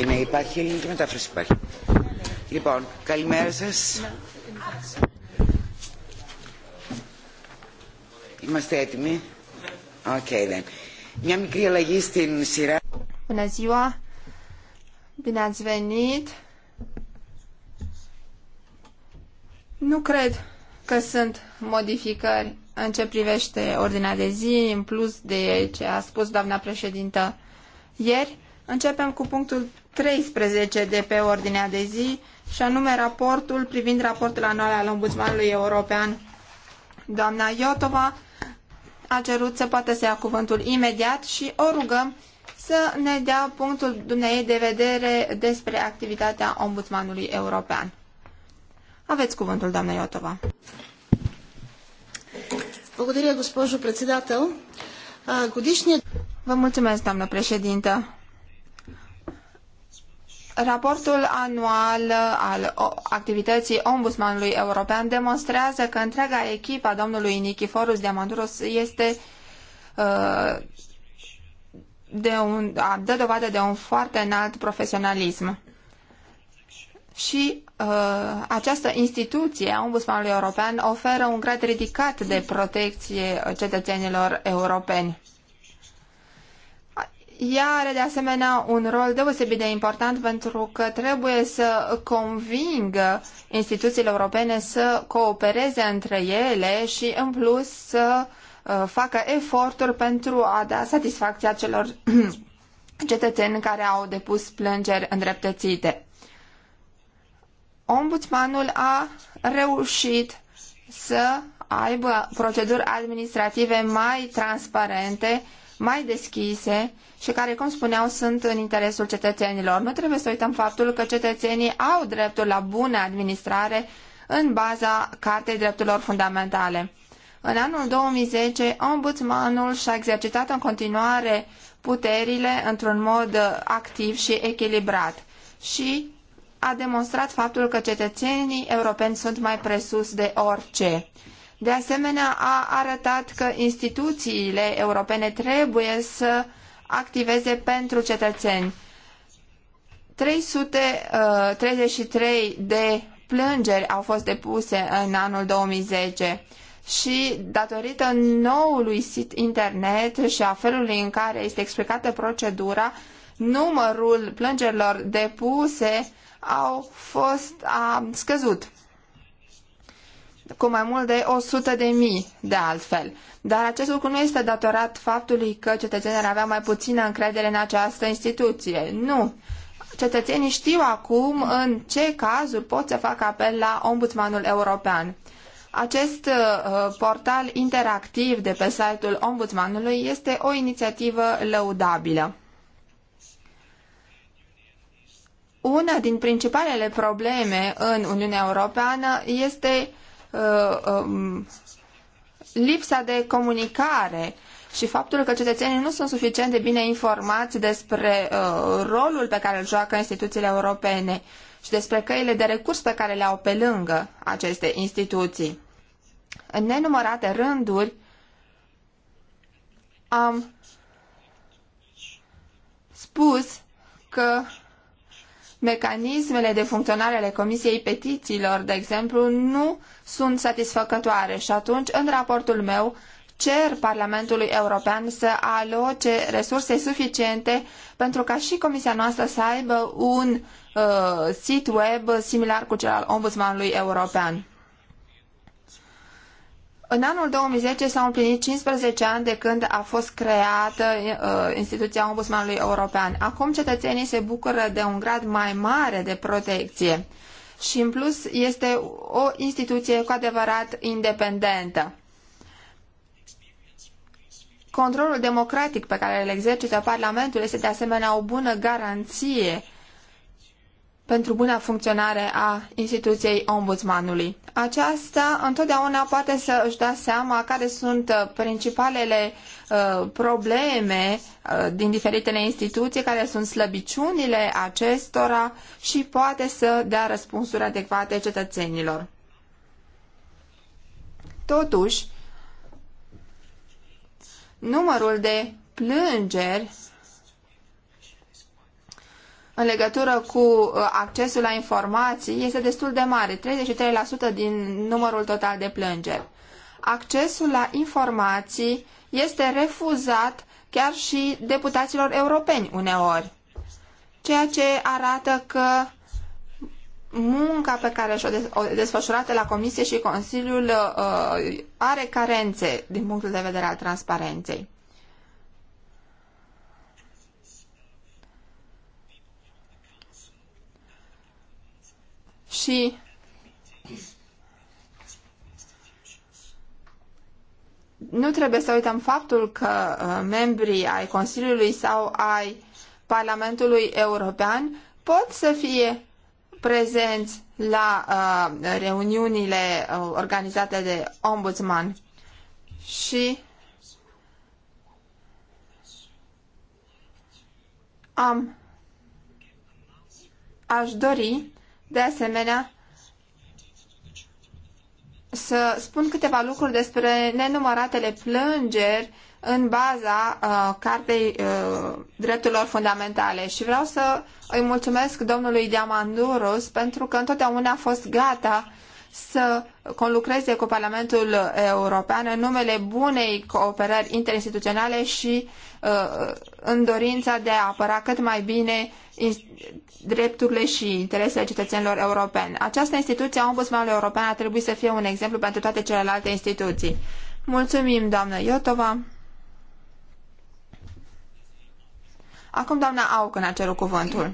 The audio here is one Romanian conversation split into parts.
Είναι, υπάρχει ελληνική μετάφραση υπάρχει. Λοιπόν, καλημέρα σας. Είμαστε έτοιμοι. Οκ, okay, then. Μια μικρή αλλαγή στην σειρά. Bună ziua. Bine ați venit. Nu cred că sunt modificări în ce privește ordinea de zi, în plus de ce a spus doamna președintă ieri. Începem cu punctul 13 de pe ordinea de zi, și anume raportul privind raportul anual al Ombudsmanului European. Doamna Iotova a cerut să poată să ia cuvântul imediat și o rugăm să ne dea punctul dumneei de vedere despre activitatea Ombudsmanului European. Aveți cuvântul, doamna Iotova. Vă mulțumesc, doamnă președintă. Raportul anual al activității Ombudsmanului European demonstrează că întreaga echipă a domnului Nikiforos Diamandouros este uh, de un, dă dovadă de un foarte înalt profesionalism. Și uh, această instituție a Ombudsmanului European oferă un grad ridicat de protecție cetățenilor europeni. Ea are de asemenea un rol deosebit de important pentru că trebuie să convingă instituțiile europene să coopereze între ele și în plus să uh, facă eforturi pentru a da satisfacția celor cetățeni care au depus plângeri îndreptățite. Ombudsmanul a reușit să aibă proceduri administrative mai transparente mai deschise și care, cum spuneau, sunt în interesul cetățenilor. Nu trebuie să uităm faptul că cetățenii au dreptul la bună administrare în baza Cartei Drepturilor Fundamentale. În anul 2010, ombudsmanul și-a exercitat în continuare puterile într-un mod activ și echilibrat și a demonstrat faptul că cetățenii europeni sunt mai presus de orice. De asemenea, a arătat că instituțiile europene trebuie să activeze pentru cetățeni. 333 uh, de plângeri au fost depuse în anul 2010 și datorită noului sit internet și a felului în care este explicată procedura, numărul plângerilor depuse au fost a scăzut cu mai mult de 100 de mii, de altfel. Dar acest lucru nu este datorat faptului că cetățenii ar avea mai puțină încredere în această instituție. Nu. Cetățenii știu acum în ce cazuri pot să facă apel la Ombudsmanul European. Acest uh, portal interactiv de pe site-ul Ombudsmanului este o inițiativă lăudabilă. Una din principalele probleme în Uniunea Europeană este uh, um, lipsa de comunicare și faptul că cetățenii nu sunt suficient de bine informați despre uh, rolul pe care îl joacă instituțiile europene și despre căile de recurs pe care le au pe lângă aceste instituții. În nenumărate rânduri am spus că mecanismele de funcționare ale Comisiei Petițiilor, de exemplu, nu sunt satisfăcătoare și atunci, în raportul meu, cer Parlamentului European să aloce resurse suficiente pentru ca și Comisia noastră să aibă un uh, sit web similar cu cel al Ombudsmanului European. În anul 2010 s-au împlinit 15 ani de când a fost creată uh, instituția Ombudsmanului European. Acum cetățenii se bucură de un grad mai mare de protecție și în plus este o instituție cu adevărat independentă. Controlul democratic pe care îl exercită Parlamentul este de asemenea o bună garanție uh, pentru buna funcționare a instituției ombudsmanului. Aceasta întotdeauna poate să își dea seama care sunt uh, principalele uh, probleme uh, din diferitele instituții, care sunt slăbiciunile acestora și poate să dea răspunsuri adecvate cetățenilor. Totuși, numărul de plângeri în legătură cu uh, accesul la informații este destul de mare, 33% din numărul total de plângeri. Accesul la informații este refuzat chiar și deputaților europeni uneori, ceea ce arată că munca pe care și-o desfășurată la Comisie și Consiliul uh, are carențe din punctul de vedere al transparenței. și nu trebuie să uităm faptul că uh, membrii ai Consiliului sau ai Parlamentului European pot să fie prezenți la uh, reuniunile uh, organizate de ombudsman și am aș dori de asemenea, să spun câteva lucruri despre nenumăratele plângeri în baza uh, Cartei uh, Drepturilor Fundamentale și vreau să îi mulțumesc domnului Diamandurus pentru că întotdeauna a fost gata să conlucreze cu Parlamentul European în numele bunei cooperări interinstituționale și uh, în dorința de a apăra cât mai bine drepturile și interesele cetățenilor europeni. Această instituție a Ombudsmanului European a trebuit să fie un exemplu pentru toate celelalte instituții. Mulțumim, doamnă Iotova. Acum doamna Auc în cerut cuvântul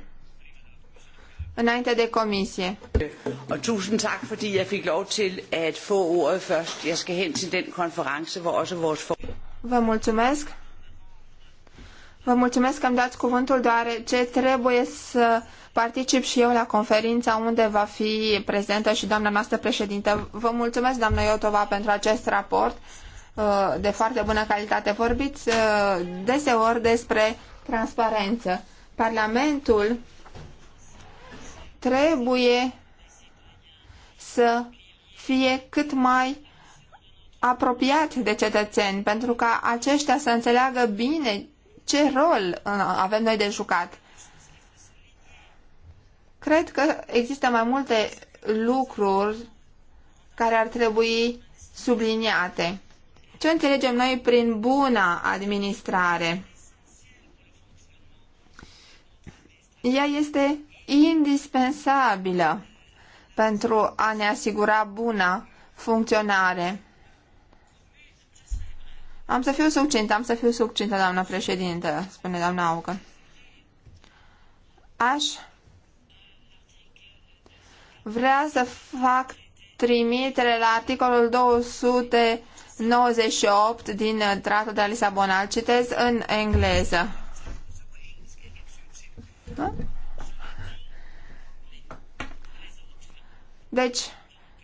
înainte de comisie. tusind tak, fordi jeg fik lov til at få ordet først. Jeg skal hen til den konference, hvor også vores... Vă mulțumesc. Vă mulțumesc că îmi dați cuvântul, deoarece trebuie să particip și eu la conferința unde va fi prezentă și doamna noastră președinte. Vă mulțumesc, doamna Iotova, pentru acest raport uh, de foarte bună calitate. Vorbiți uh, deseori despre transparență. Parlamentul trebuie să fie cât mai apropiat de cetățeni, pentru ca aceștia să înțeleagă bine ce rol uh, avem noi de jucat. Cred că există mai multe lucruri care ar trebui subliniate. Ce înțelegem noi prin buna administrare? Ea este indispensabilă pentru a ne asigura buna funcționare. Am să fiu succintă, am să fiu succintă, doamna președintă, spune doamna Augă. Aș vrea să fac trimitere la articolul 298 din Tratul de la Lisabona. Îl citez în engleză. Da? Deci,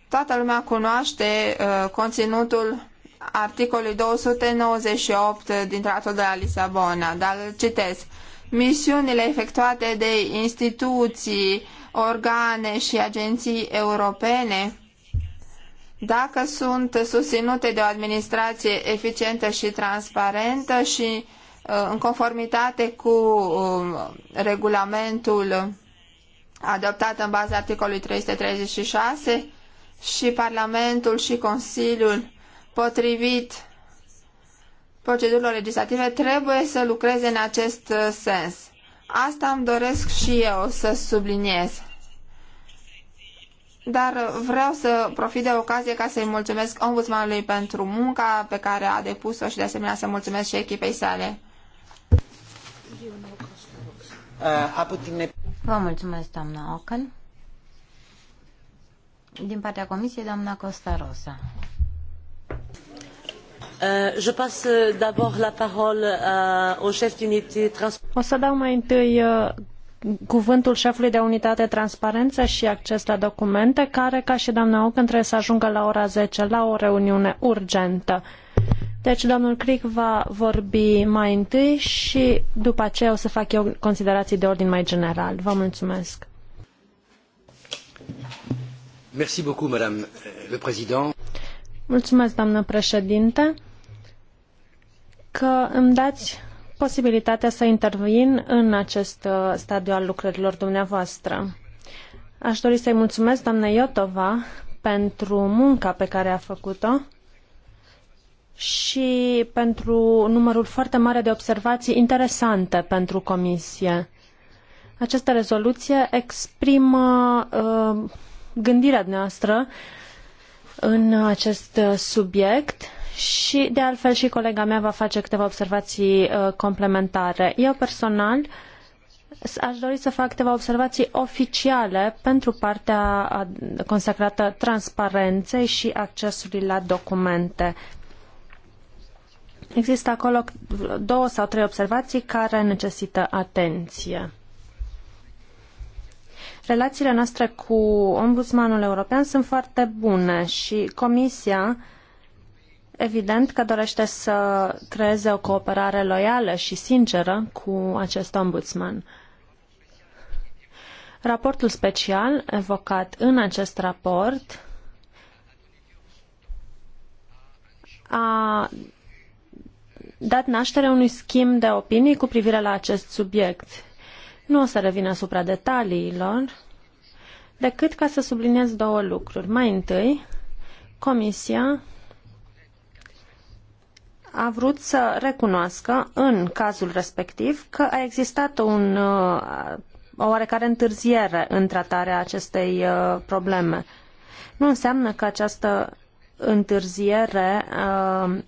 toată lumea cunoaște uh, conținutul articolului 298 din Tratatul de la Lisabona, dar îl citesc. Misiunile efectuate de instituții, organe și agenții europene, dacă sunt susținute de o administrație eficientă și transparentă și uh, în conformitate cu uh, regulamentul adoptat în baza articolului 336 și Parlamentul și Consiliul, potrivit procedurilor legislative, trebuie să lucreze în acest uh, sens. Asta îmi doresc și eu să subliniez. Dar vreau să profit de ocazie ca să-i mulțumesc ombudsmanului pentru munca pe care a depus-o și de asemenea să mulțumesc și echipei sale. Uh, Vă mulțumesc, doamna Ocan. Din partea Comisiei, doamna Costa Rosa. Euh, je passe d'abord la parole euh, au chef d'unité transport. O să dau mai întâi uh, cuvântul șefului de unitate transparență și acces la documente, care, ca și doamna Ocan, trebuie să ajungă la ora 10 la o reuniune urgentă. Deci domnul Cric va vorbi mai întâi și după aceea o să fac eu considerații de ordin mai general. Vă mulțumesc. Merci beaucoup, Madame le Président. Mulțumesc, doamnă președinte, că îmi dați posibilitatea să intervin în acest uh, stadiu al lucrărilor dumneavoastră. Aș dori să-i mulțumesc doamnă Iotova pentru munca pe care a făcut-o și pentru numărul foarte mare de observații interesante pentru Comisie. Această rezoluție exprimă uh, gândirea noastră în acest subiect și, de altfel, și colega mea va face câteva observații uh, complementare. Eu personal aș dori să fac câteva observații oficiale pentru partea consacrată transparenței și accesului la documente Există acolo două sau trei observații care necesită atenție. Relațiile noastre cu Ombudsmanul European sunt foarte bune și Comisia evident că dorește să creeze o cooperare loială și sinceră cu acest ombudsman. Raportul special evocat în acest raport a dat naștere unui schimb de opinii cu privire la acest subiect. Nu o să revin asupra detaliilor, decât ca să subliniez două lucruri. Mai întâi, Comisia a vrut să recunoască în cazul respectiv că a existat un, uh, o oarecare întârziere în tratarea acestei uh, probleme. Nu înseamnă că această întârziere uh,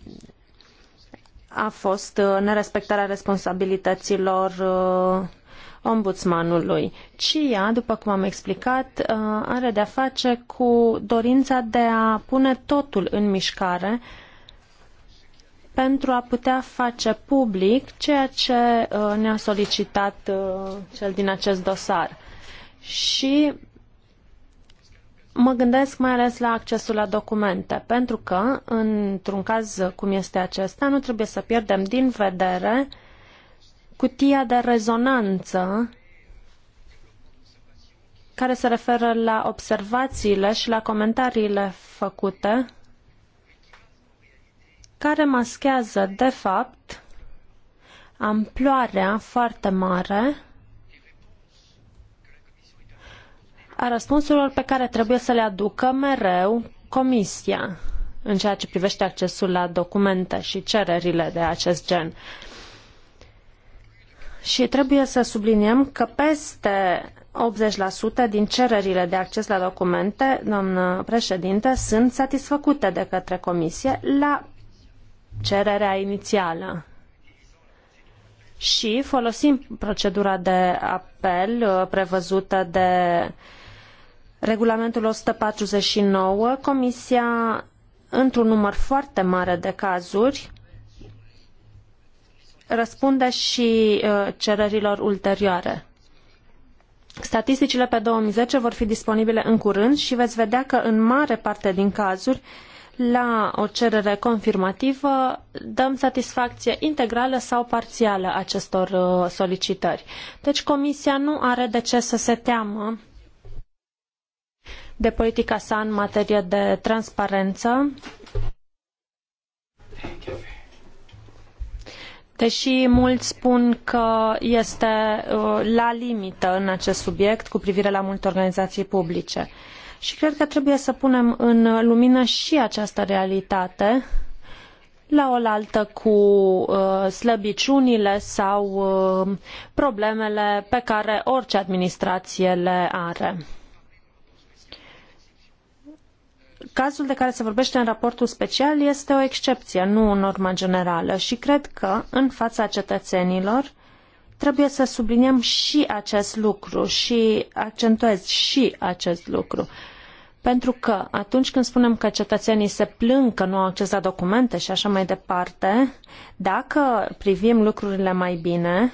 a fost uh, nerespectarea responsabilităților uh, ombudsmanului. CIA, după cum am explicat, uh, are de-a face cu dorința de a pune totul în mișcare pentru a putea face public ceea ce ne-a solicitat cel din acest dosar. Și Mă gândesc mai ales la accesul la documente, pentru că, într-un caz cum este acesta, nu trebuie să pierdem din vedere cutia de rezonanță care se referă la observațiile și la comentariile făcute, care maschează, de fapt, amploarea foarte mare a răspunsurilor pe care trebuie să le aducă mereu Comisia în ceea ce privește accesul la documente și cererile de acest gen. Și trebuie să subliniem că peste 80% din cererile de acces la documente, doamnă președinte, sunt satisfăcute de către Comisie la cererea inițială. Și folosim procedura de apel uh, prevăzută de uh, regulamentul 149, Comisia, într-un număr foarte mare de cazuri, răspunde și uh, cererilor ulterioare. Statisticile pe 2010 vor fi disponibile în curând și veți vedea că în mare parte din cazuri, la o cerere confirmativă, dăm satisfacție integrală sau parțială acestor uh, solicitări. Deci Comisia nu are de ce să se teamă de politica sa în materie de transparență. Deși mulți spun că este uh, la limită în acest subiect cu privire la multe organizații publice. Și cred că trebuie să punem în lumină și această realitate la oaltă cu uh, slăbiciunile sau uh, problemele pe care orice administrație le are. Cazul de care se vorbește în raportul special este o excepție, nu o normă generală și cred că, în fața cetățenilor, trebuie să subliniem și acest lucru și accentuez și acest lucru. Pentru că atunci când spunem că cetățenii se plâng că nu au acces la documente și așa mai departe, dacă privim lucrurile mai bine,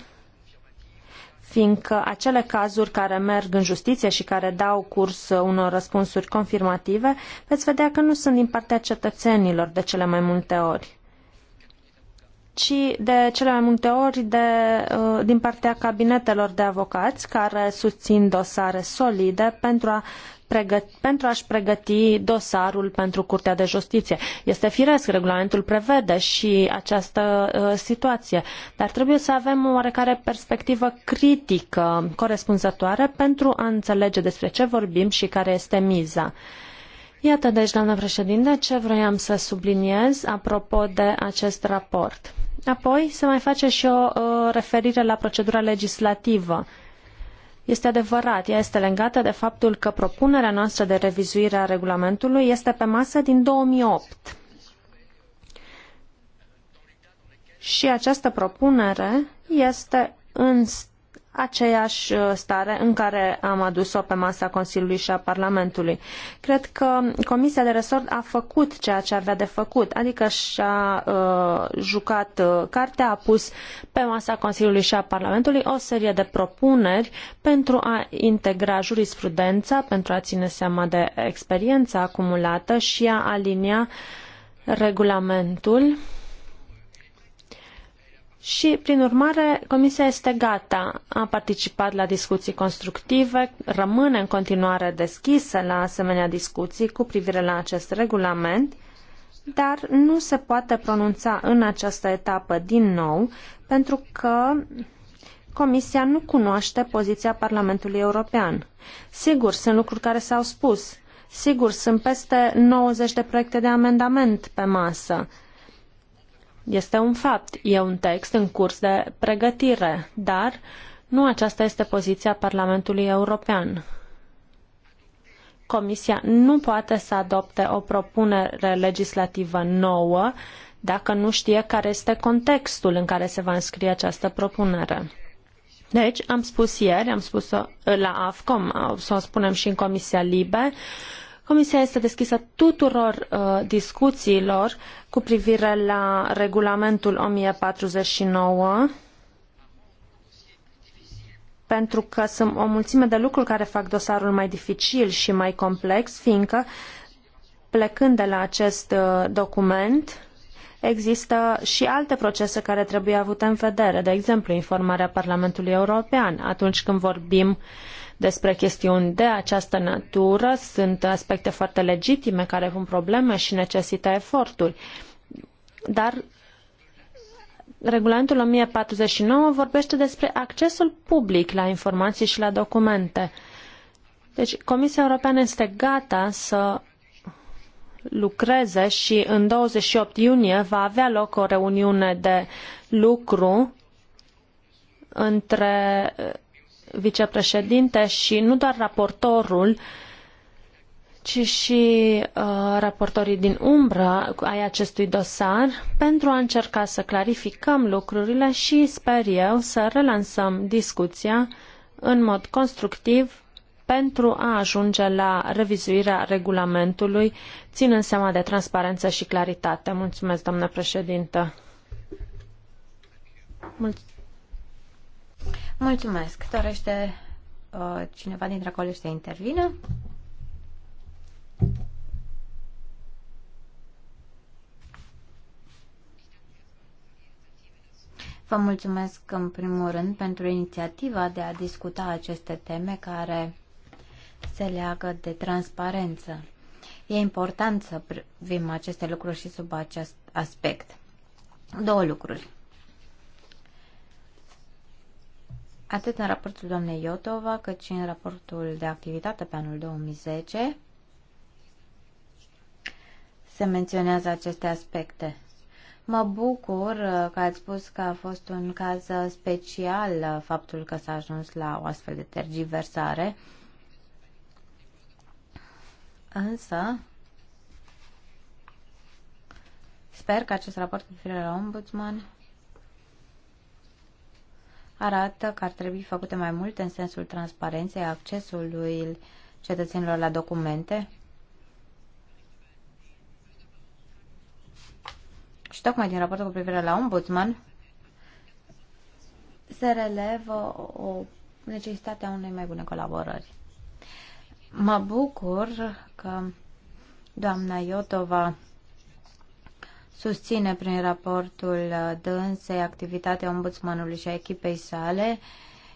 fiindcă acele cazuri care merg în justiție și care dau curs unor răspunsuri confirmative, veți vedea că nu sunt din partea cetățenilor de cele mai multe ori, ci de cele mai multe ori de, uh, din partea cabinetelor de avocați care susțin dosare solide pentru a pentru a-și pregăti dosarul pentru Curtea de Justiție. Este firesc, regulamentul prevede și această uh, situație, dar trebuie să avem o oarecare perspectivă critică corespunzătoare pentru a înțelege despre ce vorbim și care este miza. Iată deci, doamnă președinte, ce vroiam să subliniez apropo de acest raport. Apoi se mai face și o uh, referire la procedura legislativă este adevărat, ea este legată de faptul că propunerea noastră de revizuire a regulamentului este pe masă din 2008. Și această propunere este în aceeași uh, stare în care am adus-o pe masa Consiliului și a Parlamentului. Cred că Comisia de Resort a făcut ceea ce avea de făcut, adică și-a uh, jucat uh, cartea, a pus pe masa Consiliului și a Parlamentului o serie de propuneri pentru a integra jurisprudența, pentru a ține seama de experiența acumulată și a alinia regulamentul și, prin urmare, Comisia este gata. A participat la discuții constructive, rămâne în continuare deschisă la asemenea discuții cu privire la acest regulament, dar nu se poate pronunța în această etapă din nou, pentru că Comisia nu cunoaște poziția Parlamentului European. Sigur, sunt lucruri care s-au spus. Sigur, sunt peste 90 de proiecte de amendament pe masă este un fapt, e un text în curs de pregătire, dar nu aceasta este poziția Parlamentului European. Comisia nu poate să adopte o propunere legislativă nouă dacă nu știe care este contextul în care se va înscrie această propunere. Deci, am spus ieri, am spus la AFCOM, să o spunem și în Comisia Libe, uh, Comisia este deschisă tuturor uh, discuțiilor cu privire la regulamentul 1049 pentru că sunt o mulțime de lucruri care fac dosarul mai dificil și mai complex, fiindcă plecând de la acest uh, document există și alte procese care trebuie avute în vedere, de exemplu informarea Parlamentului European atunci când vorbim uh, despre chestiuni de această natură. Sunt aspecte foarte legitime care pun probleme și necesită eforturi. Dar regulamentul 1049 vorbește despre accesul public la informații și la documente. Deci Comisia Europeană este gata să lucreze și în 28 iunie va avea loc o reuniune de lucru între vicepreședinte și nu doar raportorul, ci și uh, raportorii din umbră ai acestui dosar pentru a încerca să clarificăm lucrurile și sper eu să relansăm discuția în mod constructiv pentru a ajunge la revizuirea regulamentului, ținând seama de transparență și claritate. Mulțumesc, doamnă președintă. Mulțumesc. Mulțumesc. Dorește uh, cineva dintre colegi să intervină? Vă mulțumesc în primul rând pentru inițiativa de a discuta aceste teme care se leagă de transparență. E important să privim aceste lucruri și sub acest aspect. Două lucruri. atât în raportul doamnei Iotova, cât și în raportul de activitate pe anul 2010, se menționează aceste aspecte. Mă bucur uh, că ați spus că a fost un caz uh, special uh, faptul că s-a ajuns la o astfel de tergiversare. Însă, sper că acest raport cu privire la ombudsman arată că ar trebui făcute mai multe în sensul transparenței accesului cetățenilor la documente. Și tocmai din raportul cu privire la ombudsman se relevă o necesitatea unei mai bune colaborări. Mă bucur că doamna Iotova susține prin raportul uh, dânsei activitatea ombudsmanului și a echipei sale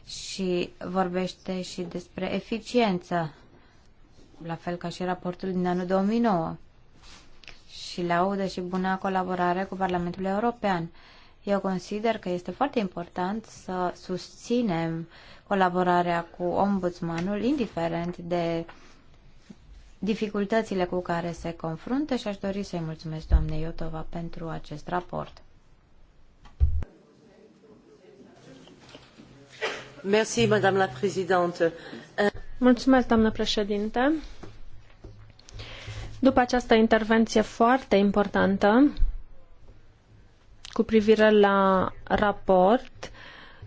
și vorbește și despre eficiență, la fel ca și raportul din anul 2009 și laudă și bună colaborare cu Parlamentul European. Eu consider că este foarte important să susținem colaborarea cu ombudsmanul, indiferent de uh, dificultățile cu care se confruntă și aș dori să-i mulțumesc doamnei Iotova pentru acest raport. Merci, Madame la Présidente. Mulțumesc, doamnă președinte. După această intervenție foarte importantă cu privire la raport,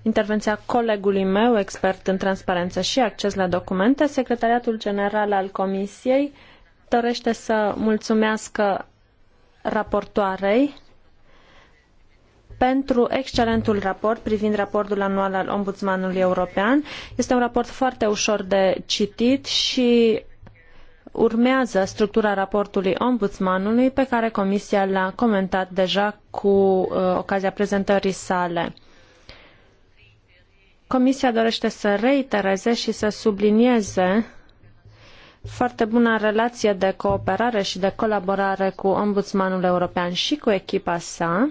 intervenția colegului meu, expert în transparență și acces la documente, Secretariatul General al Comisiei dorește să mulțumească raportoarei pentru excelentul raport privind raportul anual al Ombudsmanului European. Este un raport foarte ușor de citit și urmează structura raportului ombudsmanului pe care Comisia l-a comentat deja cu uh, ocazia prezentării sale. Comisia dorește să reitereze și să sublinieze foarte bună relație de cooperare și de colaborare cu Ombudsmanul European și cu echipa sa.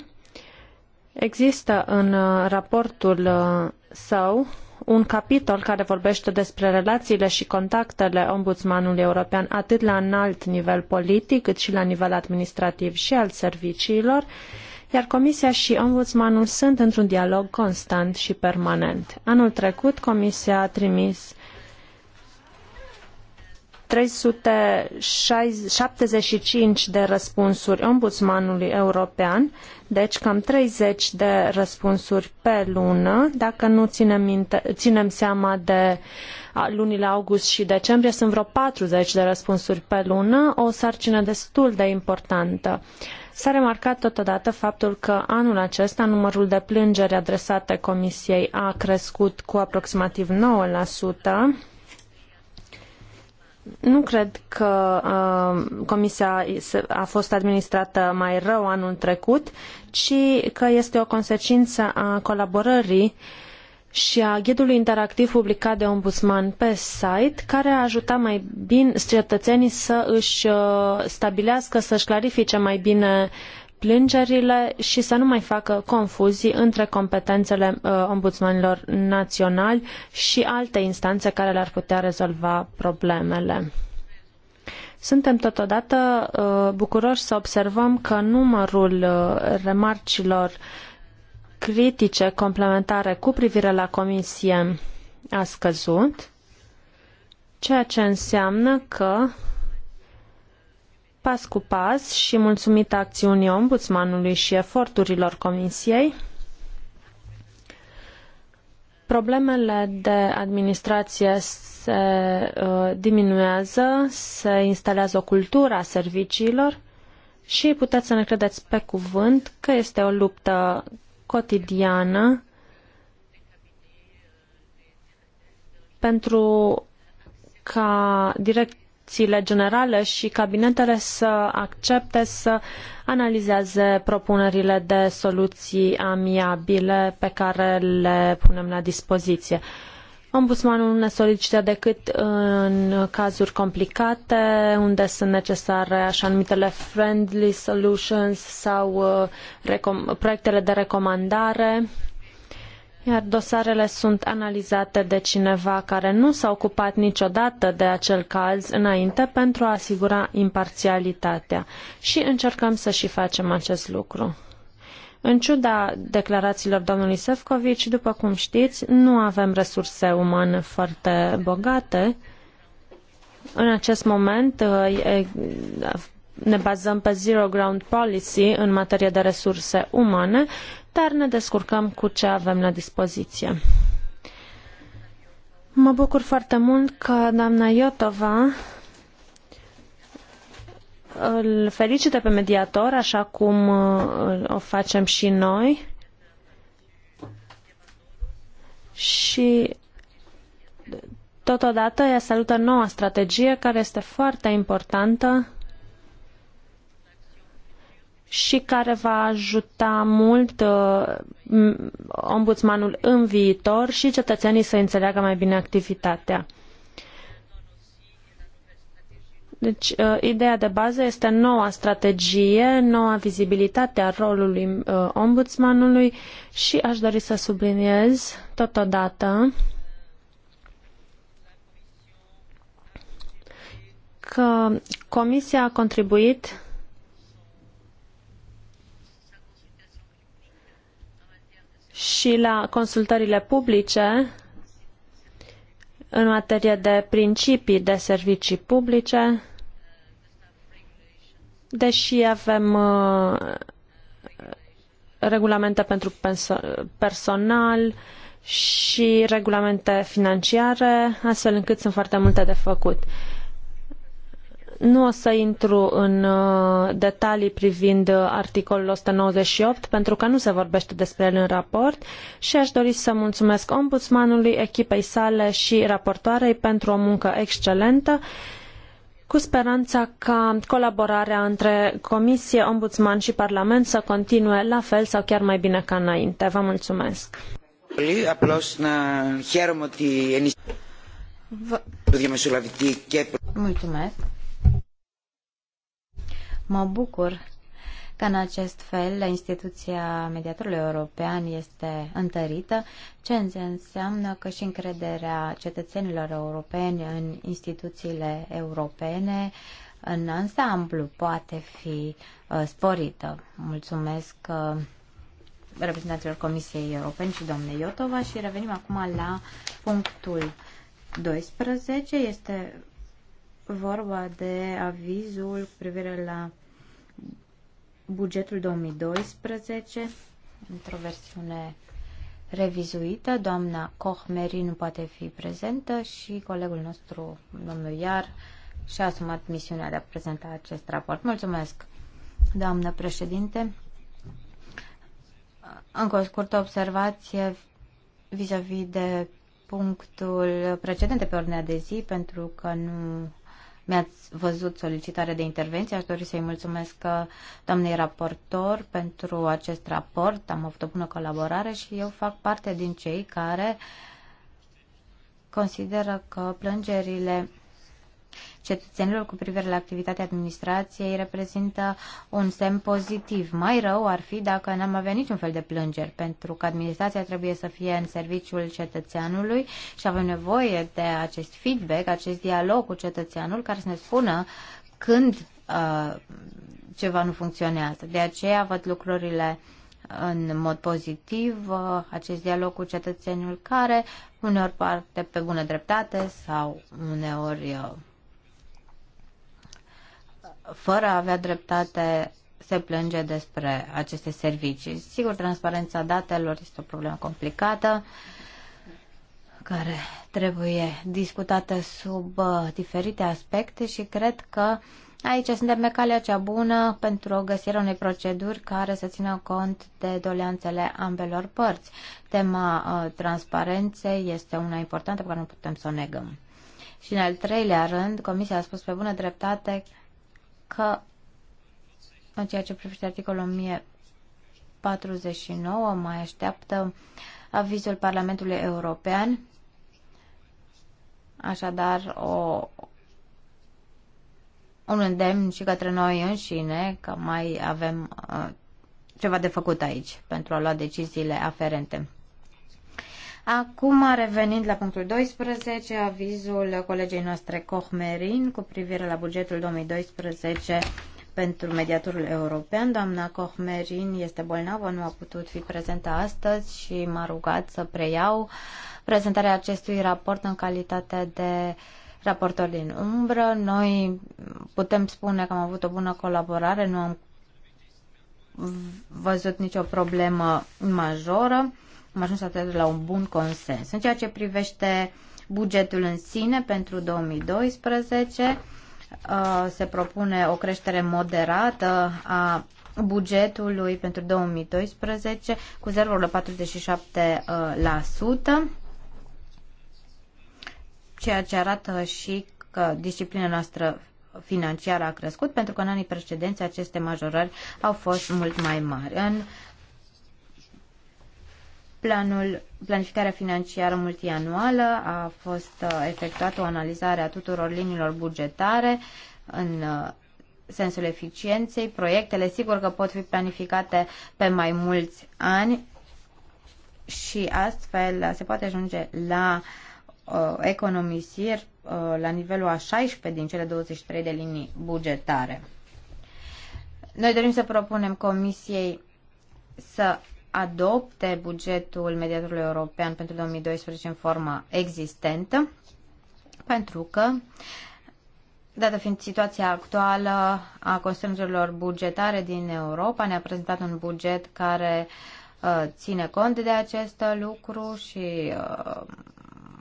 Există în uh, raportul uh, său un capitol care vorbește despre relațiile și contactele ombudsmanului european atât la înalt nivel politic cât și la nivel administrativ și al serviciilor iar Comisia și Ombudsmanul sunt într-un dialog constant și permanent. Anul trecut, Comisia a trimis 375 de răspunsuri ombudsmanului european, deci cam 30 de răspunsuri pe lună. Dacă nu ținem, minte, ținem seama de lunile august și decembrie, sunt vreo 40 de răspunsuri pe lună, o sarcină destul de importantă. Uh, S-a remarcat totodată faptul că anul acesta numărul de plângeri adresate Comisiei a crescut cu aproximativ 9%. Nu cred că uh, comisia a fost administrată mai rău anul trecut, ci că este o consecință a colaborării uh, și a ghidului interactiv publicat de ombudsman pe site, care a ajutat mai bine cetățenii să își uh, stabilească, să-și clarifice mai bine plângerile și să nu mai facă confuzii între competențele uh, ombudsmanilor naționali și alte instanțe care le-ar putea rezolva problemele. Suntem totodată uh, bucuroși să observăm că numărul remarcilor critice complementare cu privire la comisie a scăzut, ceea ce înseamnă că pas cu pas și mulțumită acțiunii ombudsmanului și eforturilor comisiei, problemele de administrație se uh, diminuează, se instalează o cultură a serviciilor și puteți să ne credeți pe cuvânt că este o luptă cotidiană pentru ca direcțiile generale și cabinetele să accepte să analizeze propunerile de soluții amiabile pe care le punem la dispoziție. Uh, Ombudsmanul ne solicită decât în cazuri complicate, unde sunt necesare așa numitele friendly solutions sau uh, proiectele de recomandare, iar dosarele sunt analizate de cineva care nu s-a ocupat niciodată de acel caz înainte pentru a asigura imparțialitatea. Și încercăm să și facem acest lucru. În ciuda declarațiilor domnului Sefcovici, după cum știți, nu avem resurse umane foarte bogate. În acest moment uh, ne bazăm pe Zero Ground Policy în materie de resurse umane, dar ne descurcăm cu ce avem la dispoziție. Mă bucur foarte mult că doamna Iotova îl felicită pe mediator, așa cum uh, o facem și noi. Și totodată ea salută noua strategie care este foarte importantă și care va ajuta mult uh, ombudsmanul în viitor și cetățenii să înțeleagă mai bine activitatea. Deci, uh, ideea de bază este noua strategie, noua vizibilitate a rolului uh, ombudsmanului și aș dori să subliniez totodată că Comisia a contribuit și la consultările publice în materie de principii de servicii publice, deși avem uh, regulamente pentru personal și regulamente financiare, astfel încât sunt foarte multe de făcut. Nu o să intru în uh, detalii privind uh, articolul 198, pentru că nu se vorbește despre el în raport și aș dori să mulțumesc ombudsmanului, echipei sale și raportoarei pentru o muncă excelentă cu speranța ca colaborarea între Comisie, Ombudsman și Parlament să continue la fel sau chiar mai bine ca înainte. Vă mulțumesc! Mulțumesc! Mă bucur că în acest fel instituția mediatorului european este întărită, ce înseamnă că și încrederea cetățenilor europeni în instituțiile europene în ansamblu poate fi uh, sporită. Mulțumesc uh, reprezentanților Comisiei Europene și domnule Iotova și revenim acum la punctul 12. Este vorba de avizul cu privire la bugetul 2012 într-o versiune revizuită. Doamna koch nu poate fi prezentă și colegul nostru, domnul Iar, și-a asumat misiunea de a prezenta acest raport. Mulțumesc, doamnă președinte. Încă o scurtă observație vis-a-vis -vis de punctul precedent pe ordinea de zi, pentru că nu mi-ați văzut solicitarea de intervenție. Aș dori să-i mulțumesc uh, doamnei raportor pentru acest raport. Am avut o bună colaborare și eu fac parte din cei care consideră că plângerile cetățenilor cu privire la activitatea administrației reprezintă un semn pozitiv. Mai rău ar fi dacă n-am avea niciun fel de plângeri, pentru că administrația trebuie să fie în serviciul cetățeanului și avem nevoie de acest feedback, acest dialog cu cetățeanul care să ne spună când uh, ceva nu funcționează. De aceea văd lucrurile în mod pozitiv uh, acest dialog cu cetățenul care uneori parte pe bună dreptate sau uneori uh, fără a avea dreptate, se plânge despre aceste servicii. Sigur, transparența datelor este o problemă complicată care trebuie discutată sub uh, diferite aspecte și cred că aici suntem pe calea cea bună pentru găsirea unei proceduri care să țină cont de doleanțele ambelor părți. Tema uh, transparenței este una importantă pe care nu putem să o negăm. Și în al treilea rând, Comisia a spus pe bună dreptate că în ceea ce privește articolul 1049 mai așteaptă avizul Parlamentului European, așadar o, un îndemn și către noi înșine că mai avem uh, ceva de făcut aici pentru a lua deciziile aferente. Acum, revenind la punctul 12, avizul colegei noastre Cohmerin cu privire la bugetul 2012 pentru mediatorul european. Doamna Cohmerin este bolnavă, nu a putut fi prezentă astăzi și m-a rugat să preiau prezentarea acestui raport în calitate de raportor din umbră. Noi putem spune că am avut o bună colaborare, nu am văzut nicio problemă majoră am ajuns atât la un bun consens. În ceea ce privește bugetul în sine pentru 2012, uh, se propune o creștere moderată a bugetului pentru 2012 cu 0,47%, ceea ce arată și că disciplina noastră financiară a crescut, pentru că în anii precedenți aceste majorări au fost mult mai mari. În Planul, planificarea financiară multianuală a fost uh, efectuată o analizare a tuturor liniilor bugetare în uh, sensul eficienței. Proiectele sigur că pot fi planificate pe mai mulți ani și astfel se poate ajunge la uh, economisiri uh, la nivelul a 16 din cele 23 de linii bugetare. Noi dorim să propunem Comisiei să adopte bugetul mediatorului european pentru 2012 în forma existentă, pentru că, dată fiind situația actuală a constrângerilor bugetare din Europa, ne-a prezentat un buget care uh, ține cont de acest lucru și uh,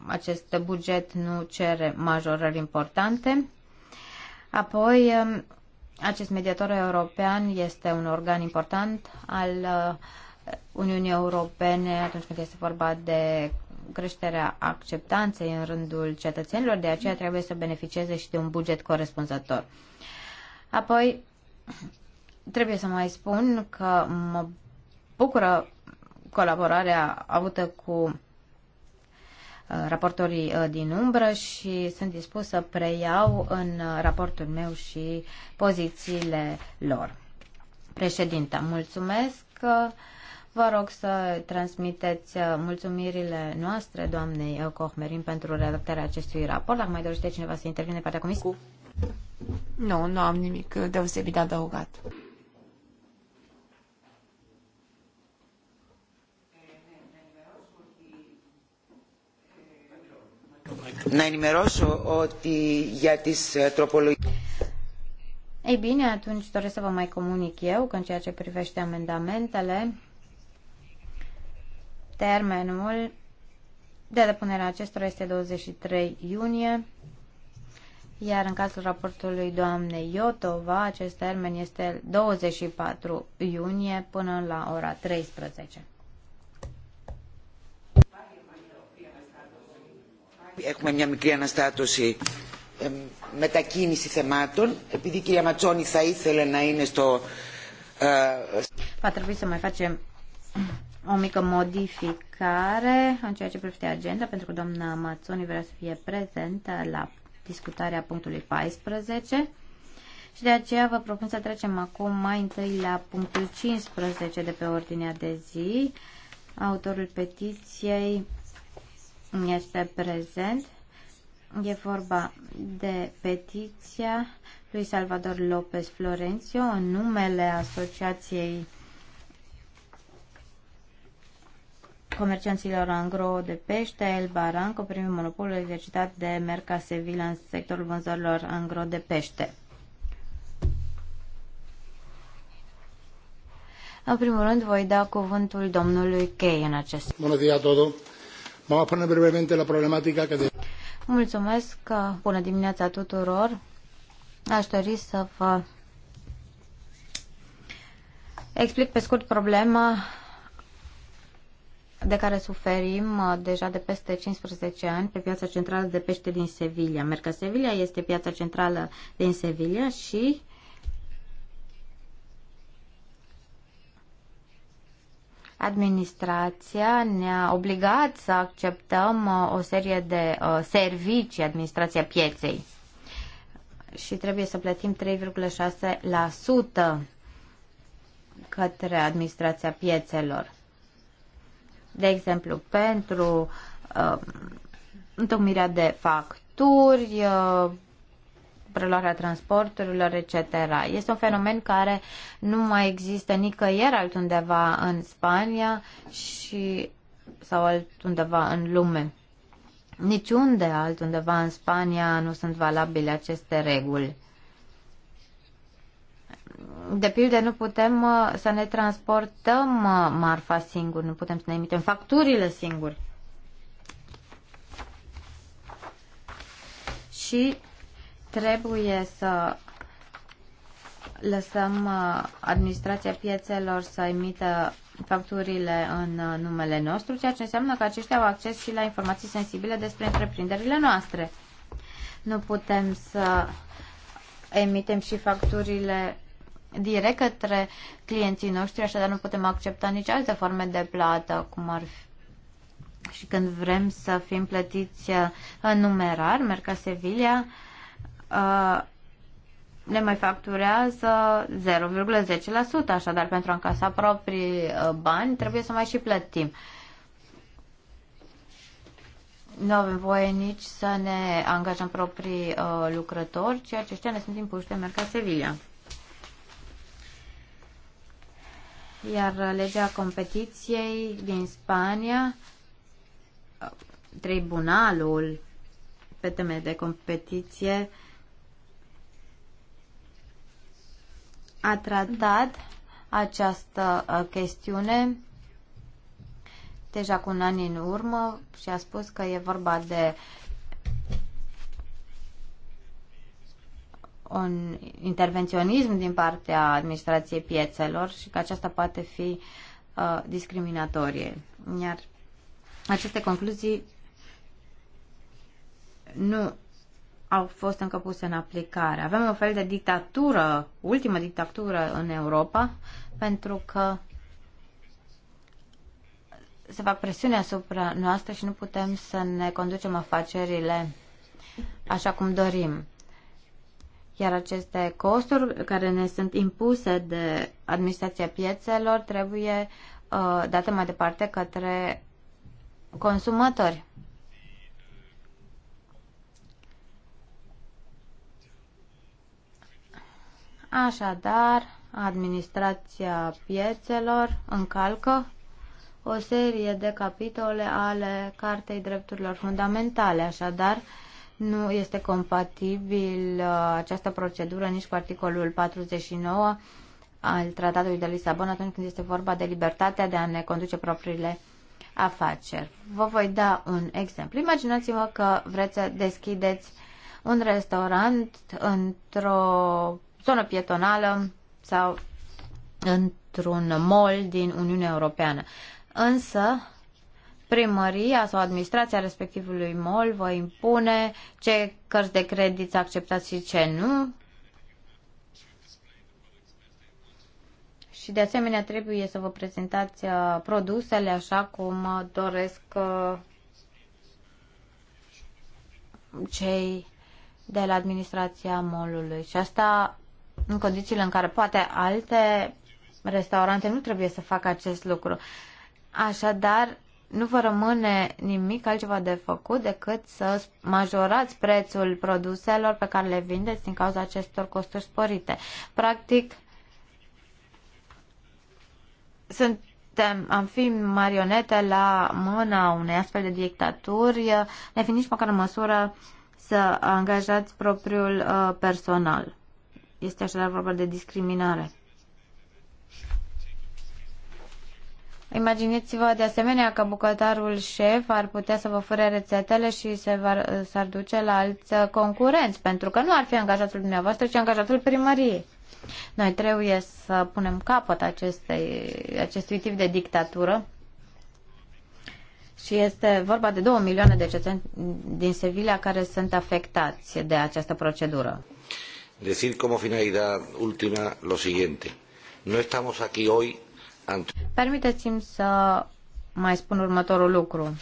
acest buget nu cere majorări importante. Apoi, um, acest mediator european este un organ important al uh, Uniunii Europene atunci când este vorba de creșterea acceptanței în rândul cetățenilor, de aceea trebuie să beneficieze și de un buget corespunzător. Apoi, trebuie să mai spun că mă bucură colaborarea avută cu uh, raportorii uh, din umbră și sunt dispus să preiau în uh, raportul meu și pozițiile lor. Președinte, mulțumesc! Vă rog să transmiteți uh, mulțumirile noastre doamnei Cohmerin uh, pentru redactarea acestui raport. Dacă mai dorește cineva să intervine partea comisiei? Nu, nu am nimic deosebit adăugat. να ενημερώσω ότι για τις τροπολογίες... Ei bine, atunci doresc să vă mai comunic eu că în ceea ce privește amendamentele, Termenul de depunere a acestora este 23 iunie, iar în cazul raportului doamnei Iotova, acest termen este 24 iunie până la ora 13. Έχουμε μια μικρή αναστάτωση ε, μετακίνηση θεμάτων. Επειδή η κυρία Ματσόνη θα ήθελε να είναι στο... Ε, Va trebui să mai o mică modificare în ceea ce privește agenda, pentru că doamna Mazzoni vrea să fie prezentă la discutarea punctului 14 și de aceea vă propun să trecem acum mai întâi la punctul 15 de pe ordinea de zi. Autorul petiției este prezent. E vorba de petiția lui Salvador López Florencio în numele Asociației comercianților angro de pește, El Baranco, primul monopol exercitat de Merca Sevilla în sectorul vânzărilor angro de pește. În primul rând, voi da cuvântul domnului Chei în acest. Bună ziua, Todo. Mă până brevemente la problematica că de... Mulțumesc, bună dimineața tuturor. Aș dori să vă explic pe scurt problema de care suferim uh, deja de peste 15 ani pe piața centrală de pește din Sevilla. Merca Sevilla este piața centrală din Sevilla și administrația ne-a obligat să acceptăm uh, o serie de uh, servicii, administrația pieței. Și trebuie să plătim 3,6% către administrația piețelor de exemplu, pentru uh, întocmirea de facturi, uh, preluarea transporturilor, etc. Este un fenomen care nu mai există nicăieri altundeva în Spania și sau altundeva în lume. Niciunde altundeva în Spania nu sunt valabile aceste reguli de pildă, nu putem uh, să ne transportăm uh, marfa singur, nu putem să ne emitem facturile singuri. Și trebuie să lăsăm uh, administrația piețelor să emită facturile în numele nostru, ceea ce înseamnă că aceștia au acces și la informații sensibile despre întreprinderile noastre. Nu putem să emitem și facturile direct către clienții noștri, așadar nu putem accepta nici alte forme de plată, cum ar fi și când vrem să fim plătiți uh, în numerar, merg ca Sevilla, uh, ne mai facturează 0,10%, așadar pentru a încasa proprii uh, bani trebuie să mai și plătim. Nu avem voie nici să ne angajăm proprii uh, lucrători, ceea ce ăștia ne sunt impuși de Merca Sevilla. iar legea competiției din Spania, tribunalul pe teme de competiție a tratat această uh, chestiune deja cu un an în urmă și a spus că e vorba de un intervenționism din partea administrației piețelor și că aceasta poate fi uh, discriminatorie. Iar aceste concluzii nu au fost încă puse în aplicare. Avem o fel de dictatură, ultimă dictatură în Europa, pentru că se fac presiune asupra noastră și nu putem să ne conducem afacerile așa cum dorim. Iar aceste costuri care ne sunt impuse de administrația piețelor trebuie uh, date mai departe către consumatori. Așadar, administrația piețelor încalcă o serie de capitole ale Cartei Drepturilor Fundamentale. Așadar, uh, nu este compatibil uh, această procedură nici cu articolul 49 al Tratatului de Lisabon atunci când este vorba de libertatea de a ne conduce propriile afaceri. Vă voi da un exemplu. Imaginați-vă că vreți să deschideți un restaurant într-o zonă pietonală sau într-un mall din Uniunea Europeană. Însă, primăria sau administrația respectivului mall vă impune ce cărți de credit acceptați și ce nu. Și de asemenea trebuie să vă prezentați uh, produsele așa cum uh, doresc uh, cei de la administrația molului. Și asta în condițiile în care poate alte restaurante nu trebuie să facă acest lucru. Așadar, nu vă rămâne nimic altceva de făcut decât să majorați prețul produselor pe care le vindeți din cauza acestor costuri sporite. Practic, suntem, am fi marionete la mâna unei astfel de dictaturi, ne fi nici măcar în măsură să angajați propriul uh, personal. Este așadar vorba de discriminare. Imagineți-vă de asemenea că bucătarul șef ar putea să vă fure rețetele și se va, s-ar duce la alți concurenți, pentru că nu ar fi angajatul dumneavoastră, ci angajatul primăriei. Noi trebuie să punem capăt acestei, acestui tip de dictatură și este vorba de două milioane de cetățeni din Sevilla care sunt afectați de această procedură. Decir como finalidad última lo siguiente. No estamos aquí hoy Permiteți-mi să mai spun următorul lucru.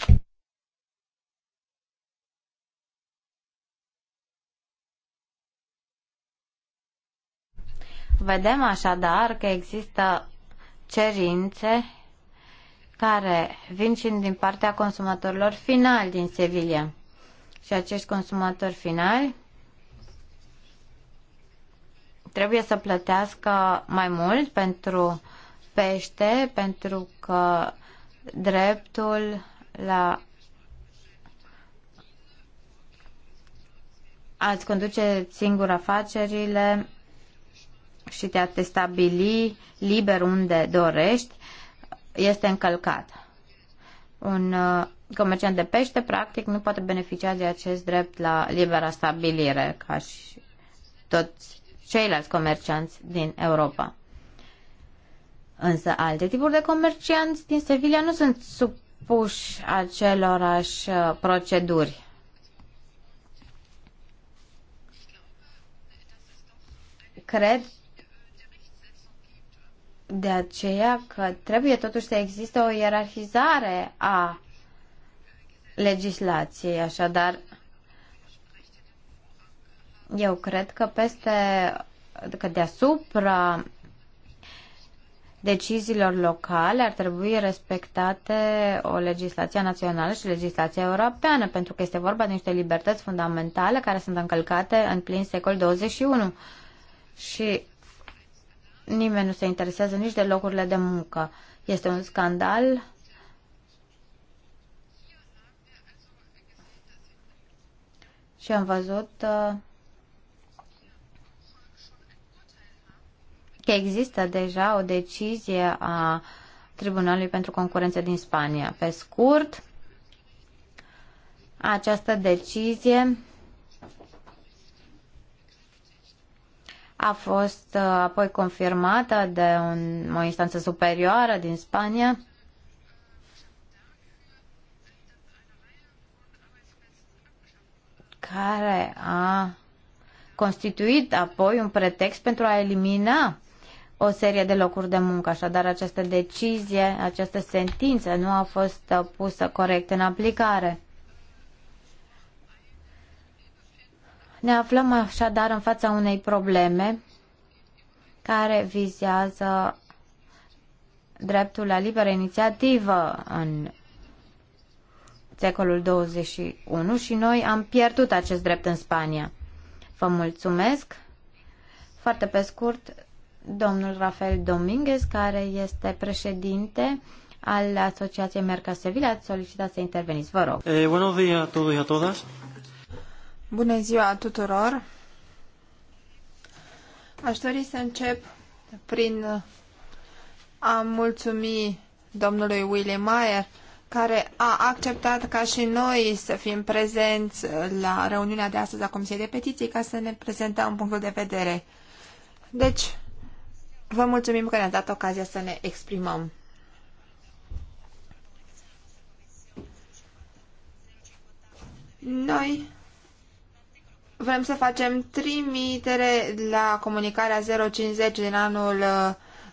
Vedem așadar că există cerințe care vin și din partea consumatorilor finali din Sevilla. Și acești consumatori finali trebuie să plătească mai mult pentru pește pentru că dreptul la ați conduce singur afacerile și de a te stabili liber unde dorești este încălcat. Un uh, comerciant de pește practic nu poate beneficia de acest drept la libera stabilire ca și toți ceilalți comercianți din Europa. Însă alte tipuri de comercianți din Sevilla nu sunt supuși acelorași uh, proceduri. Cred de aceea că trebuie totuși să existe o ierarhizare a legislației, așadar eu cred că peste că deasupra deciziilor locale ar trebui respectate o legislație națională și legislația europeană, pentru că este vorba de niște libertăți fundamentale care sunt încălcate în plin secol 21. Și nimeni nu se interesează nici de locurile de muncă. Este un scandal și am văzut uh, că există deja o decizie a Tribunalului pentru Concurență din Spania. Pe scurt, această decizie a fost uh, apoi confirmată de un, o instanță superioară din Spania. care a constituit apoi un pretext pentru a elimina o serie de locuri de muncă. Așadar, această decizie, această sentință nu a fost uh, pusă corect în aplicare. Ne aflăm așadar în fața unei probleme care vizează dreptul la liberă inițiativă în secolul 21 și noi am pierdut acest drept în Spania. Vă mulțumesc. Foarte pe scurt, domnul Rafael Dominguez, care este președinte al Asociației Merca Sevilla. Ați solicitat să interveniți, vă rog. Eh, Bună ziua tuturor! Aș dori să încep prin a mulțumi domnului Willy Mayer, care a acceptat ca și noi să fim prezenți la reuniunea de astăzi a Comisiei de Petiții ca să ne prezentăm punctul de vedere. Deci, Vă mulțumim că ne-ați dat ocazia să ne exprimăm. Noi vrem să facem trimitere la comunicarea 050 din anul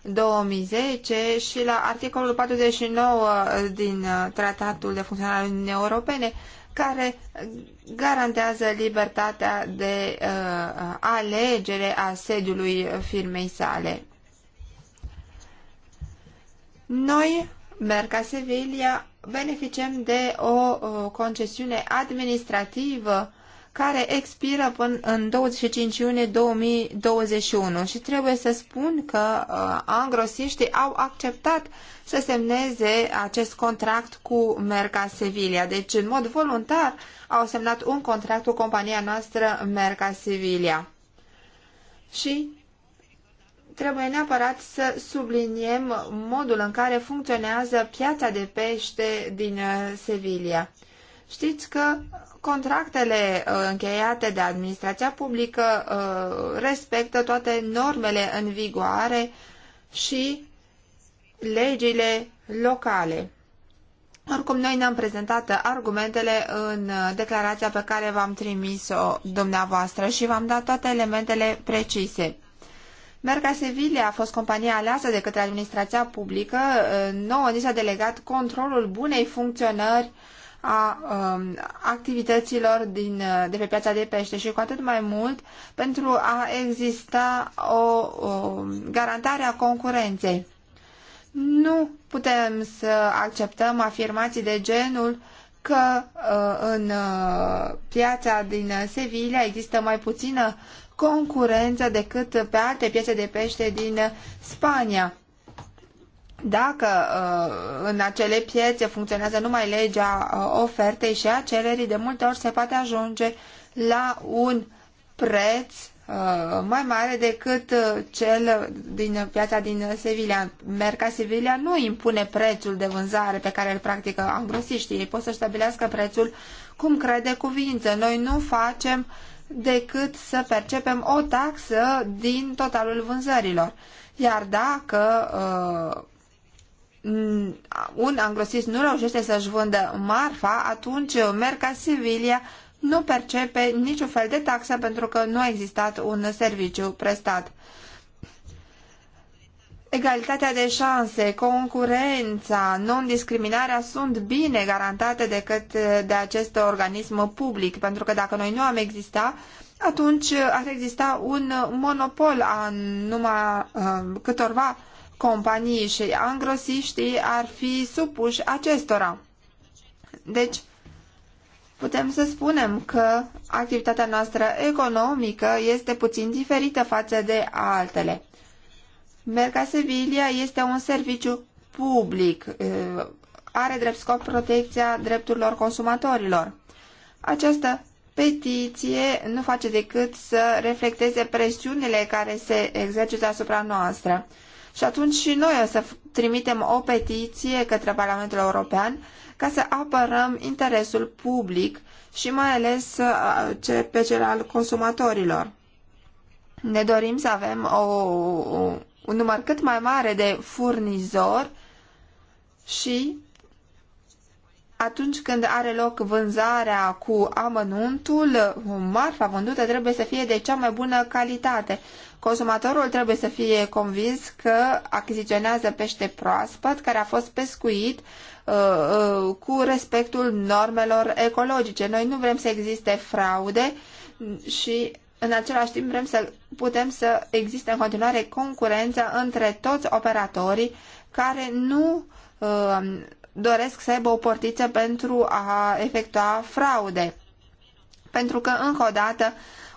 2010 uh, și la articolul 49 uh, din uh, Tratatul de Funcționare Uniunii Europene, care garantează libertatea de uh, alegere a sediului firmei sale. Noi, Merca Sevilla, beneficiem de o concesiune administrativă care expiră până în 25 iunie 2021 și trebuie să spun că uh, angrosiștii au acceptat să semneze acest contract cu Merca Sevilla. Deci, în mod voluntar, au semnat un contract cu compania noastră Merca Sevilla. Și trebuie neapărat să subliniem modul în care funcționează piața de pește din uh, Sevilla. Știți că contractele uh, încheiate de administrația publică uh, respectă toate normele în vigoare și legile locale. Oricum, noi ne-am prezentat argumentele în declarația pe care v-am trimis-o dumneavoastră și v-am dat toate elementele precise. Merca Sevilla a fost compania aleasă de către administrația publică. Uh, nouă ni s-a delegat controlul bunei funcționări a um, activităților din, uh, de pe piața de pește și cu atât mai mult pentru a exista o, o garantare a concurenței. Nu putem să acceptăm afirmații de genul că uh, în uh, piața din Sevilla există mai puțină concurență decât pe alte piețe de pește din Spania. Dacă uh, în acele piețe funcționează numai legea uh, ofertei și a cererii, de multe ori se poate ajunge la un preț uh, mai mare decât cel din piața din Sevilla. Merca Sevilla nu impune prețul de vânzare pe care îl practică angrosiștii. Ei pot să stabilească prețul cum crede cuvință. Noi nu facem uh, decât să percepem o taxă din totalul vânzărilor. Iar dacă uh, un angrosist nu reușește să-și vândă marfa, atunci Merca Sevilla nu percepe niciun fel de taxă pentru că nu a existat un serviciu prestat. Egalitatea de șanse, concurența, non-discriminarea sunt bine garantate decât de acest organism public, pentru că dacă noi nu am exista, atunci ar exista un monopol a numai uh, câtorva companii și angrosiștii ar fi supuși acestora. Deci, putem să spunem că activitatea noastră economică este puțin diferită față de altele. Merca Sevilla este un serviciu public, are drept scop protecția drepturilor consumatorilor. Această petiție nu face decât să reflecteze presiunile care se exercită asupra noastră. Și atunci și noi o să trimitem o petiție către Parlamentul European ca să apărăm interesul public și mai ales pe cel al consumatorilor. Ne dorim să avem o, un număr cât mai mare de furnizori și atunci când are loc vânzarea cu amănuntul, marfa vândută trebuie să fie de cea mai bună calitate. Consumatorul trebuie să fie convins că achiziționează pește proaspăt care a fost pescuit uh, uh, cu respectul normelor ecologice. Noi nu vrem să existe fraude și în același timp vrem să putem să existe în continuare concurență între toți operatorii care nu uh, doresc să aibă o portiță pentru a efectua fraude. Pentru că, încă o dată,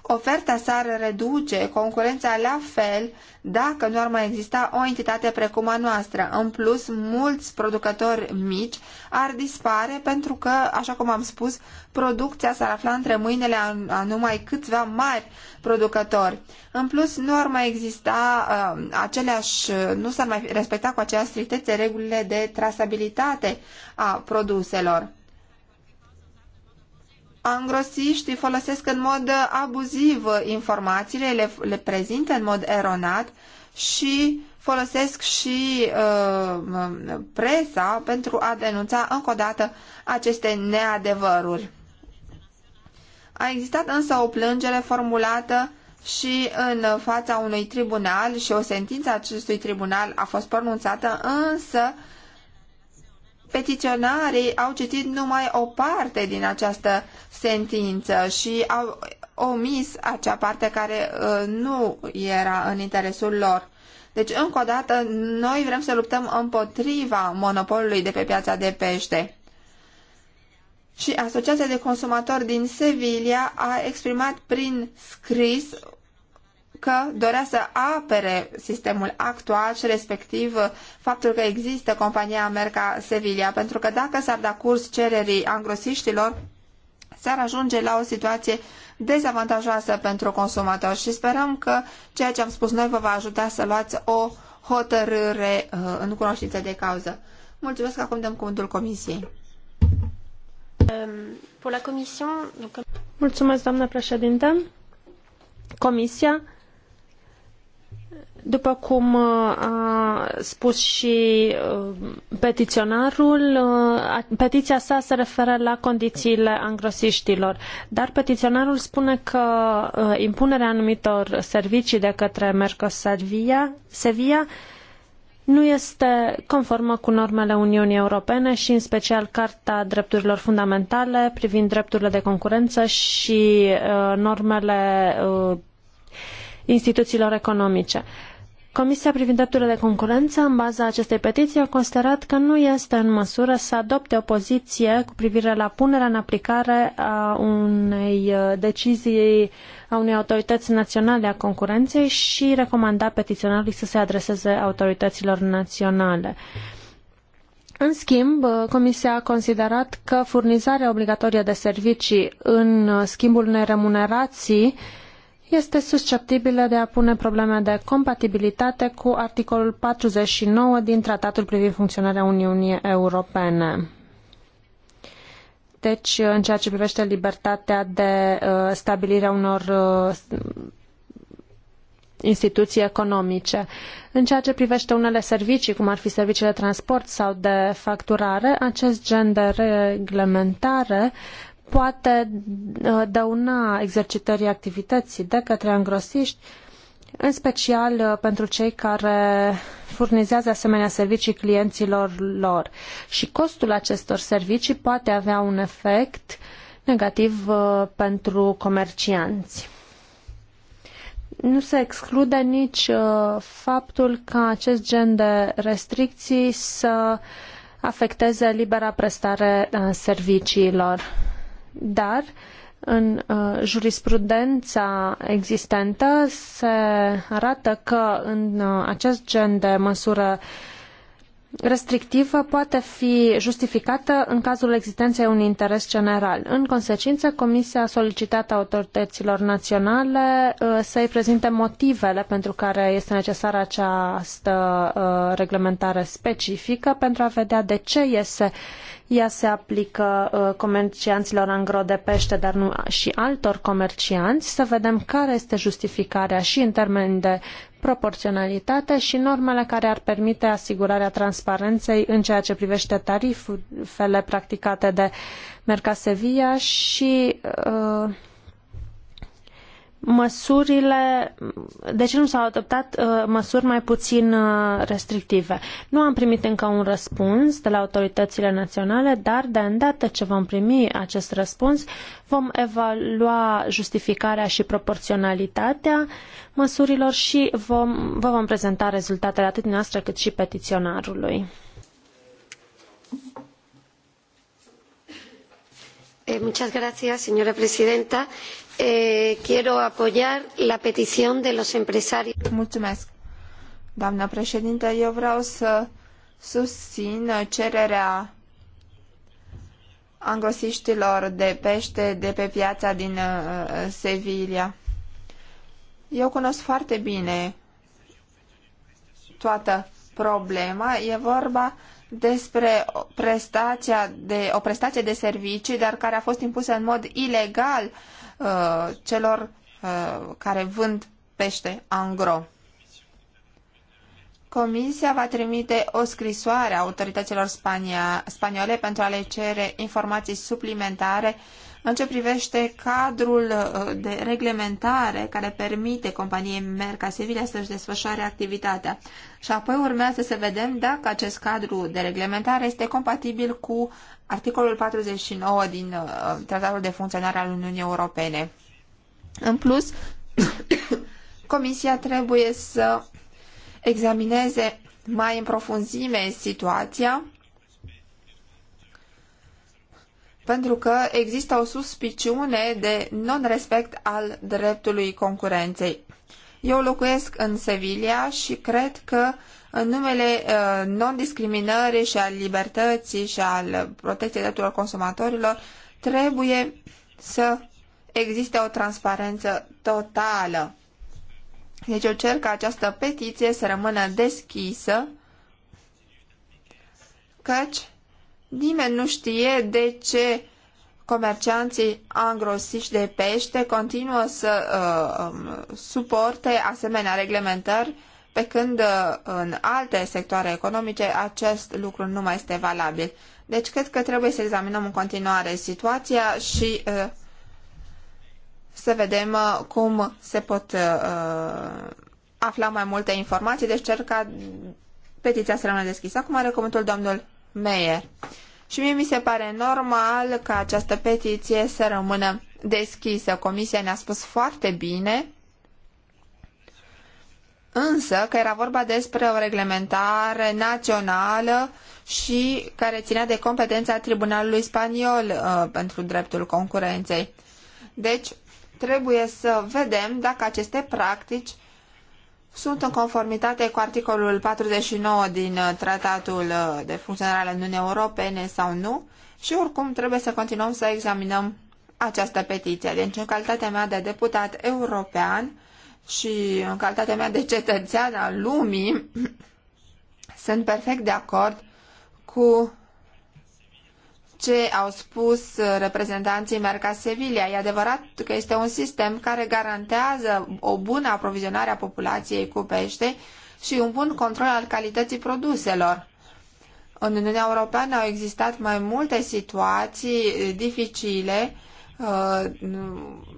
Oferta s-ar reduce, concurența la fel, dacă nu ar mai exista o entitate precum a noastră. În plus, mulți producători mici ar dispare pentru că, așa cum am spus, producția s-ar afla între mâinile a numai câțiva mari producători. În plus, nu ar mai exista uh, aceleași, nu s-ar mai respecta cu aceeași strictețe regulile de trasabilitate a produselor. Angrosiști folosesc în mod abuziv informațiile, le, le prezintă în mod eronat și folosesc și uh, presa pentru a denunța încă o dată aceste neadevăruri. A existat însă o plângere formulată și în fața unui tribunal și o sentință a acestui tribunal a fost pronunțată, însă petiționarii au citit numai o parte din această sentință și au omis acea parte care uh, nu era în interesul lor. Deci, încă o dată, noi vrem să luptăm împotriva monopolului de pe piața de pește. Și Asociația de Consumatori din Sevilla a exprimat prin scris că dorea să apere sistemul actual și respectiv faptul că există compania Merca Sevilla, pentru că dacă s-ar da curs cererii angrosiștilor, s-ar ajunge la o situație dezavantajoasă pentru consumator și sperăm că ceea ce am spus noi vă va ajuta să luați o hotărâre uh, în cunoștință de cauză. Mulțumesc, acum dăm cuvântul Comisiei. Um, Mulțumesc, doamnă președintă. Comisia după cum uh, a spus și uh, petiționarul, uh, petiția sa se referă la condițiile angrosiștilor, dar petiționarul spune că impunerea anumitor servicii de către Mercosur Sevilla nu este conformă cu normele Uniunii Europene și în special Carta Drepturilor Fundamentale privind drepturile de concurență și normele instituțiilor economice. Comisia privind drepturile de concurență, în baza acestei petiții, a considerat că nu este în măsură să adopte o poziție cu privire la punerea în aplicare a unei uh, decizii a unei autorități naționale a concurenței și recomanda petiționarului să se adreseze autorităților naționale. În schimb, uh, Comisia a considerat că furnizarea obligatorie de servicii în uh, schimbul unei remunerații uh, este susceptibilă de a pune probleme de compatibilitate cu articolul 49 din Tratatul privind funcționarea Uniunii Europene. Deci, în ceea ce privește libertatea de uh, stabilire a unor uh, instituții economice. În ceea ce privește unele servicii, cum ar fi serviciile de transport sau de facturare, acest gen de reglementare poate uh, dăuna exercitării activității de către angrosiști, în special uh, pentru cei care furnizează asemenea servicii clienților lor. Și costul acestor servicii poate avea un efect negativ uh, pentru comercianți. Nu se exclude nici faptul că acest gen de restricții să afecteze libera prestare a serviciilor dar în uh, jurisprudența existentă se arată că în uh, acest gen de măsură restrictivă poate fi justificată în cazul existenței unui interes general. În consecință, Comisia a solicitat autorităților naționale uh, să-i prezinte motivele pentru care este necesară această uh, reglementare specifică pentru a vedea de ce este ea se aplică uh, comercianților angro de pește, dar nu și altor comercianți. Să vedem care este justificarea și în termeni de proporționalitate și normele care ar permite asigurarea transparenței în ceea ce privește tarifele practicate de Mercasevia și uh, măsurile, de ce nu s-au adoptat uh, măsuri mai puțin uh, restrictive? Nu am primit încă un răspuns de la autoritățile naționale, dar de îndată ce vom primi acest răspuns, vom evalua justificarea și proporționalitatea măsurilor și vom, vă vom prezenta rezultatele atât noastre cât și petiționarului. Eh, muchas gracias, señora presidenta eh, quiero apoyar la petición de los empresarios. Mulțumesc. Doamnă președinte, eu vreau să susțin cererea angosiștilor de pește de pe piața din uh, Sevilla. Eu cunosc foarte bine toată problema. E vorba despre o prestație de, o prestație de servicii, dar care a fost impusă în mod ilegal Uh, celor uh, care vând pește angro. Comisia va trimite o scrisoare a autorităților Spania, spaniole pentru a le cere informații suplimentare în ce privește cadrul uh, de reglementare care permite companiei Merca Sevilla să-și desfășoare activitatea și apoi urmează să vedem dacă acest cadru de reglementare este compatibil cu articolul 49 din uh, Tratatul de Funcționare al Uniunii Europene. În plus, Comisia trebuie să examineze mai în profunzime situația pentru că există o suspiciune de non-respect al dreptului concurenței. Eu locuiesc în Sevilla și cred că în numele uh, non-discriminării și al libertății și al protecției drepturilor consumatorilor trebuie să existe o transparență totală. Deci eu cer ca această petiție să rămână deschisă, căci nimeni nu știe de ce comercianții angrosiști de pește continuă să uh, um, suporte asemenea reglementări, pe când uh, în alte sectoare economice acest lucru nu mai este valabil. Deci cred că trebuie să examinăm în continuare situația și uh, să vedem uh, cum se pot uh, uh, afla mai multe informații. Deci cer ca petiția să rămână deschisă. Acum are cuvântul domnul Meyer. Și mie mi se pare normal ca această petiție să rămână deschisă. Comisia ne-a spus foarte bine, însă că era vorba despre o reglementare națională și care ținea de competența Tribunalului Spaniol uh, pentru dreptul concurenței. Deci, trebuie să vedem dacă aceste practici sunt în conformitate cu articolul 49 din uh, Tratatul uh, de Funcționare al Uniunii Europene sau nu și oricum trebuie să continuăm să examinăm această petiție. Deci, în calitatea mea de deputat european și în calitatea mea de cetățean al lumii, sunt perfect de acord cu ce au spus uh, reprezentanții Merca Sevilla. E adevărat că este un sistem care garantează o bună aprovizionare a populației cu pește și un bun control al calității produselor. În Uniunea Europeană au existat mai multe situații uh, dificile uh,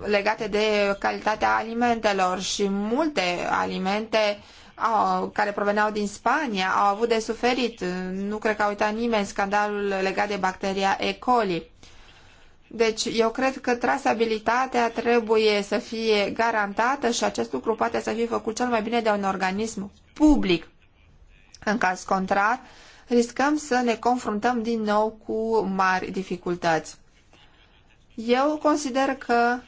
legate de calitatea alimentelor și multe alimente au, care proveneau din Spania au avut de suferit. Nu cred că a uitat nimeni scandalul legat de bacteria E. coli. Deci eu cred că trasabilitatea trebuie să fie garantată și acest lucru poate să fie făcut cel mai bine de un organism public. În caz contrar, riscăm să ne confruntăm din nou cu mari dificultăți. Eu consider că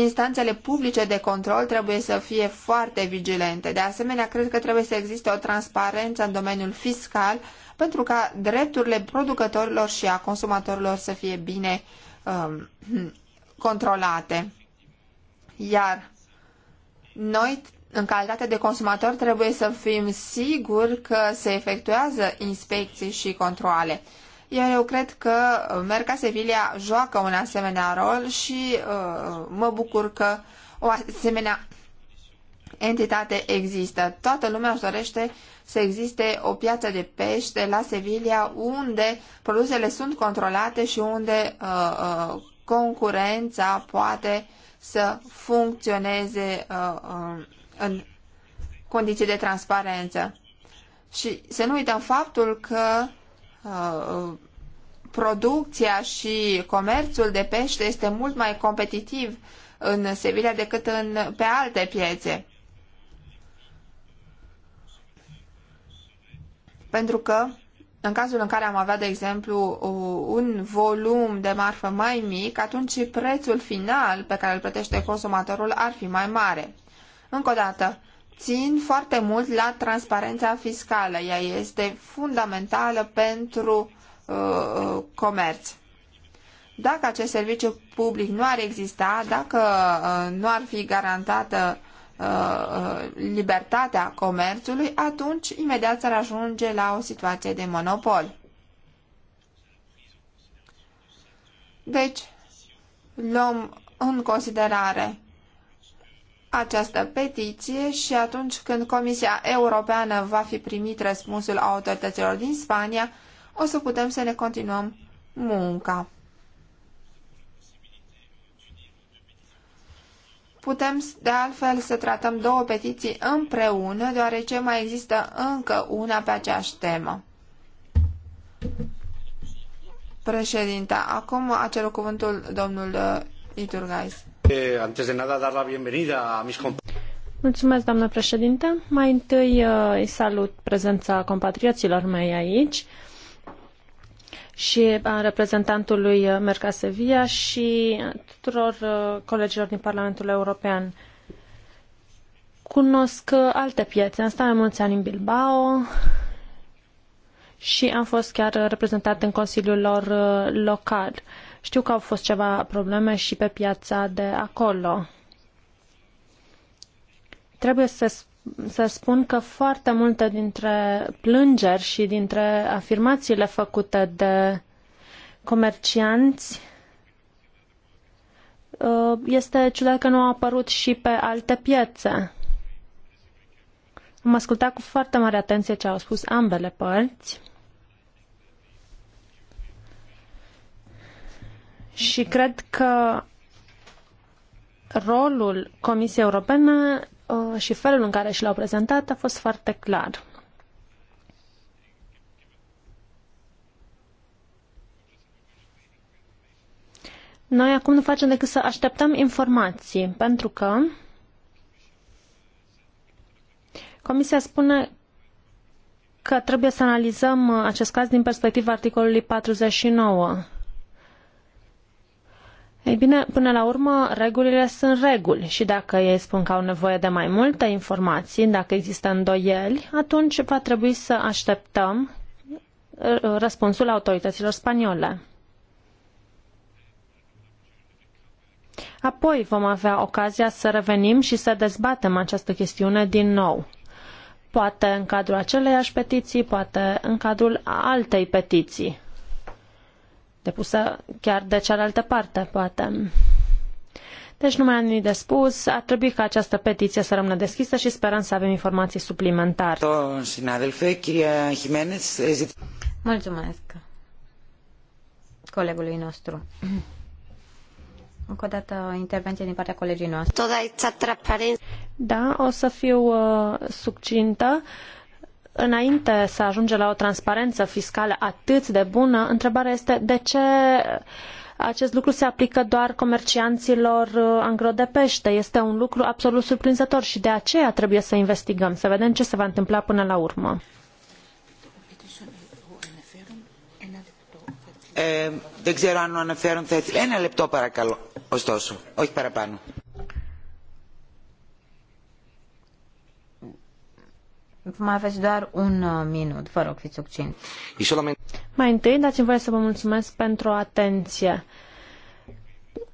Instanțele publice de control trebuie să fie foarte vigilente. De asemenea, cred că trebuie să existe o transparență în domeniul fiscal pentru ca drepturile producătorilor și a consumatorilor să fie bine um, controlate. Iar noi, în calitate de consumatori, trebuie să fim siguri că se efectuează inspecții și controale iar eu cred că Merca Sevilla joacă un asemenea rol și uh, mă bucur că o asemenea entitate există. Toată lumea își dorește să existe o piață de pește la Sevilla unde produsele sunt controlate și unde uh, uh, concurența poate să funcționeze uh, uh, în condiții de transparență. Și să nu uităm faptul că Uh, producția și comerțul de pește este mult mai competitiv în Sevilla decât în, pe alte piețe. Pentru că în cazul în care am avea, de exemplu, uh, un volum de marfă mai mic, atunci prețul final pe care îl plătește consumatorul ar fi mai mare. Încă o dată, țin foarte mult la transparența fiscală. Ea este fundamentală pentru uh, uh, comerț. Dacă acest serviciu public nu ar exista, dacă uh, nu ar fi garantată uh, uh libertatea comerțului, atunci imediat s-ar ajunge la o situație de monopol. Deci, luăm în considerare această petiție și atunci când Comisia Europeană va fi primit răspunsul autorităților din Spania, o să putem să ne continuăm munca. Putem de altfel să tratăm două petiții împreună, deoarece mai există încă una pe aceeași temă. Președinta, acum acel cuvântul domnul uh, Iturgais. Eh, antes de nada, dar la bienvenida a mis Mulțumesc, doamnă președinte. Mai întâi eh, îi salut prezența compatrioților mei aici și a reprezentantului eh, Merca Sevilla și tuturor colegilor din Parlamentul European. Cunosc alte piețe. Am stat mai mulți ani în Bilbao și am fost chiar reprezentat în Consiliul lor local. Uh, știu că au fost ceva probleme și pe piața de acolo. Trebuie să, să spun că foarte multe dintre plângeri și dintre afirmațiile făcute de comercianți uh, este ciudat că nu au apărut și pe alte piețe. Am ascultat cu foarte mare atenție ce au spus ambele părți. și cred că rolul Comisiei Europene uh, și felul în care și l-au prezentat a fost foarte clar. Noi acum nu facem decât să așteptăm informații, pentru că Comisia spune că trebuie să analizăm uh, acest caz din perspectiva articolului 49. Ei bine, până la urmă, regulile sunt reguli și dacă ei spun că au nevoie de mai multe informații, dacă există îndoieli, atunci va trebui să așteptăm uh, răspunsul autorităților spaniole. Apoi vom avea ocazia să revenim și să dezbatem această chestiune din nou. Poate în cadrul aceleiași petiții, poate în cadrul altei petiții depusă chiar de cealaltă parte, poate. Deci nu mai am nimic de spus. Ar trebui ca această petiție să rămână deschisă și sperăm să avem informații suplimentare. Mulțumesc colegului nostru. Încă o dată o intervenție din partea colegii noastre. Da, o să fiu uh, succintă. Uh, Înainte să ajunge la o transparență fiscală atât de bună, întrebarea este de ce acest lucru se aplică doar comercianților uh, angro de pește. Este un lucru absolut surprinzător și de aceea trebuie să investigăm, să vedem ce se va întâmpla până la urmă. Δεν ξέρω αν αναφέρουν θέσει. Ένα λεπτό παρακαλώ, ωστόσο, όχι παραπάνω. mai aveți doar un uh, minut. Vă rog, fiți succint. Mai întâi, dați-mi voie să vă mulțumesc pentru atenție.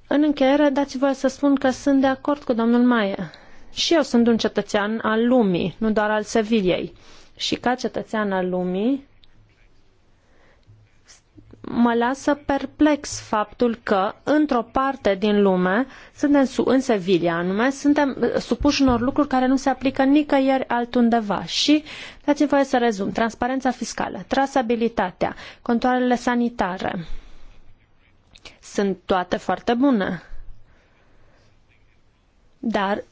În încheiere, dați-mi voie să spun că sunt de acord cu domnul Maie. Și eu sunt un cetățean al lumii, nu doar al Seviliei. Și ca cetățean al lumii, mă lasă perplex faptul că, într-o parte din lume, suntem în Sevilla anume, suntem uh, supuși unor lucruri care nu se aplică nicăieri altundeva. Și, dați-mi voie să rezum, transparența fiscală, trasabilitatea, contoarele sanitare, sunt toate foarte bune. Dar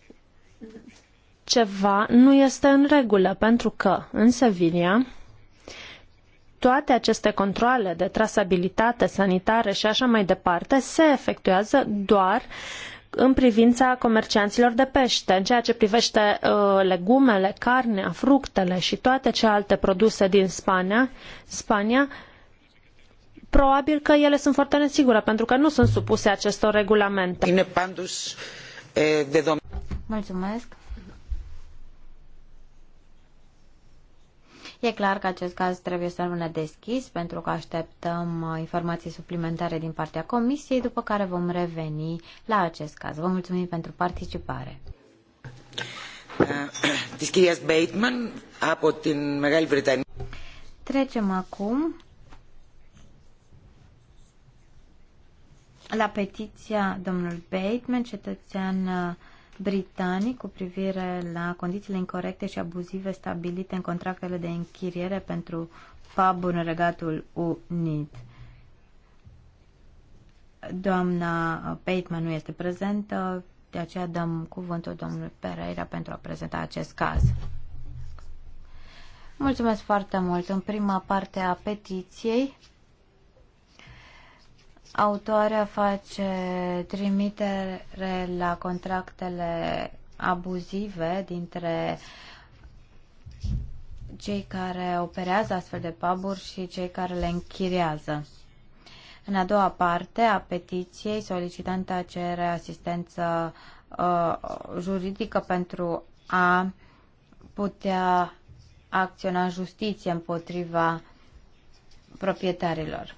ceva nu este în regulă, pentru că în Sevilla toate aceste controle de trasabilitate sanitară și așa mai departe se efectuează doar în privința comercianților de pește, în ceea ce privește uh, legumele, carnea, fructele și toate celelalte produse din Spania, Spania probabil că ele sunt foarte nesigure pentru că nu sunt supuse acestor regulamente. Eh, Mulțumesc. E clar că acest caz trebuie să rămână deschis pentru că așteptăm uh, informații suplimentare din partea Comisiei, după care vom reveni la acest caz. Vă mulțumim pentru participare. Uh, Bateman Trecem acum la petiția domnului Bateman, cetățean uh, britanic cu privire la condițiile incorrecte și abuzive stabilite în contractele de închiriere pentru pub în Regatul Unit. Doamna Bateman nu este prezentă, de aceea dăm cuvântul domnului Pereira pentru a prezenta acest caz. Mulțumesc foarte mult. În prima parte a petiției, Autoarea face trimitere la contractele abuzive dintre cei care operează astfel de paburi și cei care le închiriază. În a doua parte a petiției, solicitanta cere asistență uh, juridică pentru a putea acționa justiție împotriva proprietarilor.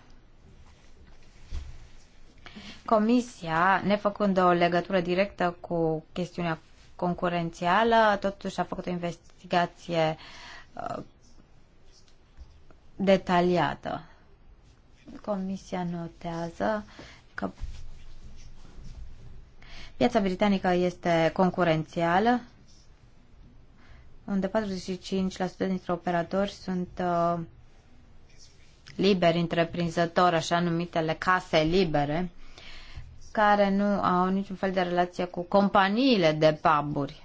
Comisia, nefăcând o legătură directă cu chestiunea concurențială, totuși a făcut o investigație uh, detaliată. Comisia notează că piața britanică este concurențială, unde 45% dintre operatori sunt uh, liberi întreprinzători, așa numitele case libere, care nu au niciun fel de relație cu companiile de puburi.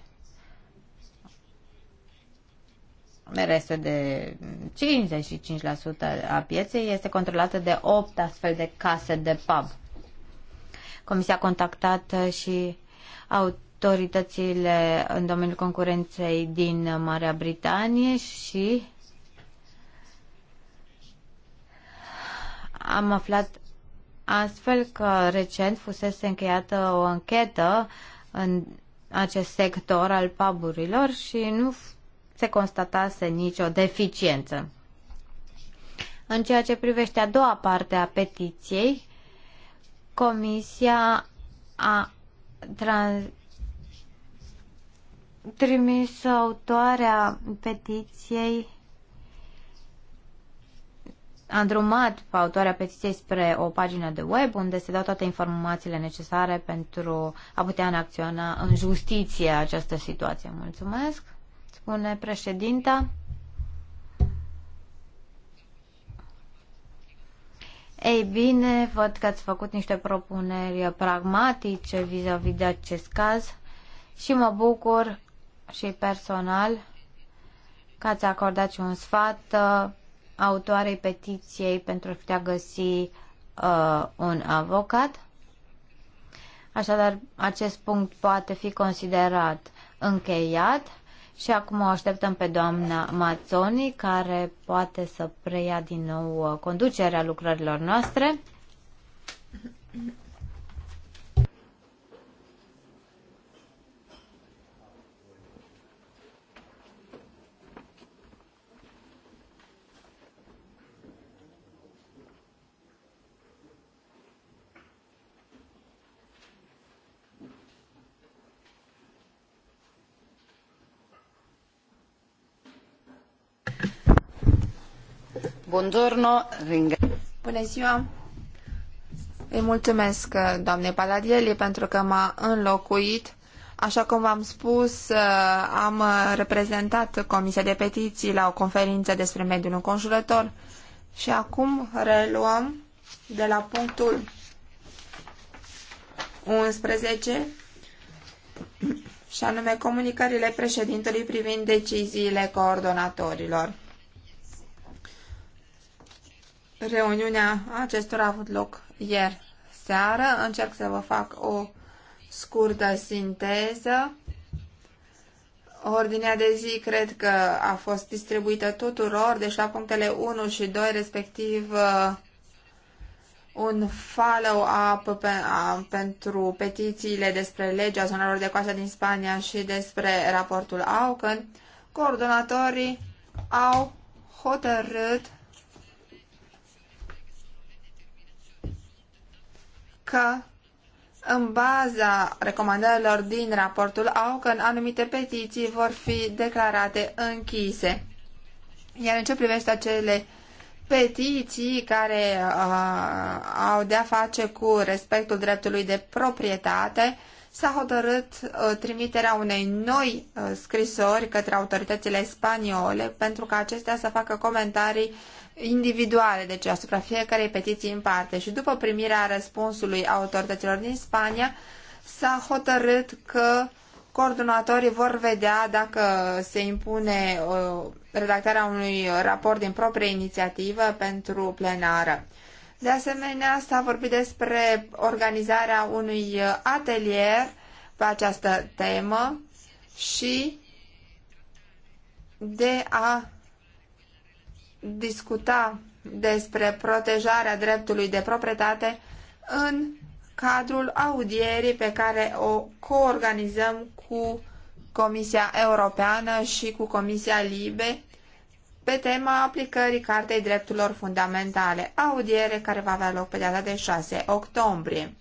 Restul de 55% a pieței este controlată de 8 astfel de case de pub. Comisia a contactat și autoritățile în domeniul concurenței din Marea Britanie și am aflat astfel că recent fusese încheiată o anchetă în acest sector al paburilor și nu se constatase nicio deficiență. În ceea ce privește a doua parte a petiției, Comisia a trans trimis autoarea petiției a îndrumat pe autoarea petiției spre o pagină de web unde se dau toate informațiile necesare pentru a putea acționa în justiție această situație. Mulțumesc, spune președinta. Ei bine, văd că ați făcut niște propuneri pragmatice vis-a-vis -vis de acest caz și mă bucur și personal că ați acordat și un sfat autoarei petiției pentru a putea găsi uh, un avocat. Așadar, acest punct poate fi considerat încheiat și acum o așteptăm pe doamna Mazzoni, care poate să preia din nou uh, conducerea lucrărilor noastre. Bună ziua. Îi mulțumesc, doamne Paladieli, pentru că m-a înlocuit. Așa cum v-am spus, uh, am reprezentat Comisia de Petiții la o conferință despre mediul înconjurător și acum reluăm de la punctul 11 și anume comunicările președintelui privind deciziile coordonatorilor. Reuniunea acestora a avut loc ieri seară. Încerc să vă fac o scurtă sinteză. Ordinea de zi cred că a fost distribuită tuturor, deci la punctele 1 și 2 respectiv un follow-up pe, pentru petițiile despre legea zonelor de coastă din Spania și despre raportul Aucan, coordonatorii au hotărât că în baza recomandărilor din raportul AUCAN, anumite petiții vor fi declarate închise. Iar în ce privește acele petiții care uh, au de-a face cu respectul dreptului de proprietate, s-a hotărât uh, trimiterea unei noi uh, scrisori către autoritățile spaniole pentru ca acestea să facă comentarii uh, individuale, deci asupra fiecarei petiții în parte. Și după primirea răspunsului autorităților din Spania, s-a hotărât că coordonatorii vor vedea dacă se impune uh, redactarea unui raport din proprie inițiativă pentru plenară. De asemenea, s-a vorbit despre organizarea unui atelier pe această temă și de a discuta despre protejarea dreptului de proprietate în cadrul audierii pe care o coorganizăm cu Comisia Europeană și cu Comisia Libe pe tema aplicării Cartei Drepturilor Fundamentale, audiere care va avea loc pe data de 6 octombrie.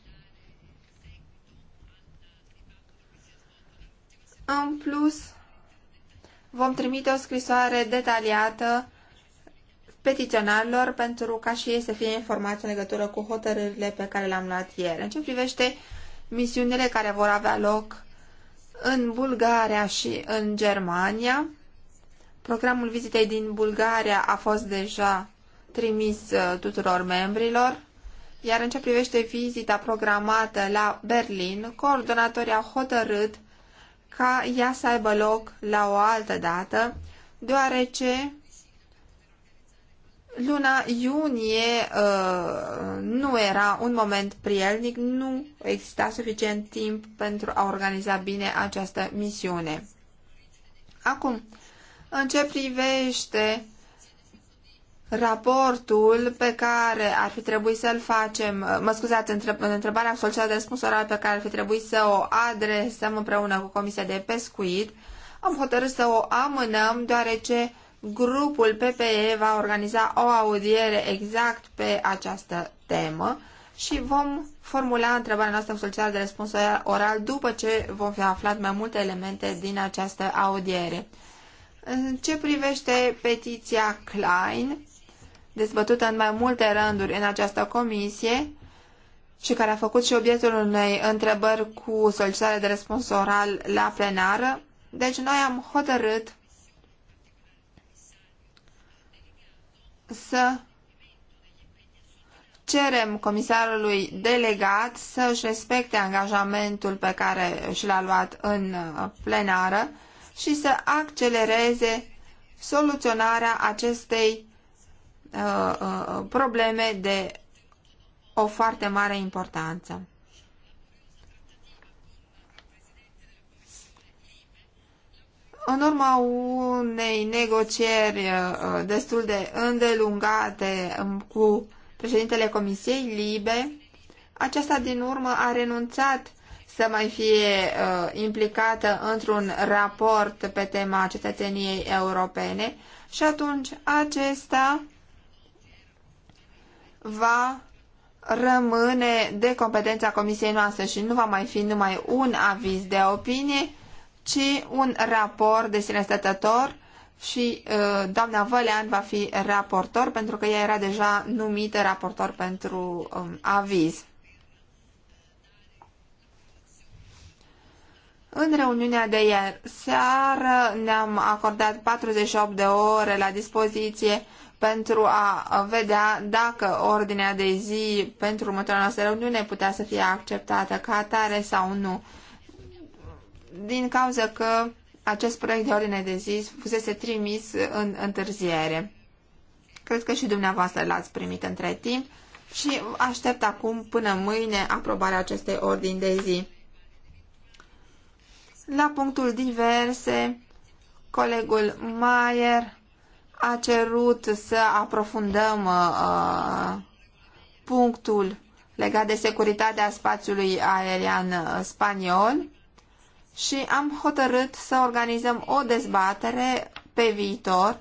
În plus, vom trimite o scrisoare detaliată petiționarilor pentru ca și ei să fie informați în legătură cu hotărârile pe care le-am luat ieri. În ce privește misiunile care vor avea loc în Bulgaria și în Germania, programul vizitei din Bulgaria a fost deja trimis uh, tuturor membrilor, iar în ce privește vizita programată la Berlin, coordonatorii au hotărât ca ea să aibă loc la o altă dată, deoarece luna iunie uh, nu era un moment prielnic, nu exista suficient timp pentru a organiza bine această misiune. Acum, în ce privește raportul pe care ar fi trebuit să-l facem, uh, mă scuzați, în întrebarea solicitată de răspuns oral pe care ar fi trebuit să o adresăm împreună cu Comisia de Pescuit, am hotărât să o amânăm deoarece grupul PPE va organiza o audiere exact pe această temă și vom formula întrebarea noastră socială de răspuns oral după ce vom fi aflat mai multe elemente din această audiere. În ce privește petiția Klein, dezbătută în mai multe rânduri în această comisie și care a făcut și obiectul unei întrebări cu solicitare de răspuns oral la plenară, deci noi am hotărât să cerem comisarului delegat să-și respecte angajamentul pe care și l-a luat în uh, plenară și să accelereze soluționarea acestei uh, uh, uh probleme de o foarte mare importanță. În urma unei negocieri uh, destul de îndelungate um, cu președintele Comisiei Libe, aceasta din urmă a renunțat să mai fie uh, implicată într-un raport pe tema cetățeniei europene și atunci acesta va rămâne de competența comisiei noastre și nu va mai fi numai un aviz de opinie, ci un raport de sine stătător și uh, doamna Vălean va fi raportor pentru că ea era deja numită raportor pentru um, aviz. În reuniunea de ieri seară ne-am acordat 48 de ore la dispoziție pentru a vedea dacă ordinea de zi pentru următoarea noastră reuniune putea să fie acceptată ca tare sau nu din cauza că acest proiect de ordine de zi fusese trimis în întârziere. Cred că și dumneavoastră l-ați primit între timp și aștept acum până mâine aprobarea acestei ordini de zi. La punctul diverse, colegul Maier a cerut să aprofundăm uh, uh punctul legat de securitatea spațiului aerian uh, spaniol și am hotărât să organizăm o dezbatere pe viitor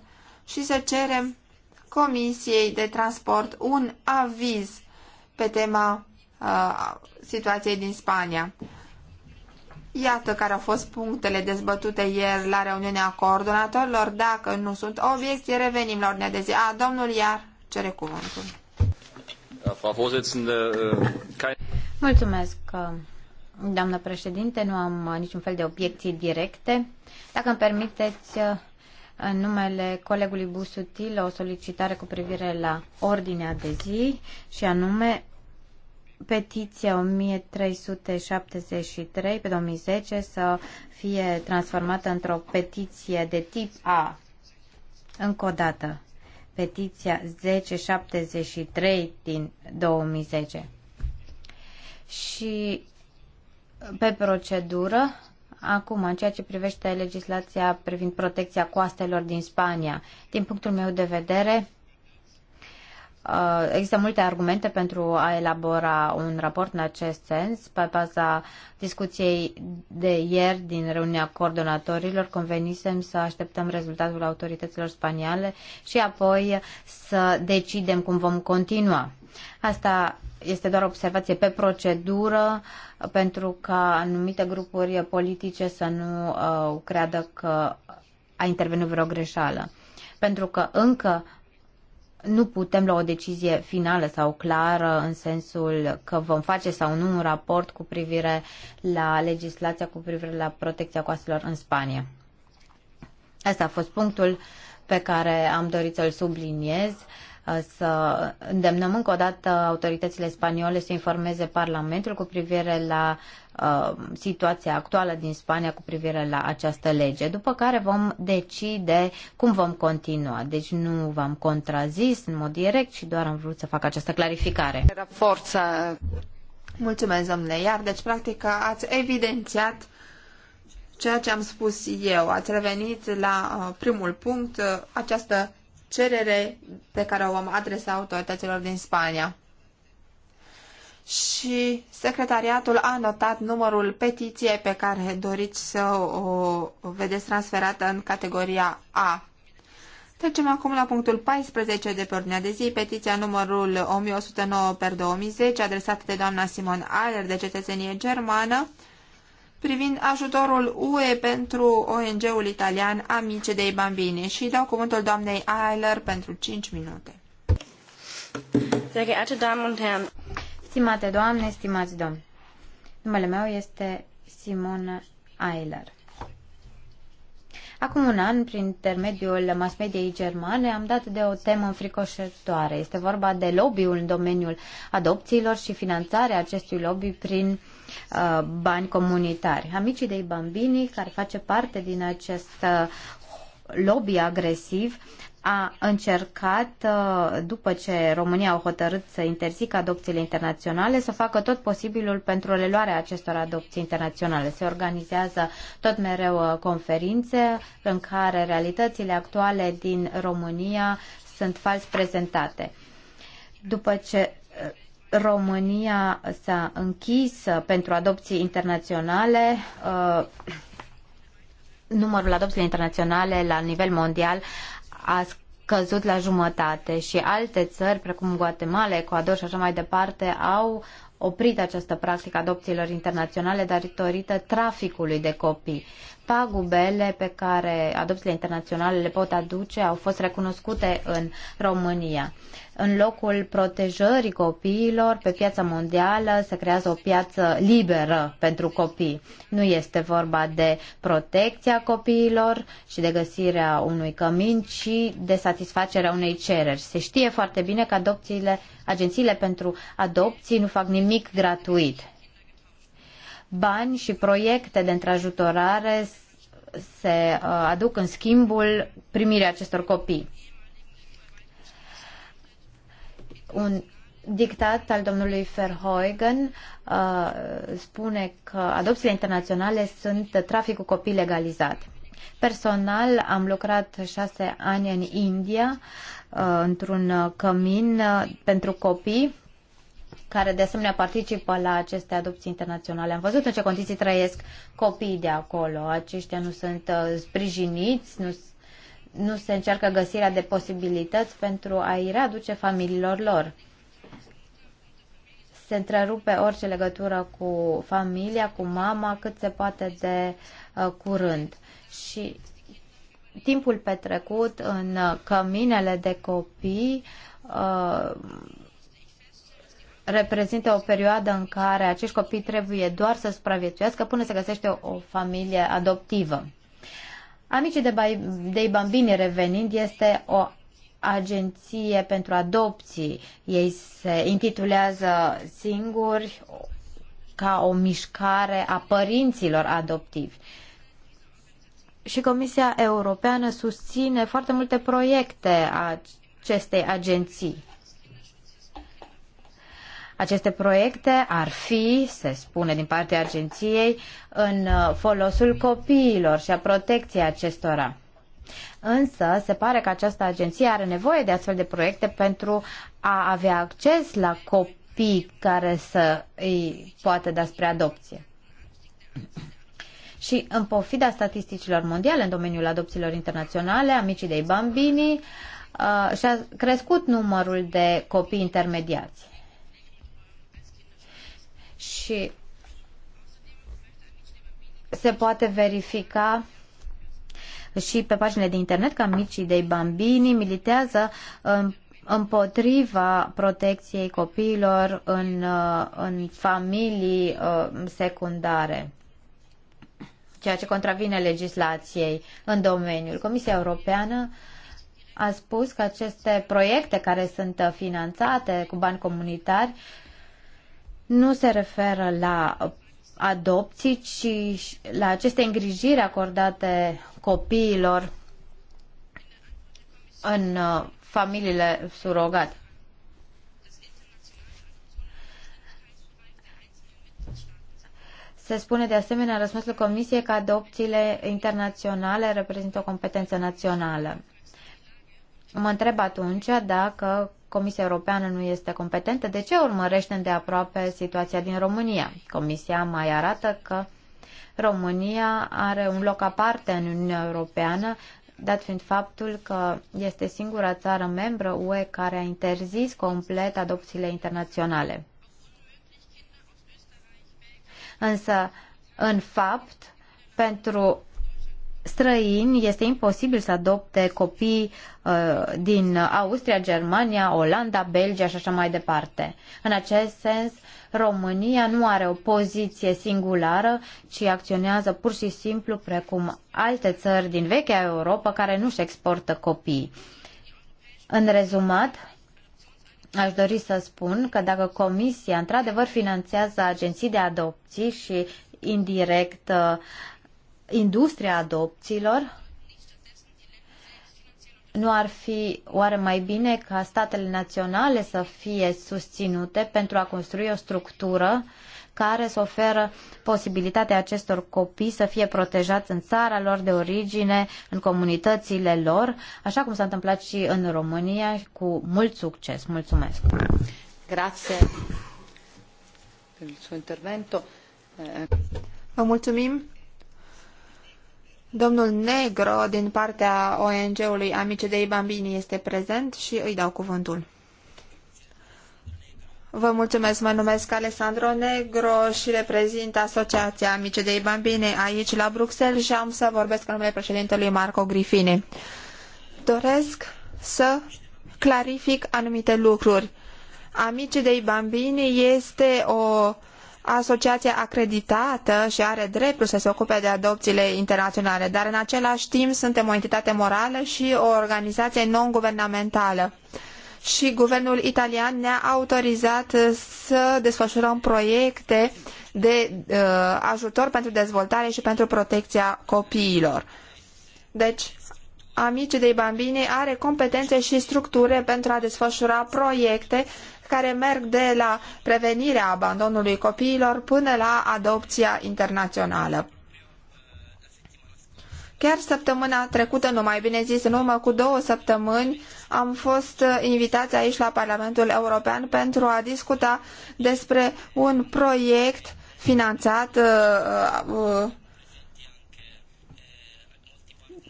și să cerem Comisiei de Transport un aviz pe tema uh, situației din Spania. Iată care au fost punctele dezbătute ieri la reuniunea coordonatorilor. Dacă nu sunt obiecții, revenim la ordinea de zi. A, domnul Iar cere cuvântul. Äh, Mulțumesc, uh, Doamnă președinte, nu am uh, niciun fel de obiecții directe. Dacă îmi permiteți, uh, în numele colegului Busutil, o solicitare cu privire la ordinea de zi și anume petiția 1373 pe 2010 să fie transformată într-o petiție de tip A. Încă o dată, petiția 1073 din 2010. Și pe procedură. Acum, în ceea ce privește legislația privind protecția coastelor din Spania, din punctul meu de vedere, uh, Există multe argumente pentru a elabora un raport în acest sens. Pe baza discuției de ieri din reuniunea coordonatorilor, convenisem să așteptăm rezultatul autorităților spaniale și apoi să decidem cum vom continua. Asta este doar observație pe procedură. Uh, pentru ca anumite grupuri politice să nu uh, creadă că a intervenit vreo greșeală. Pentru că încă nu putem lua o decizie finală sau clară în sensul că vom face sau nu un raport cu privire la legislația cu privire la protecția coastelor în Spania. Asta a fost punctul pe care am dorit să-l subliniez. Uh, să îndemnăm încă o dată autoritățile spaniole să informeze Parlamentul cu privire la uh, situația actuală din Spania cu privire la această lege, după care vom decide cum vom continua. Deci nu v-am contrazis în mod direct și doar am vrut să fac această clarificare. Forța. Mulțumesc, domnule. Iar, deci, practic, ați evidențiat ceea ce am spus eu. Ați revenit la uh, primul punct, uh, această cerere pe care o vom adresa autorităților din Spania. Și secretariatul a notat numărul petiției pe care doriți să o vedeți transferată în categoria A. Trecem acum la punctul 14 de pe ordinea de zi, petiția numărul 1109 per 2010, adresată de doamna Simon Aller de cetățenie germană, privind ajutorul UE pentru ONG-ul italian Amice dei Bambini și dau cuvântul doamnei Eiler pentru 5 minute. Stimate doamne, stimați domni, numele meu este Simona Eiler. Acum un an, prin intermediul mass mediei germane, am dat de o temă înfricoșătoare. Este vorba de lobby-ul în domeniul adopțiilor și finanțarea acestui lobby prin uh, Uh, bani comunitari. Amicii dei Bambini, care face parte din acest uh, lobby agresiv, a încercat, uh, după ce România au hotărât să interzică adopțiile internaționale, să facă tot posibilul pentru reluarea acestor adopții internaționale. Se organizează tot mereu conferințe în care realitățile actuale din România sunt fals prezentate. După ce România s-a închis pentru adopții internaționale. Uh, numărul adopțiilor internaționale la nivel mondial a căzut la jumătate și alte țări, precum Guatemala, Ecuador și așa mai departe, au oprit această practică adopțiilor internaționale datorită traficului de copii. Pagubele pe care adopțiile internaționale le pot aduce au fost recunoscute în România în locul protejării copiilor pe piața mondială se creează o piață liberă pentru copii. Nu este vorba de protecția copiilor și de găsirea unui cămin, ci de satisfacerea unei cereri. Se știe foarte bine că adopțiile, agențiile pentru adopții nu fac nimic gratuit. Bani și proiecte de întrajutorare se uh, aduc în schimbul primirii acestor copii. un dictat al domnului Verhoeven uh, spune că adopțiile internaționale sunt traficul copii legalizat. Personal am lucrat șase ani în India uh, într-un cămin uh, pentru copii care de asemenea participă la aceste adopții internaționale. Am văzut în ce condiții trăiesc copiii de acolo. Aceștia nu sunt uh, sprijiniți, nu nu se încearcă găsirea de posibilități pentru a-i readuce familiilor lor. Se întrerupe orice legătură cu familia, cu mama, cât se poate de uh, curând. Și timpul petrecut în uh, căminele de copii uh, reprezintă o perioadă în care acești copii trebuie doar să supraviețuiască până se găsește o, o familie adoptivă. Amicii de, bai, de Bambini revenind este o agenție pentru adopții. Ei se intitulează singuri ca o mișcare a părinților adoptivi. Și Comisia Europeană susține foarte multe proiecte a acestei agenții. Aceste proiecte ar fi, se spune din partea agenției, în uh, folosul copiilor și a protecției acestora. Însă, se pare că această agenție are nevoie de astfel de proiecte pentru a avea acces la copii care să îi poată da spre adopție. Și în pofida statisticilor mondiale în domeniul adopțiilor internaționale, amicii de bambini uh, și-a crescut numărul de copii intermediați și se poate verifica și pe paginile de internet că micii de bambini militează um, împotriva protecției copiilor în, uh, în familii uh, secundare ceea ce contravine legislației în domeniul. Comisia Europeană a spus că aceste proiecte care sunt uh, finanțate cu bani comunitari nu se referă la adopții, ci la aceste îngrijiri acordate copiilor în uh, familiile surogate. Se spune de asemenea în răspunsul Comisiei că adopțiile internaționale reprezintă o competență națională. Mă întreb atunci dacă Comisia Europeană nu este competentă, de ce urmărește aproape situația din România? Comisia mai arată că România are un loc aparte în Uniunea Europeană, dat fiind faptul că este singura țară membră UE care a interzis complet adopțiile internaționale. Însă, în fapt, pentru străini este imposibil să adopte copii uh, din Austria, Germania, Olanda, Belgia și așa mai departe. În acest sens, România nu are o poziție singulară, ci acționează pur și simplu precum alte țări din vechea Europa care nu-și exportă copii. În rezumat, Aș dori să spun că dacă Comisia într-adevăr finanțează agenții de adopții și indirect uh, industria adopțiilor, nu ar fi oare mai bine ca statele naționale să fie susținute pentru a construi o structură care să oferă posibilitatea acestor copii să fie protejați în țara lor de origine, în comunitățile lor, așa cum s-a întâmplat și în România cu mult succes. Mulțumesc! Grazie pentru Vă mulțumim! Domnul Negro, din partea ONG-ului Amice dei Bambini, este prezent și îi dau cuvântul. Vă mulțumesc, mă numesc Alessandro Negro și reprezint Asociația Amice dei Bambini aici la Bruxelles și am să vorbesc în numele președintelui Marco Grifini. Doresc să clarific anumite lucruri. Amice dei Bambini este o Asociația acreditată și are dreptul să se ocupe de adopțiile internaționale, dar în același timp suntem o entitate morală și o organizație non-guvernamentală. Și guvernul italian ne-a autorizat să desfășurăm proiecte de uh, ajutor pentru dezvoltare și pentru protecția copiilor. Deci, Amici dei Bambini are competențe și structuri pentru a desfășura proiecte care merg de la prevenirea abandonului copiilor până la adopția internațională. Chiar săptămâna trecută, nu mai bine zis, în urmă cu două săptămâni, am fost invitați aici la Parlamentul European pentru a discuta despre un proiect finanțat uh, uh,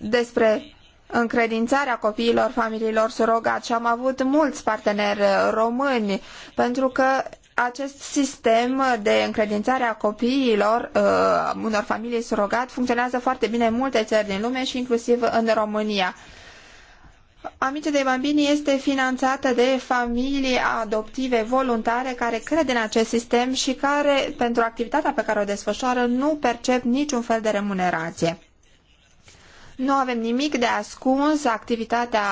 despre încredințarea copiilor familiilor surogat și am avut mulți parteneri uh, români pentru că acest sistem de încredințare a copiilor uh, unor familii surogat funcționează foarte bine în multe țări din lume și inclusiv în România. Amice de Bambini este finanțată de familii adoptive voluntare care cred în acest sistem și care, pentru activitatea pe care o desfășoară, nu percep niciun fel de remunerație. Nu avem nimic de ascuns, activitatea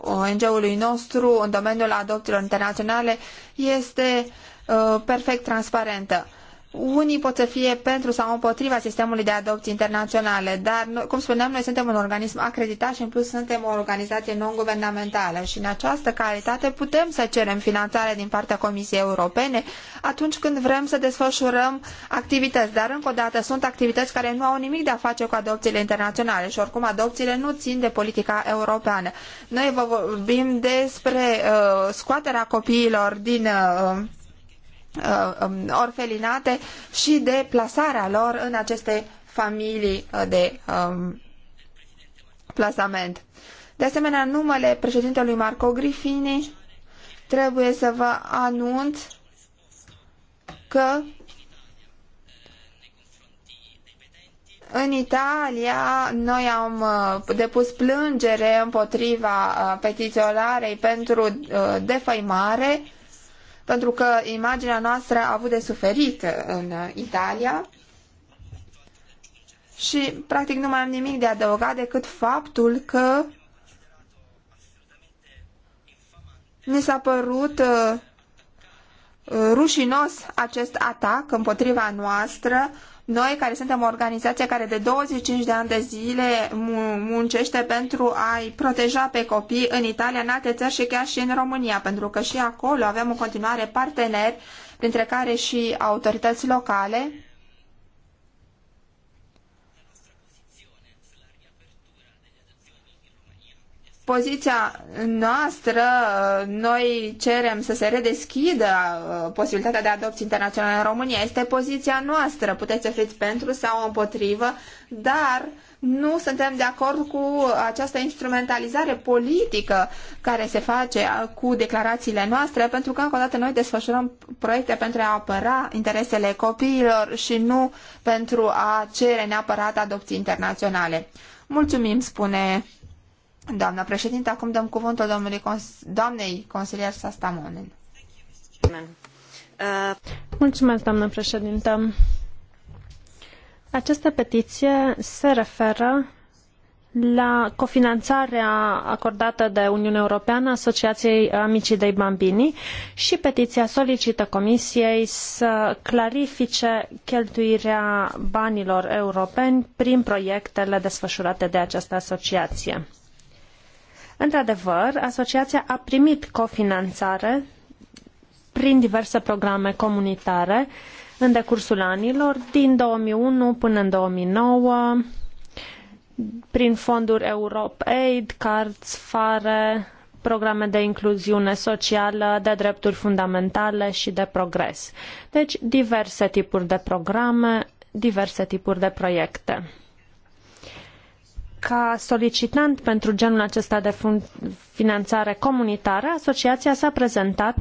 ONG-ului nostru în domeniul adopțiilor internaționale este uh, perfect transparentă unii pot să fie pentru sau împotriva sistemului de adopții internaționale, dar, cum spuneam, noi suntem un organism acreditat și, în plus, suntem o organizație non-guvernamentală și, în această calitate, putem să cerem finanțare din partea Comisiei Europene atunci când vrem să desfășurăm activități. Dar, încă o dată, sunt activități care nu au nimic de a face cu adopțiile internaționale și, oricum, adopțiile nu țin de politica europeană. Noi vorbim despre uh, scoaterea copiilor din... Uh, Uh, um, orfelinate și de plasarea lor în aceste familii uh, de um, plasament. De asemenea, numele președintelui Marco Grifini trebuie să vă anunț că În Italia, noi am uh, depus plângere împotriva petiționarei pentru defăimare pentru că imaginea noastră a avut de suferit în Italia și practic nu mai am nimic de adăugat decât faptul că ni s-a părut uh, rușinos acest atac împotriva noastră noi, care suntem o organizație care de 25 de ani de zile muncește pentru a-i proteja pe copii în Italia, în alte țări și chiar și în România, pentru că și acolo avem în continuare parteneri, printre care și autorități locale, poziția noastră, noi cerem să se redeschidă uh, posibilitatea de adopție internațională în România. Este poziția noastră. Puteți să fiți pentru sau împotrivă, dar nu suntem de acord cu această instrumentalizare politică care se face uh, cu declarațiile noastre, pentru că, încă o dată, noi desfășurăm proiecte pentru a apăra interesele copiilor și nu pentru a cere neapărat adopții internaționale. Mulțumim, spune Doamna președintă acum dăm cuvântul domnului cons- doamnei consilier Sastamonen. Mulțumesc, doamnă președintă. Această petiție se referă la cofinanțarea acordată de Uniunea Europeană Asociației Amicii dei Bambini și petiția solicită Comisiei să clarifice cheltuirea banilor europeni prin proiectele desfășurate de această asociație. Într-adevăr, asociația a primit cofinanțare prin diverse programe comunitare în decursul anilor, din 2001 până în 2009, prin fonduri Europe Aid, CARDS, FARE, programe de incluziune socială, de drepturi fundamentale și de progres. Deci diverse tipuri de programe, diverse tipuri de proiecte ca solicitant pentru genul acesta de finanțare comunitară, asociația s-a prezentat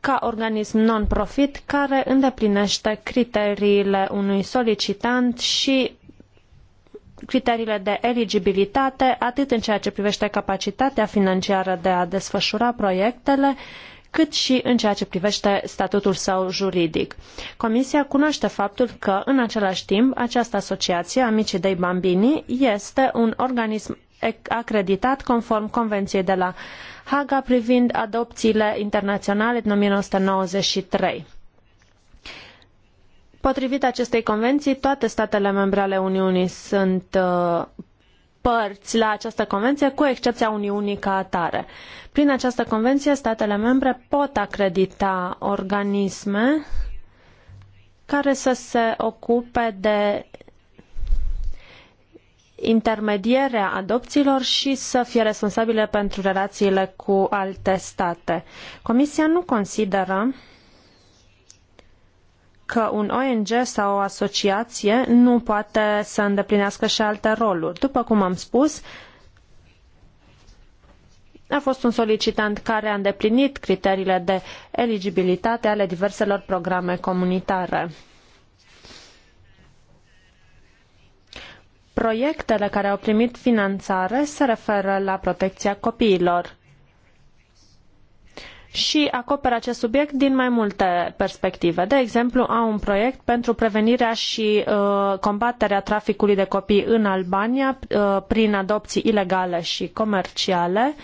ca organism non-profit care îndeplinește criteriile unui solicitant și criteriile de eligibilitate, atât în ceea ce privește capacitatea financiară de a desfășura proiectele, cât și în ceea ce privește statutul său juridic. Comisia cunoaște faptul că, în același timp, această asociație, Amicii dei Bambini, este un organism acreditat conform Convenției de la Haga privind adopțiile internaționale din 1993. Potrivit acestei convenții, toate statele membre ale Uniunii sunt uh, părți la această convenție, cu excepția Uniunii ca atare. Prin această convenție, statele membre pot acredita organisme care să se ocupe de intermedierea adopțiilor și să fie responsabile pentru relațiile cu alte state. Comisia nu consideră că un ONG sau o asociație nu poate să îndeplinească și alte roluri. După cum am spus, a fost un solicitant care a îndeplinit criteriile de eligibilitate ale diverselor programe comunitare. Proiectele care au primit finanțare se referă la protecția copiilor și acoperă acest subiect din mai multe perspective. De exemplu, au un proiect pentru prevenirea și uh, combaterea traficului de copii în Albania uh, prin adopții ilegale și comerciale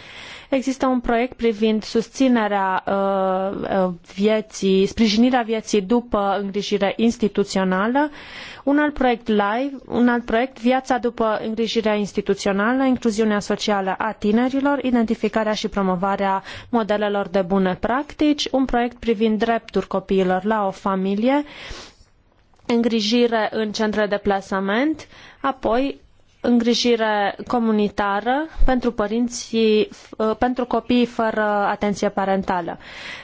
Există un proiect privind susținerea uh, uh, vieții, sprijinirea vieții după îngrijire instituțională, un alt proiect live, un alt proiect Viața după îngrijirea instituțională, incluziunea socială a tinerilor, identificarea și promovarea modelelor de bune practici, un proiect privind drepturi copiilor la o familie, îngrijire în centre de plasament, apoi îngrijire comunitară pentru, părinții, uh, pentru copiii fără atenție parentală.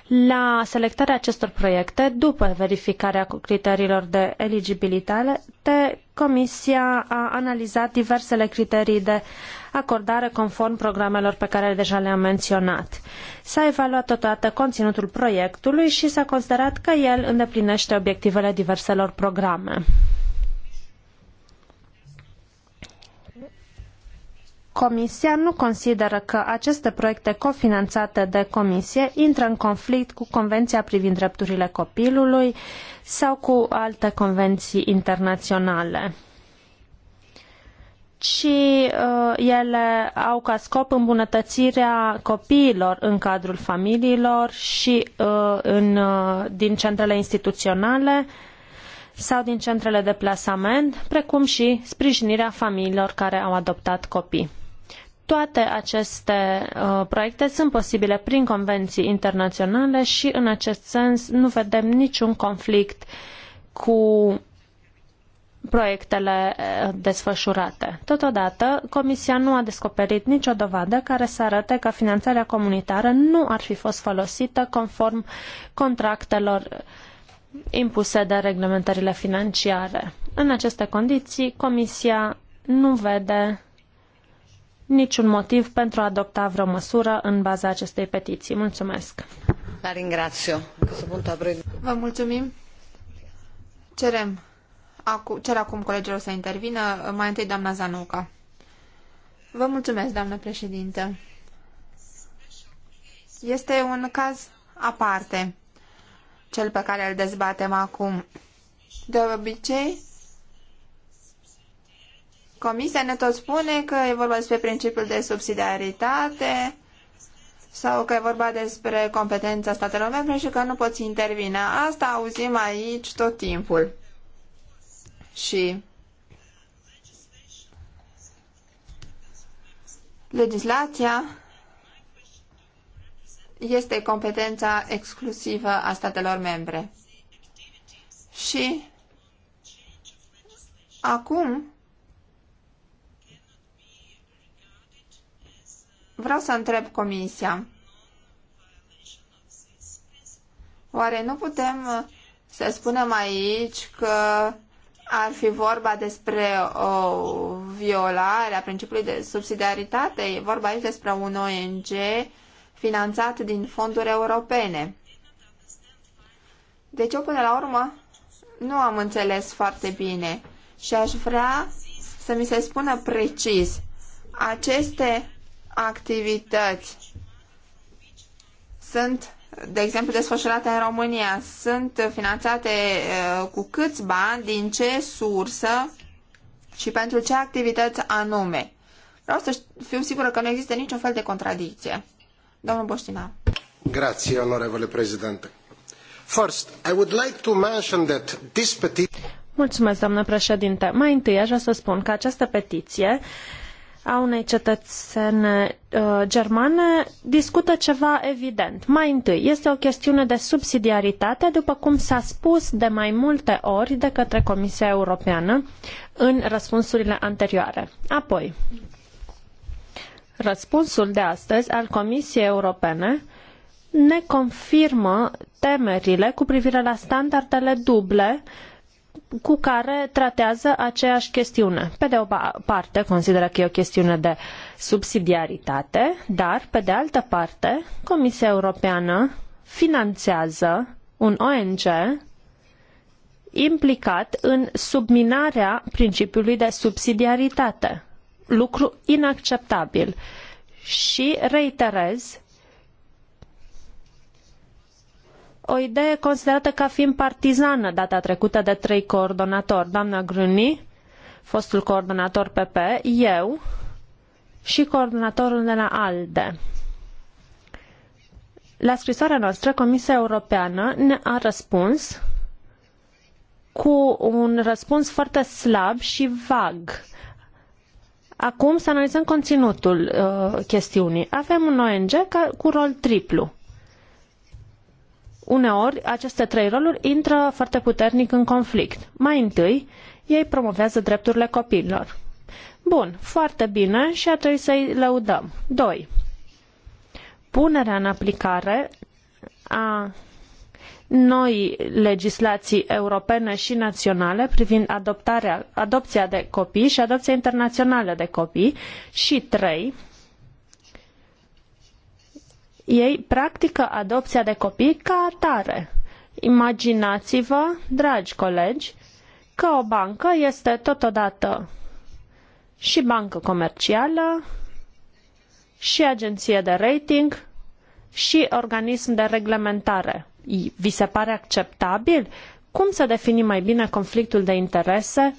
La selectarea acestor proiecte, după verificarea criteriilor de eligibilitate, Comisia a analizat diversele criterii de acordare conform programelor pe care deja le-am menționat. S-a evaluat totodată conținutul proiectului și s-a considerat că el îndeplinește obiectivele diverselor programe. Comisia nu consideră că aceste proiecte cofinanțate de Comisie intră în conflict cu Convenția privind drepturile copilului sau cu alte convenții internaționale ci uh, ele au ca scop îmbunătățirea copiilor în cadrul familiilor și uh, în, uh, din centrele instituționale sau din centrele de plasament, precum și sprijinirea familiilor care au adoptat copii. Toate aceste uh, proiecte sunt posibile prin convenții internaționale și în acest sens nu vedem niciun conflict cu proiectele uh, desfășurate. Totodată, Comisia nu a descoperit nicio dovadă care să arate că finanțarea comunitară nu ar fi fost folosită conform contractelor impuse de reglementările financiare. În aceste condiții, Comisia nu vede niciun motiv pentru a adopta vreo măsură în baza acestei petiții. Mulțumesc! La ringrazio. Vă mulțumim! Cerem acu, cer acum colegilor să intervină, mai întâi doamna Zanuca. Vă mulțumesc, doamnă președintă. Este un caz aparte, cel pe care îl dezbatem acum. De obicei, Comisia ne tot spune că e vorba despre principiul de subsidiaritate sau că e vorba despre competența statelor membre și că nu poți intervine. Asta auzim aici tot timpul. Și legislația este competența exclusivă a statelor membre. Și acum Vreau să întreb Comisia. Oare nu putem uh, să spunem aici că ar fi vorba despre o uh, violare a principiului de subsidiaritate? E vorba aici despre un ONG finanțat din fonduri europene. Deci eu până la urmă nu am înțeles foarte bine și aș vrea să mi se spună precis aceste activități sunt, de exemplu, desfășurate în România, sunt finanțate uh, cu câți bani, din ce sursă și pentru ce activități anume. Vreau să fiu sigură că nu există niciun fel de contradicție. Domnul Boștina. Grazie, onorevole președinte. First, I would like to mention that this petition... Mulțumesc, doamnă președinte. Mai întâi aș vrea să spun că această petiție uh, a unei cetățene uh, germane discută ceva evident. Mai întâi, este o chestiune de subsidiaritate, după cum s-a spus de mai multe ori de către Comisia Europeană în răspunsurile anterioare. Apoi, răspunsul de astăzi al Comisiei Europene ne confirmă temerile cu privire la standardele duble uh, cu care tratează aceeași chestiune. Pe de o parte, consideră că e o chestiune de subsidiaritate, dar, pe de altă parte, Comisia Europeană finanțează un ONG implicat în subminarea principiului de subsidiaritate. Lucru inacceptabil. Și reiterez o idee considerată ca fiind partizană data trecută de trei coordonatori, doamna Gruny, fostul coordonator PP, eu și coordonatorul de la ALDE. La scrisoarea noastră, Comisia Europeană ne-a răspuns cu un răspuns foarte slab și vag. Acum să analizăm conținutul uh, chestiunii. Avem un ONG ca, cu rol triplu uneori aceste trei roluri intră foarte puternic în conflict. Mai întâi, ei promovează drepturile copiilor. Bun, foarte bine și ar trebui să-i lăudăm. 2. Punerea în aplicare a noi legislații europene și naționale privind adoptarea, adopția de copii și adopția internațională de copii și 3 ei practică adopția de copii ca atare. Imaginați-vă, dragi colegi, că o bancă este totodată și bancă comercială, și agenție de rating, și organism de reglementare. Vi se pare acceptabil? Cum să definim mai bine conflictul de interese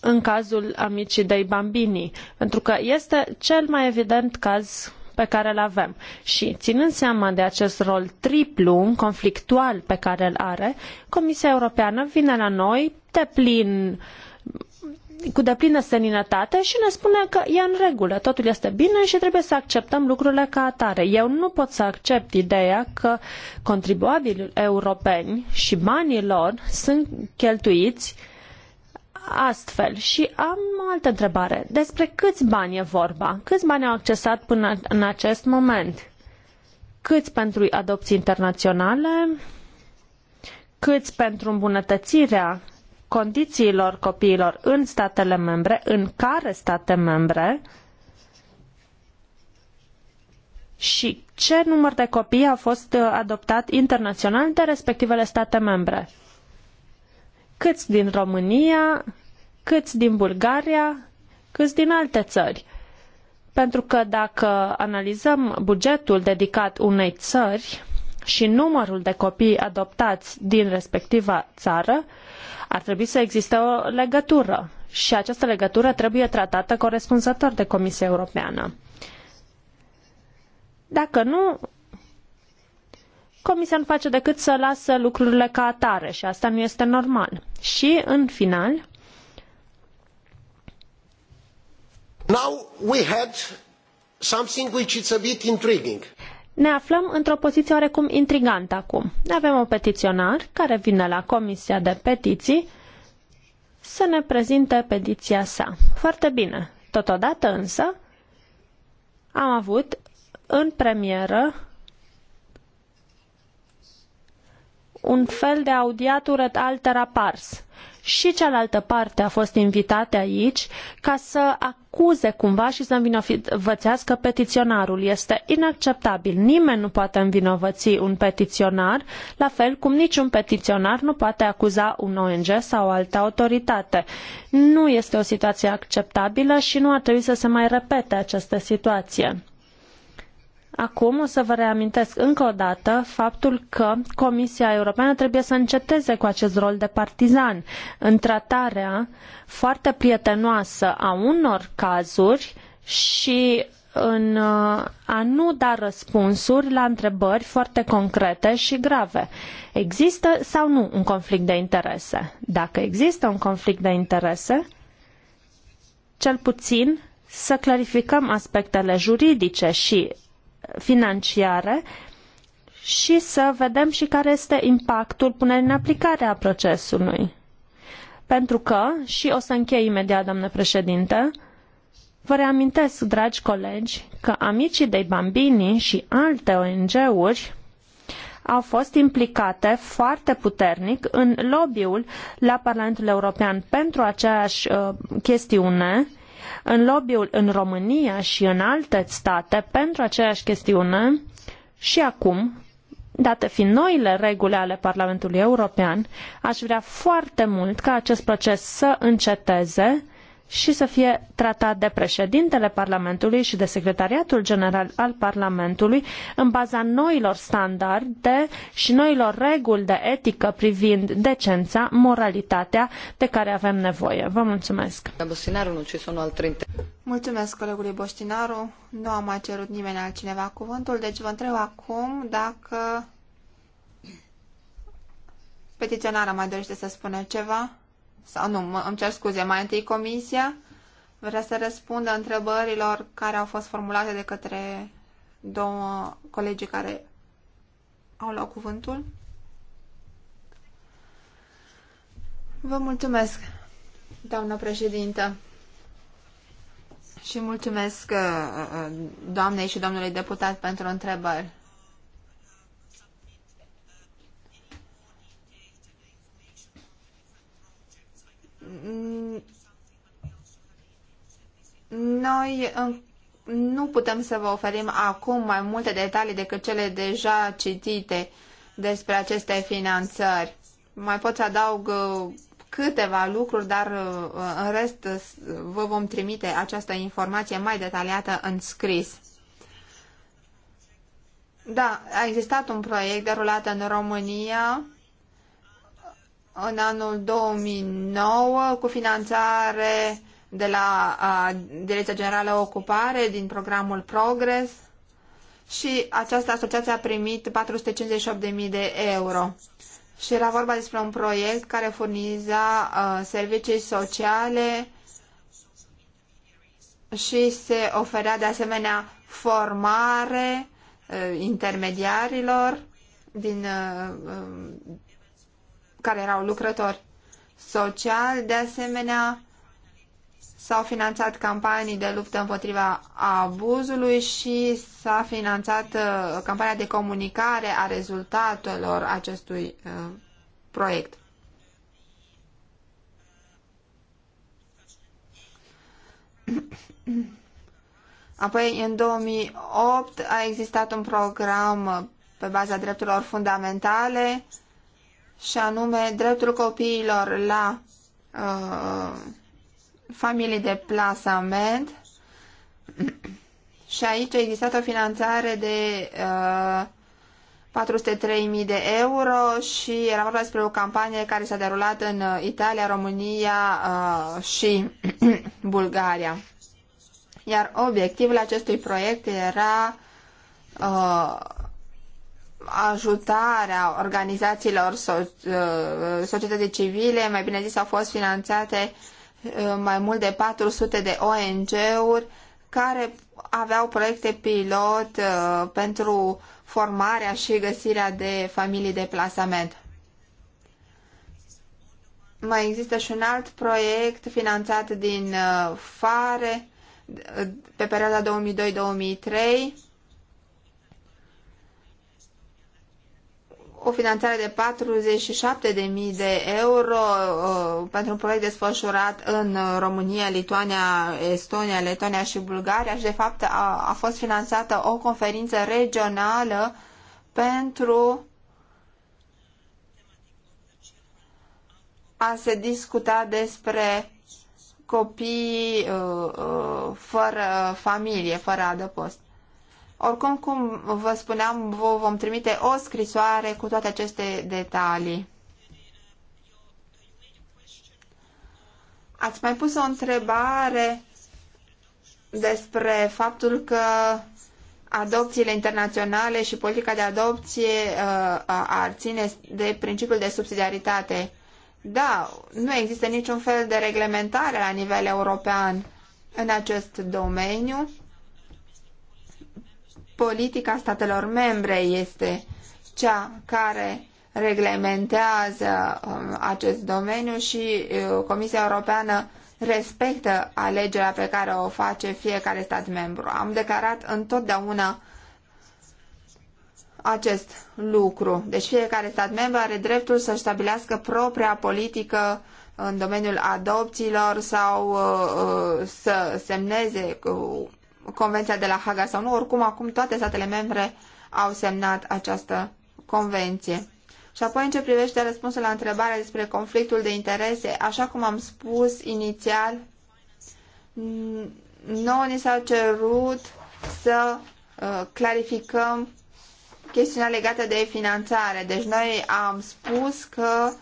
în cazul amicii de bambini? Pentru că este cel mai evident caz pe care îl avem. Și ținând seama de acest rol triplu, conflictual pe care îl are, Comisia Europeană vine la noi de plin cu deplină seninătate și ne spune că e în regulă, totul este bine și trebuie să acceptăm lucrurile ca atare. Eu nu pot să accept ideea că contribuabilii europeni și banii lor sunt cheltuiți uh, astfel și am o altă întrebare. Despre câți bani e vorba? Câți bani au accesat până în acest moment? Câți pentru adopții internaționale? Câți pentru îmbunătățirea condițiilor copiilor în statele membre? În care state membre? Și ce număr de copii a fost adoptat internațional de respectivele state membre? câți din România, câți din Bulgaria, câți din alte țări. Pentru că dacă analizăm bugetul dedicat unei țări și numărul de copii adoptați din respectiva țară, ar trebui să existe o legătură și această legătură trebuie tratată corespunzător de Comisia Europeană. Dacă nu, Comisia nu face decât să lasă lucrurile ca atare și asta nu este normal. Și, în final, Now we had something which is a bit intriguing. Ne aflăm într-o poziție oarecum intrigantă acum. ne Avem un petiționar care vine la Comisia de Petiții să ne prezinte petiția sa. Foarte bine. Totodată însă am avut în premieră un fel de audiatură altera pars. Și cealaltă parte a fost invitată aici ca să acuze cumva și să învinovățească petiționarul. Este inacceptabil. Nimeni nu poate învinovăți un petiționar, la fel cum niciun petiționar nu poate acuza un ONG sau o altă autoritate. Nu este o situație acceptabilă și nu ar trebui să se mai repete această situație. Acum o să vă reamintesc încă o dată faptul că Comisia Europeană trebuie să înceteze cu acest rol de partizan în tratarea foarte prietenoasă a unor cazuri și în a nu da răspunsuri la întrebări foarte concrete și grave. Există sau nu un conflict de interese? Dacă există un conflict de interese, cel puțin să clarificăm aspectele juridice și financiare și să vedem și care este impactul punerii în aplicare a procesului. Pentru că, și o să închei imediat, doamnă președinte, vă reamintesc, dragi colegi, că amicii dei bambini și alte ONG-uri au fost implicate foarte puternic în lobby-ul la Parlamentul European pentru aceeași uh, chestiune în lobby-ul în România și în alte state pentru aceeași chestiune și acum, date fiind noile reguli ale Parlamentului European, aș vrea foarte mult ca acest proces să înceteze și să fie tratat de președintele Parlamentului și de Secretariatul General al Parlamentului în baza noilor standarde și noilor reguli de etică privind decența, moralitatea de care avem nevoie. Vă mulțumesc! nu sunt Mulțumesc, colegului Boștinaru. Nu a mai cerut nimeni altcineva cuvântul, deci vă întreb acum dacă petiționarea mai dorește să spună ceva sau nu, îmi cer scuze, mai întâi comisia vrea să răspundă întrebărilor care au fost formulate de către două colegii care au luat cuvântul. Vă mulțumesc, doamnă președintă, și mulțumesc uh, uh, doamnei și domnului deputat pentru întrebări. Noi nu putem să vă oferim acum mai multe detalii decât cele deja citite despre aceste finanțări. Mai pot să adaug uh, câteva lucruri, dar uh, în rest uh, vă vom trimite această informație mai detaliată în scris. Da, a existat un proiect derulat în România în anul 2009 cu finanțare de la Direcția Generală Ocupare din programul Progress și această asociație a primit 458.000 de euro. Și era vorba despre un proiect care furniza uh, servicii sociale și se oferea de asemenea formare uh, intermediarilor din uh, care erau lucrători social. De asemenea, s-au finanțat campanii de luptă împotriva abuzului și s-a finanțat uh, campania de comunicare a rezultatelor acestui uh, proiect. Apoi, în 2008, a existat un program pe baza drepturilor fundamentale și anume dreptul copiilor la uh, familii de plasament și aici a existat o finanțare de uh, 403.000 de euro și era vorba despre o campanie care s-a derulat în uh, Italia, România uh, și Bulgaria. Iar obiectivul acestui proiect era uh, ajutarea organizațiilor uh, societății civile, mai bine zis, au fost finanțate uh, mai mult de 400 de ONG-uri care aveau proiecte pilot uh, pentru formarea și găsirea de familii de plasament. Mai există și un alt proiect finanțat din FARE pe perioada 2002-2003 o finanțare de 47.000 de euro uh, pentru un proiect desfășurat în uh, România, Lituania, Estonia, Letonia și Bulgaria și de fapt a, a fost finanțată o conferință regională pentru a se discuta despre copii uh, uh, fără familie, fără adăpost. Oricum, cum vă spuneam, vă vom trimite o scrisoare cu toate aceste detalii. Ați mai pus o întrebare despre faptul că adopțiile internaționale și politica de adopție uh, ar ține de principiul de subsidiaritate. Da, nu există niciun fel de reglementare la nivel european în acest domeniu politica statelor membre este cea care reglementează um, acest domeniu și uh, Comisia Europeană respectă alegerea pe care o face fiecare stat membru. Am declarat întotdeauna acest lucru. Deci fiecare stat membru are dreptul să stabilească propria politică în domeniul adopțiilor sau uh, uh, să semneze Convenția de la Haga sau nu, oricum acum toate statele membre au semnat această convenție. Și apoi în ce privește răspunsul la întrebarea despre conflictul de interese, așa cum am spus inițial, nouă ni s-a cerut să uh, clarificăm chestiunea legată de finanțare. Deci noi am spus că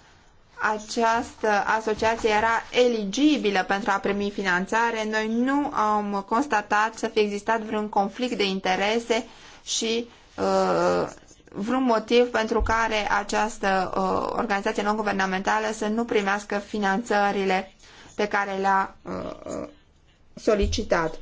această asociație era eligibilă pentru a primi finanțare, noi nu am constatat să fi existat vreun conflict de interese și uh, vreun motiv pentru care această uh, organizație non-guvernamentală să nu primească finanțările pe care le-a uh, solicitat.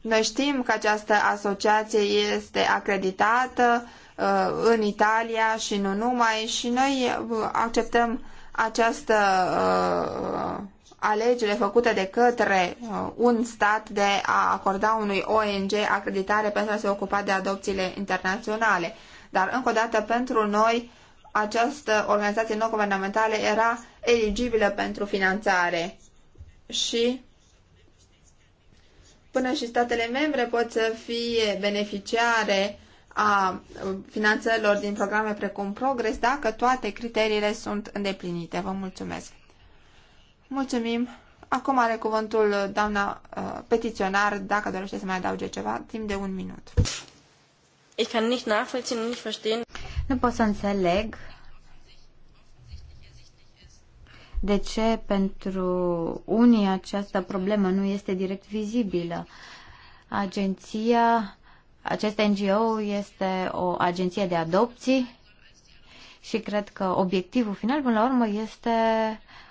Noi știm că această asociație este acreditată Uh, în Italia și nu numai și noi uh, acceptăm această uh, alegere făcută de către un stat de a acorda unui ONG acreditare pentru a se ocupa de adopțiile internaționale. Dar, încă o dată, pentru noi, această organizație non-guvernamentală era eligibilă pentru finanțare și până și statele membre pot să fie beneficiare a finanțelor din programe precum Progress dacă toate criteriile sunt îndeplinite. Vă mulțumesc! Mulțumim! Acum are cuvântul uh, doamna uh, petiționar, dacă dorește să mai adauge ceva, timp de un minut. Ich kann nicht nachvollziehen, nicht verstehen. Nu pot să înțeleg de ce pentru unii această problemă nu este direct vizibilă. Agenția acest NGO este o agenție de adopții și cred că obiectivul final, până la urmă, este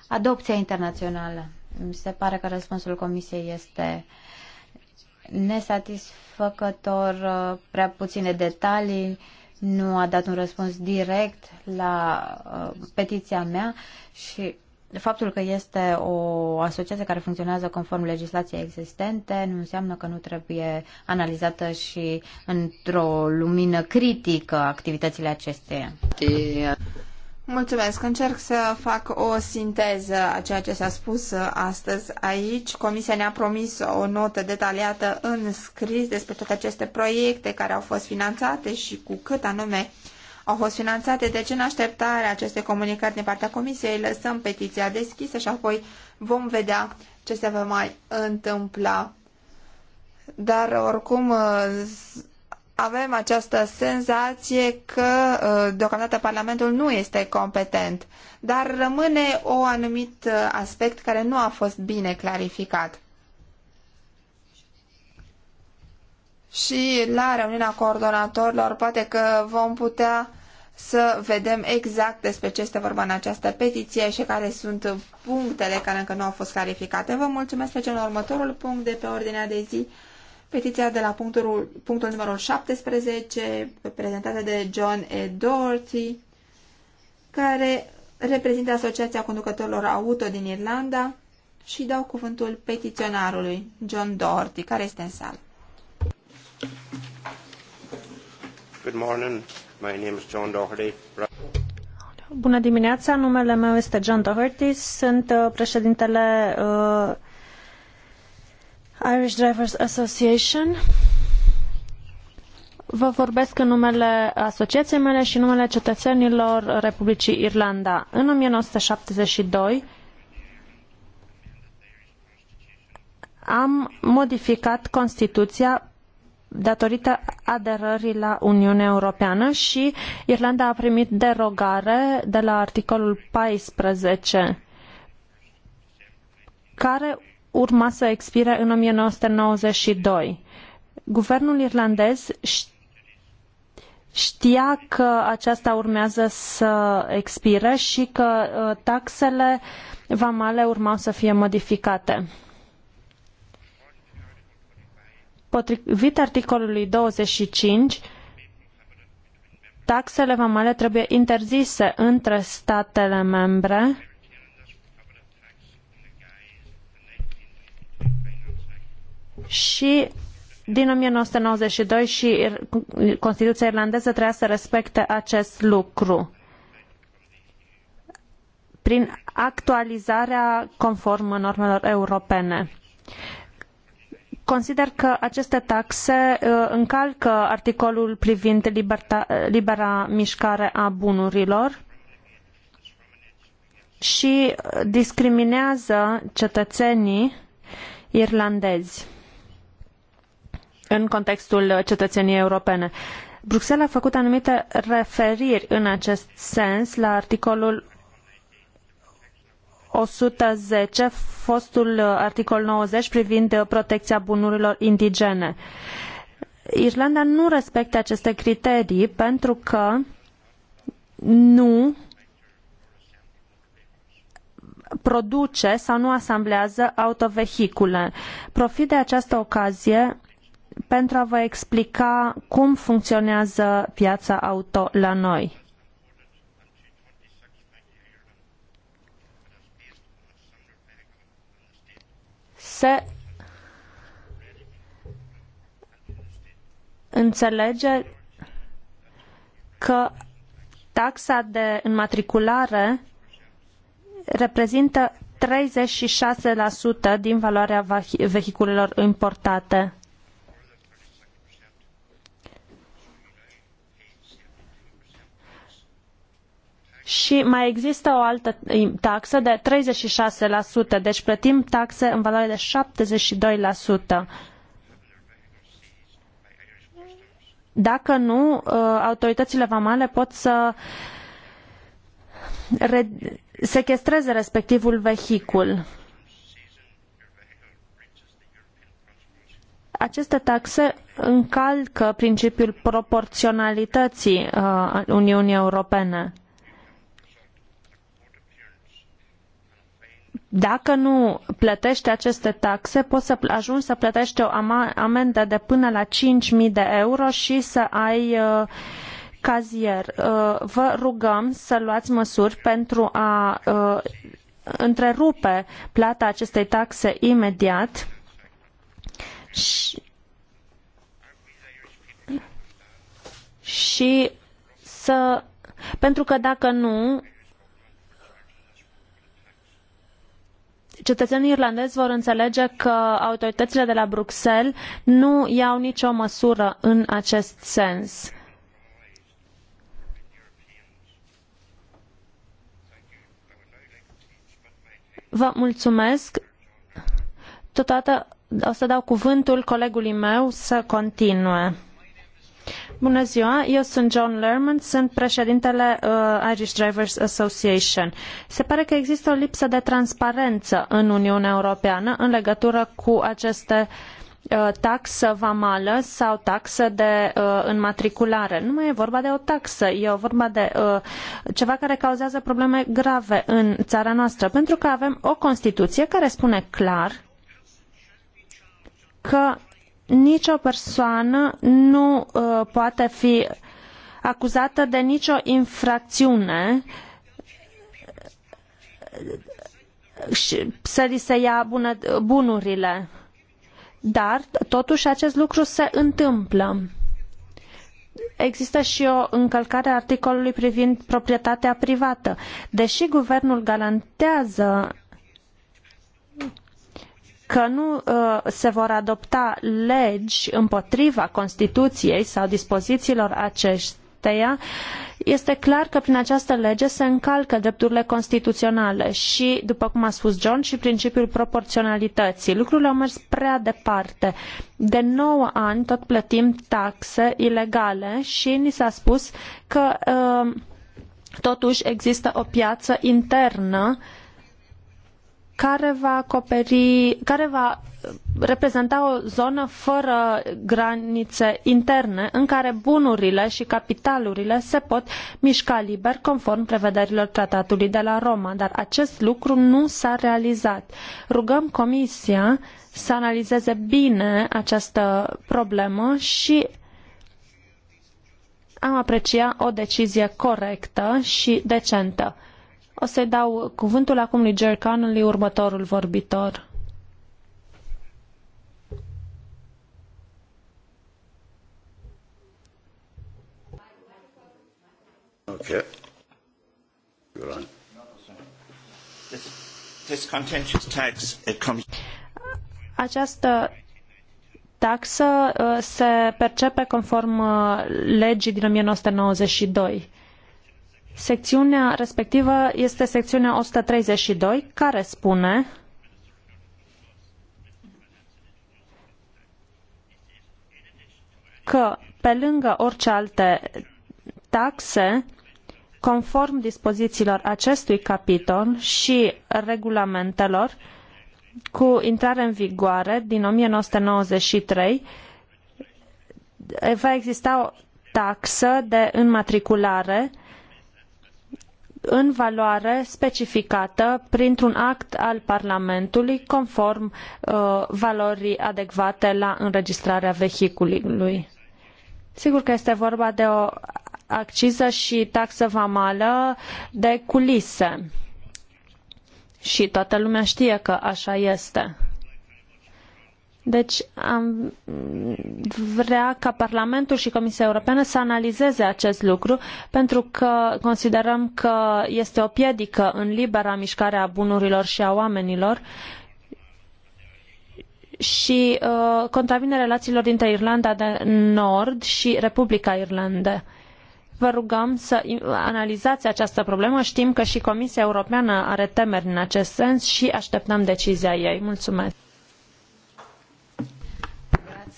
adopția internațională. Mi se pare că răspunsul Comisiei este nesatisfăcător, prea puține detalii, nu a dat un răspuns direct la uh, petiția mea și faptul că este o asociație care funcționează conform legislației existente nu înseamnă că nu trebuie analizată și într-o lumină critică activitățile acesteia. Mulțumesc. Încerc să fac o sinteză a ceea ce s-a spus astăzi aici. Comisia ne-a promis o notă detaliată în scris despre toate aceste proiecte care au fost finanțate și cu cât anume uh, au fost finanțate, deci în așteptarea acestei comunicări din partea Comisiei lăsăm petiția deschisă și apoi vom vedea ce se va mai întâmpla. Dar oricum avem această senzație că deocamdată Parlamentul nu este competent, dar rămâne un anumit aspect care nu a fost bine clarificat. și la reuniunea coordonatorilor poate că vom putea să vedem exact despre ce este vorba în această petiție și care sunt punctele care încă nu au fost clarificate. Vă mulțumesc. pe la următorul punct de pe ordinea de zi. Petiția de la punctul, punctul numărul 17, prezentată de John E. Doherty, care reprezintă Asociația Conducătorilor Auto din Irlanda și dau cuvântul petiționarului John Doherty, care este în sală. Bună dimineața, numele meu este John Doherty, sunt uh, președintele uh, Irish Drivers Association. Vă vorbesc în numele asociației mele și în numele cetățenilor Republicii Irlanda. În 1972 am modificat Constituția datorită aderării la Uniunea Europeană și Irlanda a primit derogare de la articolul 14 care urma să expire în 1992. Guvernul irlandez știa că aceasta urmează să expire și că uh, taxele vamale urmau să fie modificate. Potrivit articolului 25, taxele vamale trebuie interzise între statele membre și din 1992 și Constituția irlandeză trebuia să respecte acest lucru prin actualizarea conform normelor europene. Consider că aceste taxe uh, încalcă articolul privind liberta, uh, libera mișcare a bunurilor și uh, discriminează cetățenii irlandezi în contextul cetățeniei europene. Bruxelles a făcut anumite referiri în acest sens la articolul 110, fostul uh, articol 90 privind uh, protecția bunurilor indigene. Irlanda nu respectă aceste criterii pentru că nu produce sau nu asamblează autovehicule. Profit de această ocazie pentru a vă explica cum funcționează piața auto la noi. set. înțelege că taxa de înmatriculare reprezintă 36% din valoarea vehiculelor importate. și mai există o altă taxă de 36%, deci plătim taxe în valoare de 72%. Dacă nu, ă, autoritățile vamale pot să sechestreze respectivul vehicul. Aceste taxe încalcă principiul proporționalității ă, Uniunii Europene. dacă nu plătește aceste taxe, poți să ajungi să plătești o amendă de până la 5.000 de euro și să ai uh, cazier. Uh, vă rugăm să luați măsuri pentru a uh, întrerupe plata acestei taxe imediat și, și să. Pentru că dacă nu, cetățenii irlandezi vor înțelege că autoritățile de la Bruxelles nu iau nicio măsură în acest sens. Vă mulțumesc. Totodată o să dau cuvântul colegului meu să continue. Bună ziua, eu sunt John Lerman, sunt președintele uh, Irish Drivers Association. Se pare că există o lipsă de transparență în Uniunea Europeană în legătură cu aceste uh, taxă vamală sau taxă de uh, înmatriculare. Nu mai e vorba de o taxă, e vorba de uh, ceva care cauzează probleme grave în țara noastră, pentru că avem o Constituție care spune clar că nicio persoană nu uh, poate fi acuzată de nicio infracțiune și să li se ia bună, bunurile. Dar, totuși, acest lucru se întâmplă. Există și o încălcare a articolului privind proprietatea privată. Deși guvernul garantează că nu uh, se vor adopta legi împotriva Constituției sau dispozițiilor acesteia, este clar că prin această lege se încalcă drepturile constituționale și, după cum a spus John, și principiul proporționalității. Lucrurile au mers prea departe. De 9 ani tot plătim taxe ilegale și ni s-a spus că uh, totuși există o piață internă uh, care va acoperi, care va uh, reprezenta o zonă fără granițe interne în care bunurile și capitalurile se pot mișca liber conform prevederilor tratatului de la Roma, dar acest lucru nu s-a realizat. Rugăm Comisia să analizeze bine această problemă și am aprecia o decizie corectă și decentă. O să-i dau cuvântul acum lui Jerry Connolly, următorul vorbitor. Okay. You're on. This, this contentious tax, it comes... Această taxă uh, se percepe conform uh, legii din 1992. Secțiunea respectivă este secțiunea 132, care spune că, pe lângă orice alte taxe, conform dispozițiilor acestui capitol și regulamentelor cu intrare în vigoare din 1993, va exista o taxă de înmatriculare uh, în valoare specificată printr-un act al Parlamentului conform uh, valorii adecvate la înregistrarea vehiculului. Sigur că este vorba de o acciză și taxă vamală de culise. Și toată lumea știe că așa este. Deci am vrea ca Parlamentul și Comisia Europeană să analizeze acest lucru pentru că considerăm că este o piedică în libera mișcare a bunurilor și a oamenilor și uh, contravine relațiilor dintre Irlanda de Nord și Republica Irlande. Vă rugăm să analizați această problemă. Știm că și Comisia Europeană are temeri în acest sens și așteptăm decizia ei. Mulțumesc!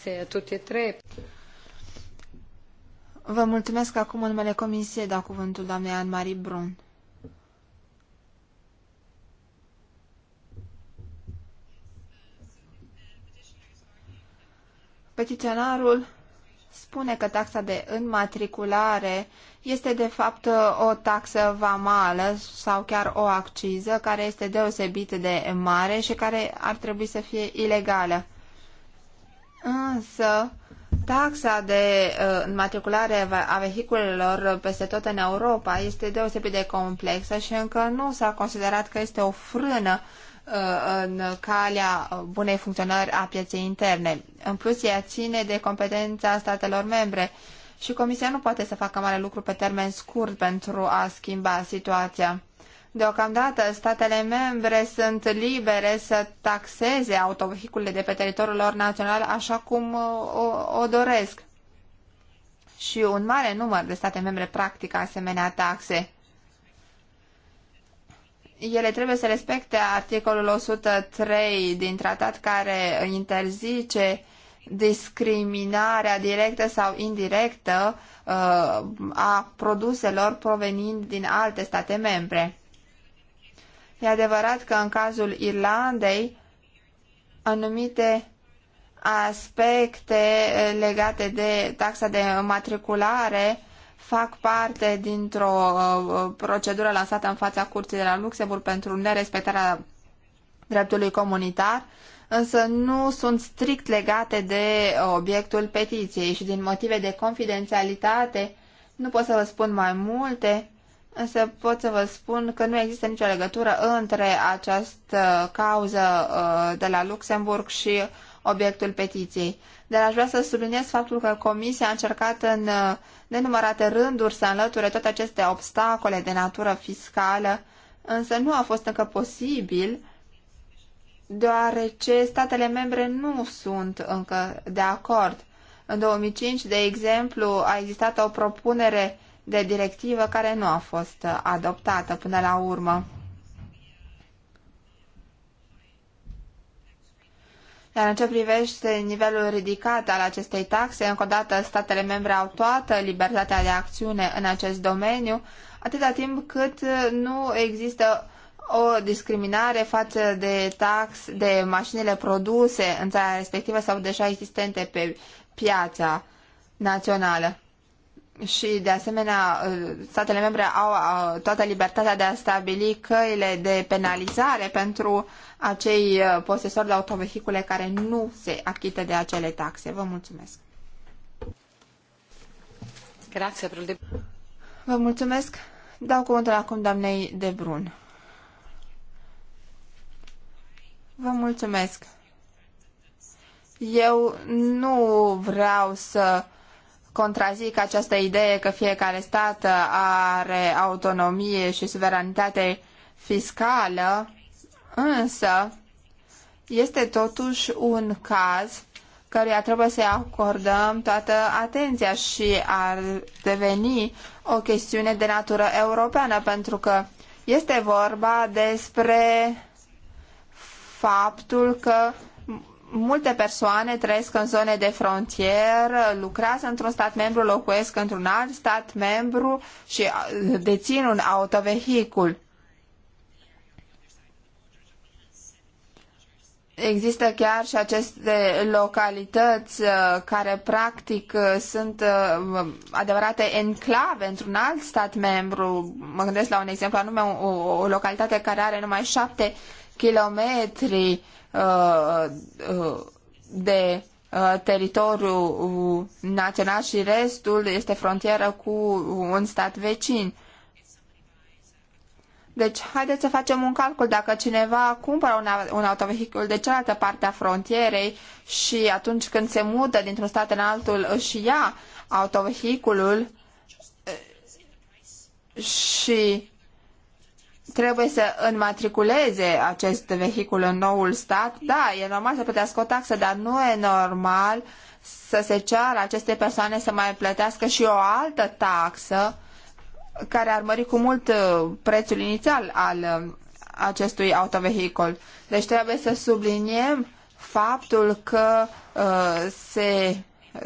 Grazie a tutti e tre. Vă mulțumesc acum în numele Comisiei, da cuvântul doamnei Anne-Marie Brun. Petiționarul spune că taxa de înmatriculare este de fapt o taxă vamală sau chiar o acciză care este deosebit de mare și care ar trebui să fie ilegală însă taxa de uh, înmatriculare a vehiculelor peste tot în Europa este deosebit de complexă și încă nu s-a considerat că este o frână uh, în calea bunei funcționări a pieței interne. În plus, ea ține de competența statelor membre și Comisia nu poate să facă mare lucru pe termen scurt pentru a schimba situația. Deocamdată statele membre sunt libere să taxeze autovehiculele de pe teritoriul lor național așa cum uh, o, o doresc. Și un mare număr de state membre practică asemenea taxe. Ele trebuie să respecte articolul 103 din tratat care interzice discriminarea directă sau indirectă uh, a produselor provenind din alte state membre. E adevărat că în cazul Irlandei anumite aspecte eh, legate de taxa de matriculare fac parte dintr-o eh, procedură lansată în fața curții de la Luxemburg pentru nerespectarea dreptului comunitar, însă nu sunt strict legate de eh, obiectul petiției și din motive de confidențialitate nu pot să vă spun mai multe, Însă pot să vă spun că nu există nicio legătură între această cauză uh, de la Luxemburg și obiectul petiției. Dar aș vrea să subliniez faptul că Comisia a încercat în uh, nenumărate rânduri să înlăture toate aceste obstacole de natură fiscală, însă nu a fost încă posibil deoarece statele membre nu sunt încă de acord. În 2005, de exemplu, a existat o propunere de directivă care nu a fost adoptată până la urmă. Iar în ce privește nivelul ridicat al acestei taxe, încă o dată statele membre au toată libertatea de acțiune în acest domeniu, atâta timp cât nu există o discriminare față de tax, de mașinile produse în țara respectivă sau deja existente pe piața națională și, de asemenea, statele membre au toată libertatea de a stabili căile de penalizare pentru acei posesori de autovehicule care nu se achită de acele taxe. Vă mulțumesc! Grazie, Vă mulțumesc! Dau cuvântul acum doamnei De Brun. Vă mulțumesc! Eu nu vreau să contrazic această idee că fiecare stat uh, are autonomie și suveranitate fiscală, însă este totuși un caz căruia trebuie să-i acordăm toată atenția și ar deveni o chestiune de natură europeană, pentru că este vorba despre faptul că multe persoane trăiesc în zone de frontieră, lucrează într-un stat membru, locuiesc într-un alt stat membru și uh, dețin un autovehicul. Există chiar și aceste localități uh, care practic uh, sunt adevărate enclave într-un alt stat membru. Mă gândesc la un exemplu anume, o, o localitate care are numai șapte kilometri uh, uh, de uh, teritoriu național și restul este frontieră cu un stat vecin. Deci, haideți să facem un calcul. Dacă cineva cumpără un, un autovehicul de cealaltă parte a frontierei și atunci când se mută dintr-un stat în altul își ia autovehiculul și trebuie să înmatriculeze acest vehicul în noul stat, da, e normal să plătească o taxă, dar nu e normal să se ceară aceste persoane să mai plătească și o altă taxă care ar mări cu mult uh, prețul inițial al um, acestui autovehicol. Deci trebuie să subliniem faptul că uh, se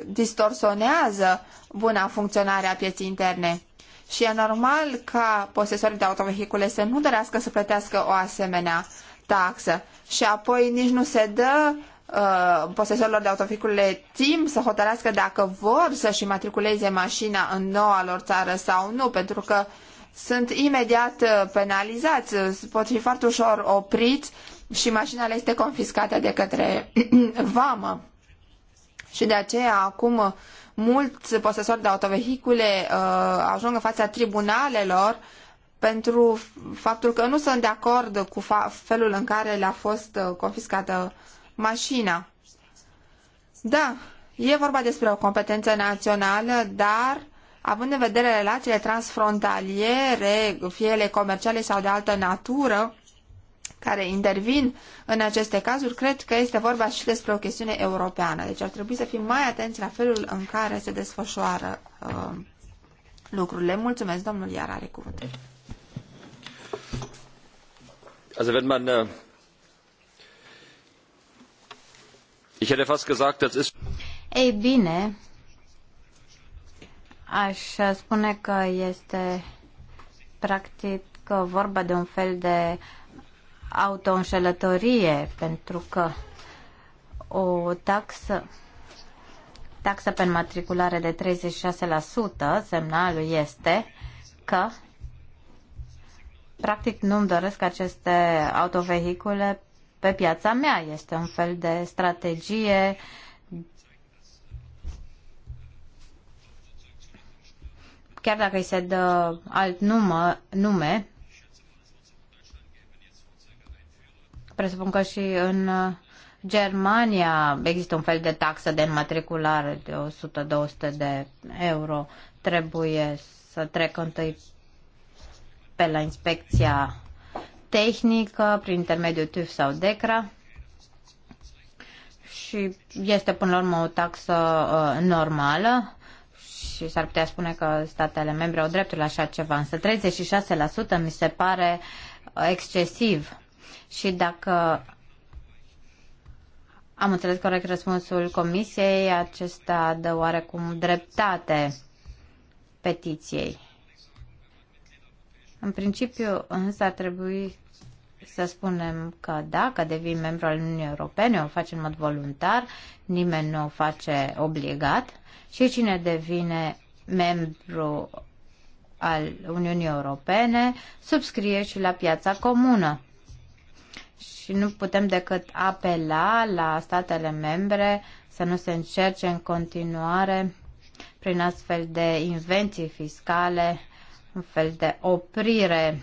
distorsionează buna funcționare a pieții interne. Și e normal ca posesorii de autovehicule să nu dorească să plătească o asemenea taxă. Și apoi nici nu se dă uh, posesorilor de autovehicule timp să hotărească dacă vor să-și matriculeze mașina în noua lor țară sau nu, pentru că sunt imediat uh, penalizați, pot fi foarte ușor opriți și mașina le este confiscată de către vamă. Și de aceea acum mulți posesori de autovehicule uh, ajung în fața tribunalelor pentru faptul că nu sunt de acord cu felul în care le-a fost uh, confiscată mașina. Da, e vorba despre o competență națională, dar având în vedere relațiile transfrontaliere, fie ele comerciale sau de altă natură, care intervin în aceste cazuri, cred că este vorba și despre o chestiune europeană. Deci ar trebui să fim mai atenți la felul în care se desfășoară uh, lucrurile. Mulțumesc, domnul Iar are cuvântul. Also wenn man uh... Ich hätte fast gesagt, das ist Ei bine, aș spune că este practic vorba de un fel de autoînșelătorie, pentru că o taxă, taxă pe înmatriculare de 36%, semnalul este că practic nu-mi doresc aceste autovehicule pe piața mea. Este un fel de strategie chiar dacă îi se dă alt numă, nume, Presupun că și în uh, Germania există un fel de taxă de înmatriculare de 100-200 de euro. Trebuie să trec întâi pe la inspecția tehnică prin intermediul TÜV sau DECRA și este până la urmă o taxă uh, normală și s-ar putea spune că statele membre au dreptul la așa ceva, însă 36% mi se pare uh, excesiv. Și dacă am înțeles corect răspunsul comisiei, acesta dă oarecum dreptate petiției. În principiu, însă, ar trebui să spunem că dacă devii membru al Uniunii Europene, o face în mod voluntar, nimeni nu o face obligat și cine devine membru al Uniunii Europene subscrie și la piața comună și nu putem decât apela la statele membre să nu se încerce în continuare prin astfel de invenții fiscale, un fel de oprire,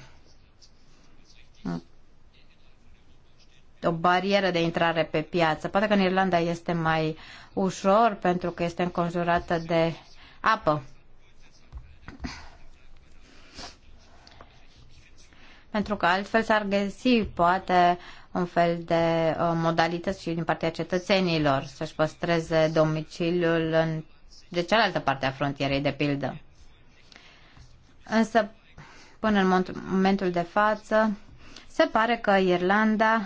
o barieră de intrare pe piață. Poate că în Irlanda este mai ușor pentru că este înconjurată de apă. pentru că altfel s-ar găsi poate un fel de uh, modalități și din partea cetățenilor să-și păstreze domiciliul în, de cealaltă parte a frontierei, de pildă. Însă, până în momentul de față, se pare că Irlanda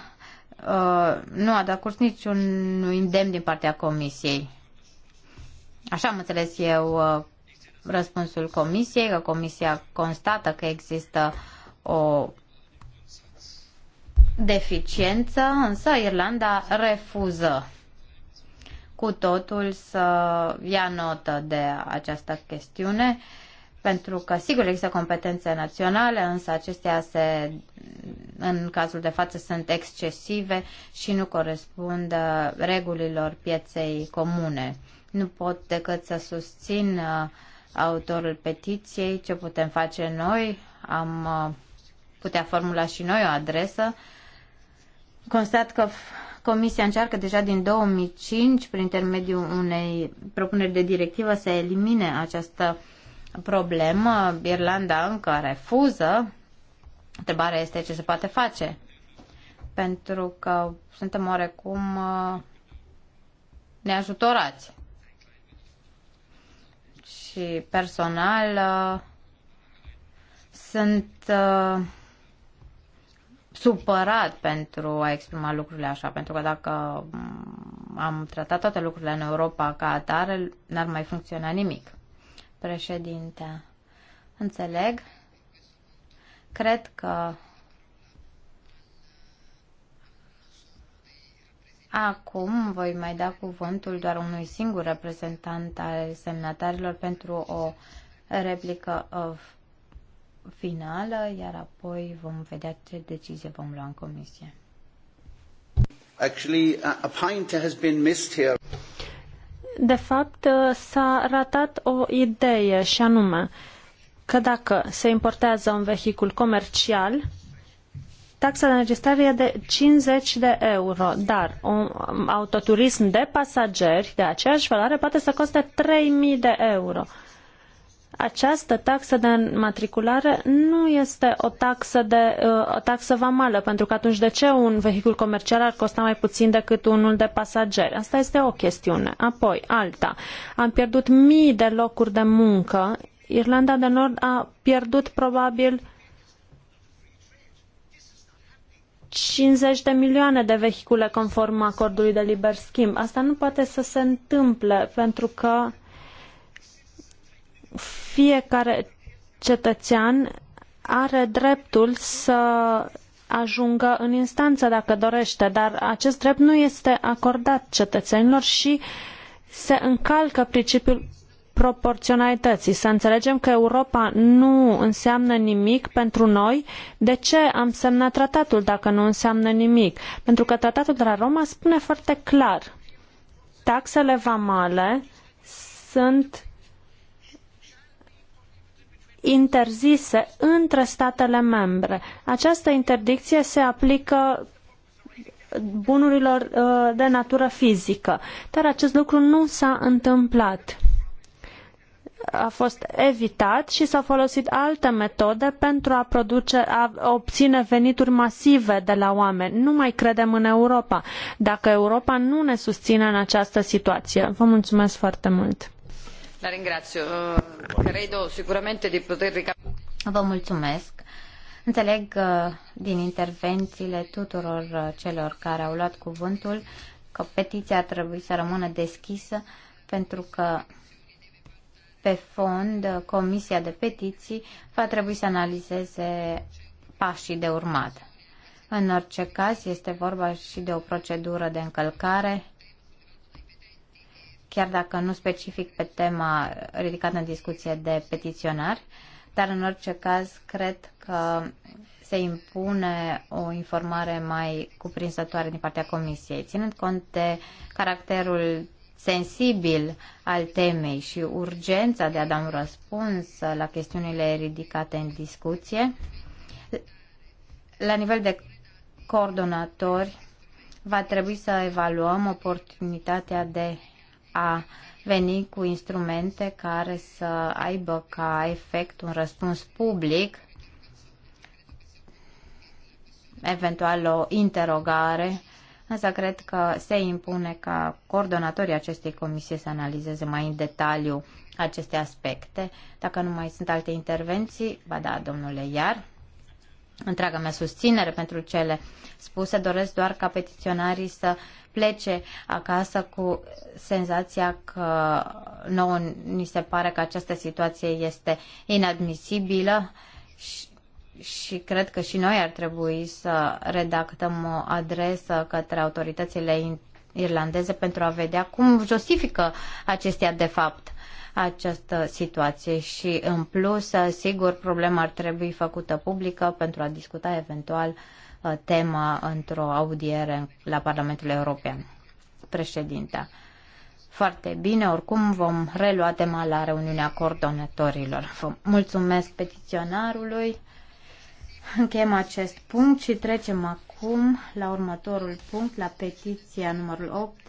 uh, nu a dat curs niciun indemn din partea Comisiei. Așa am înțeles eu uh, răspunsul Comisiei, că Comisia constată că există uh, o deficiență, însă Irlanda refuză cu totul să ia notă de această chestiune, pentru că, sigur, există competențe naționale, însă acestea se, în cazul de față sunt excesive și nu corespund regulilor pieței comune. Nu pot decât să susțin uh, autorul petiției ce putem face noi. Am uh, putea formula și noi o adresă. Constat că Comisia încearcă deja din 2005, prin intermediul unei propuneri de directivă, să elimine această problemă. Irlanda încă refuză. Întrebarea este ce se poate face. Pentru că suntem oarecum uh, neajutorați. Și personal uh, sunt uh, supărat pentru a exprima lucrurile așa, pentru că dacă am tratat toate lucrurile în Europa ca atare, n-ar mai funcționa nimic. Președinte, înțeleg. Cred că Acum voi mai da cuvântul doar unui singur reprezentant al semnatarilor pentru o replică uh, finală, iar apoi vom vedea ce decizie vom lua în comisie. Actually, a point has been missed here. De fapt, uh, s-a ratat o idee și anume că dacă se importează un vehicul comercial, taxa de înregistrare e de 50 de euro, dar un autoturism de pasageri de aceeași valoare poate să coste 3000 de euro. Această taxă de înmatriculare nu este o taxă, de, uh, o taxă vamală, pentru că atunci de ce un vehicul comercial ar costa mai puțin decât unul de pasageri? Asta este o chestiune. Apoi, alta. Am pierdut mii de locuri de muncă. Irlanda de Nord a pierdut probabil 50 de milioane de vehicule conform acordului de liber schimb. Asta nu poate să se întâmple pentru că fiecare cetățean are dreptul să ajungă în instanță dacă dorește, dar acest drept nu este acordat cetățenilor și se încalcă principiul proporționalității. Să înțelegem că Europa nu înseamnă nimic pentru noi. De ce am semnat tratatul dacă nu înseamnă nimic? Pentru că tratatul de la Roma spune foarte clar. Taxele vamale sunt interzise între statele membre. Această interdicție se aplică bunurilor uh, de natură fizică, dar acest lucru nu s-a întâmplat a fost evitat și s-au folosit alte metode pentru a, produce, a obține venituri masive de la oameni. Nu mai credem în Europa, dacă Europa nu ne susține în această situație. Vă mulțumesc foarte mult! La ringrazio. Eh, credo sicuramente di poter Vă mulțumesc. Înțeleg eh, din intervențiile tuturor eh, celor care au luat cuvântul că petiția trebuie să rămână deschisă pentru că pe fond Comisia de Petiții va trebui să analizeze pașii de urmat. În orice caz, este vorba și de o procedură de încălcare chiar dacă nu specific pe tema ridicată în discuție de petiționari, dar în orice caz cred că se impune o informare mai cuprinsătoare din partea Comisiei, ținând cont de caracterul sensibil al temei și urgența de a da un răspuns la chestiunile ridicate în discuție. La nivel de coordonatori, va trebui să evaluăm oportunitatea de a veni cu instrumente care să aibă ca efect un răspuns public, eventual o interogare, însă cred că se impune ca coordonatorii acestei comisii să analizeze mai în detaliu aceste aspecte. Dacă nu mai sunt alte intervenții, ba da, domnule Iar întreaga mea susținere pentru cele spuse. Doresc doar ca petiționarii să plece acasă cu senzația că nouă ni se pare că această situație este inadmisibilă și, și cred că și noi ar trebui să redactăm o adresă către autoritățile irlandeze pentru a vedea cum justifică acestea de fapt această situație și în plus, sigur, problema ar trebui făcută publică pentru a discuta eventual uh, tema într-o audiere la Parlamentul European. Președinte, Foarte bine, oricum vom relua tema la reuniunea coordonatorilor. Vă mulțumesc petiționarului. Încheiem acest punct și trecem acum acum la următorul punct, la petiția numărul 8,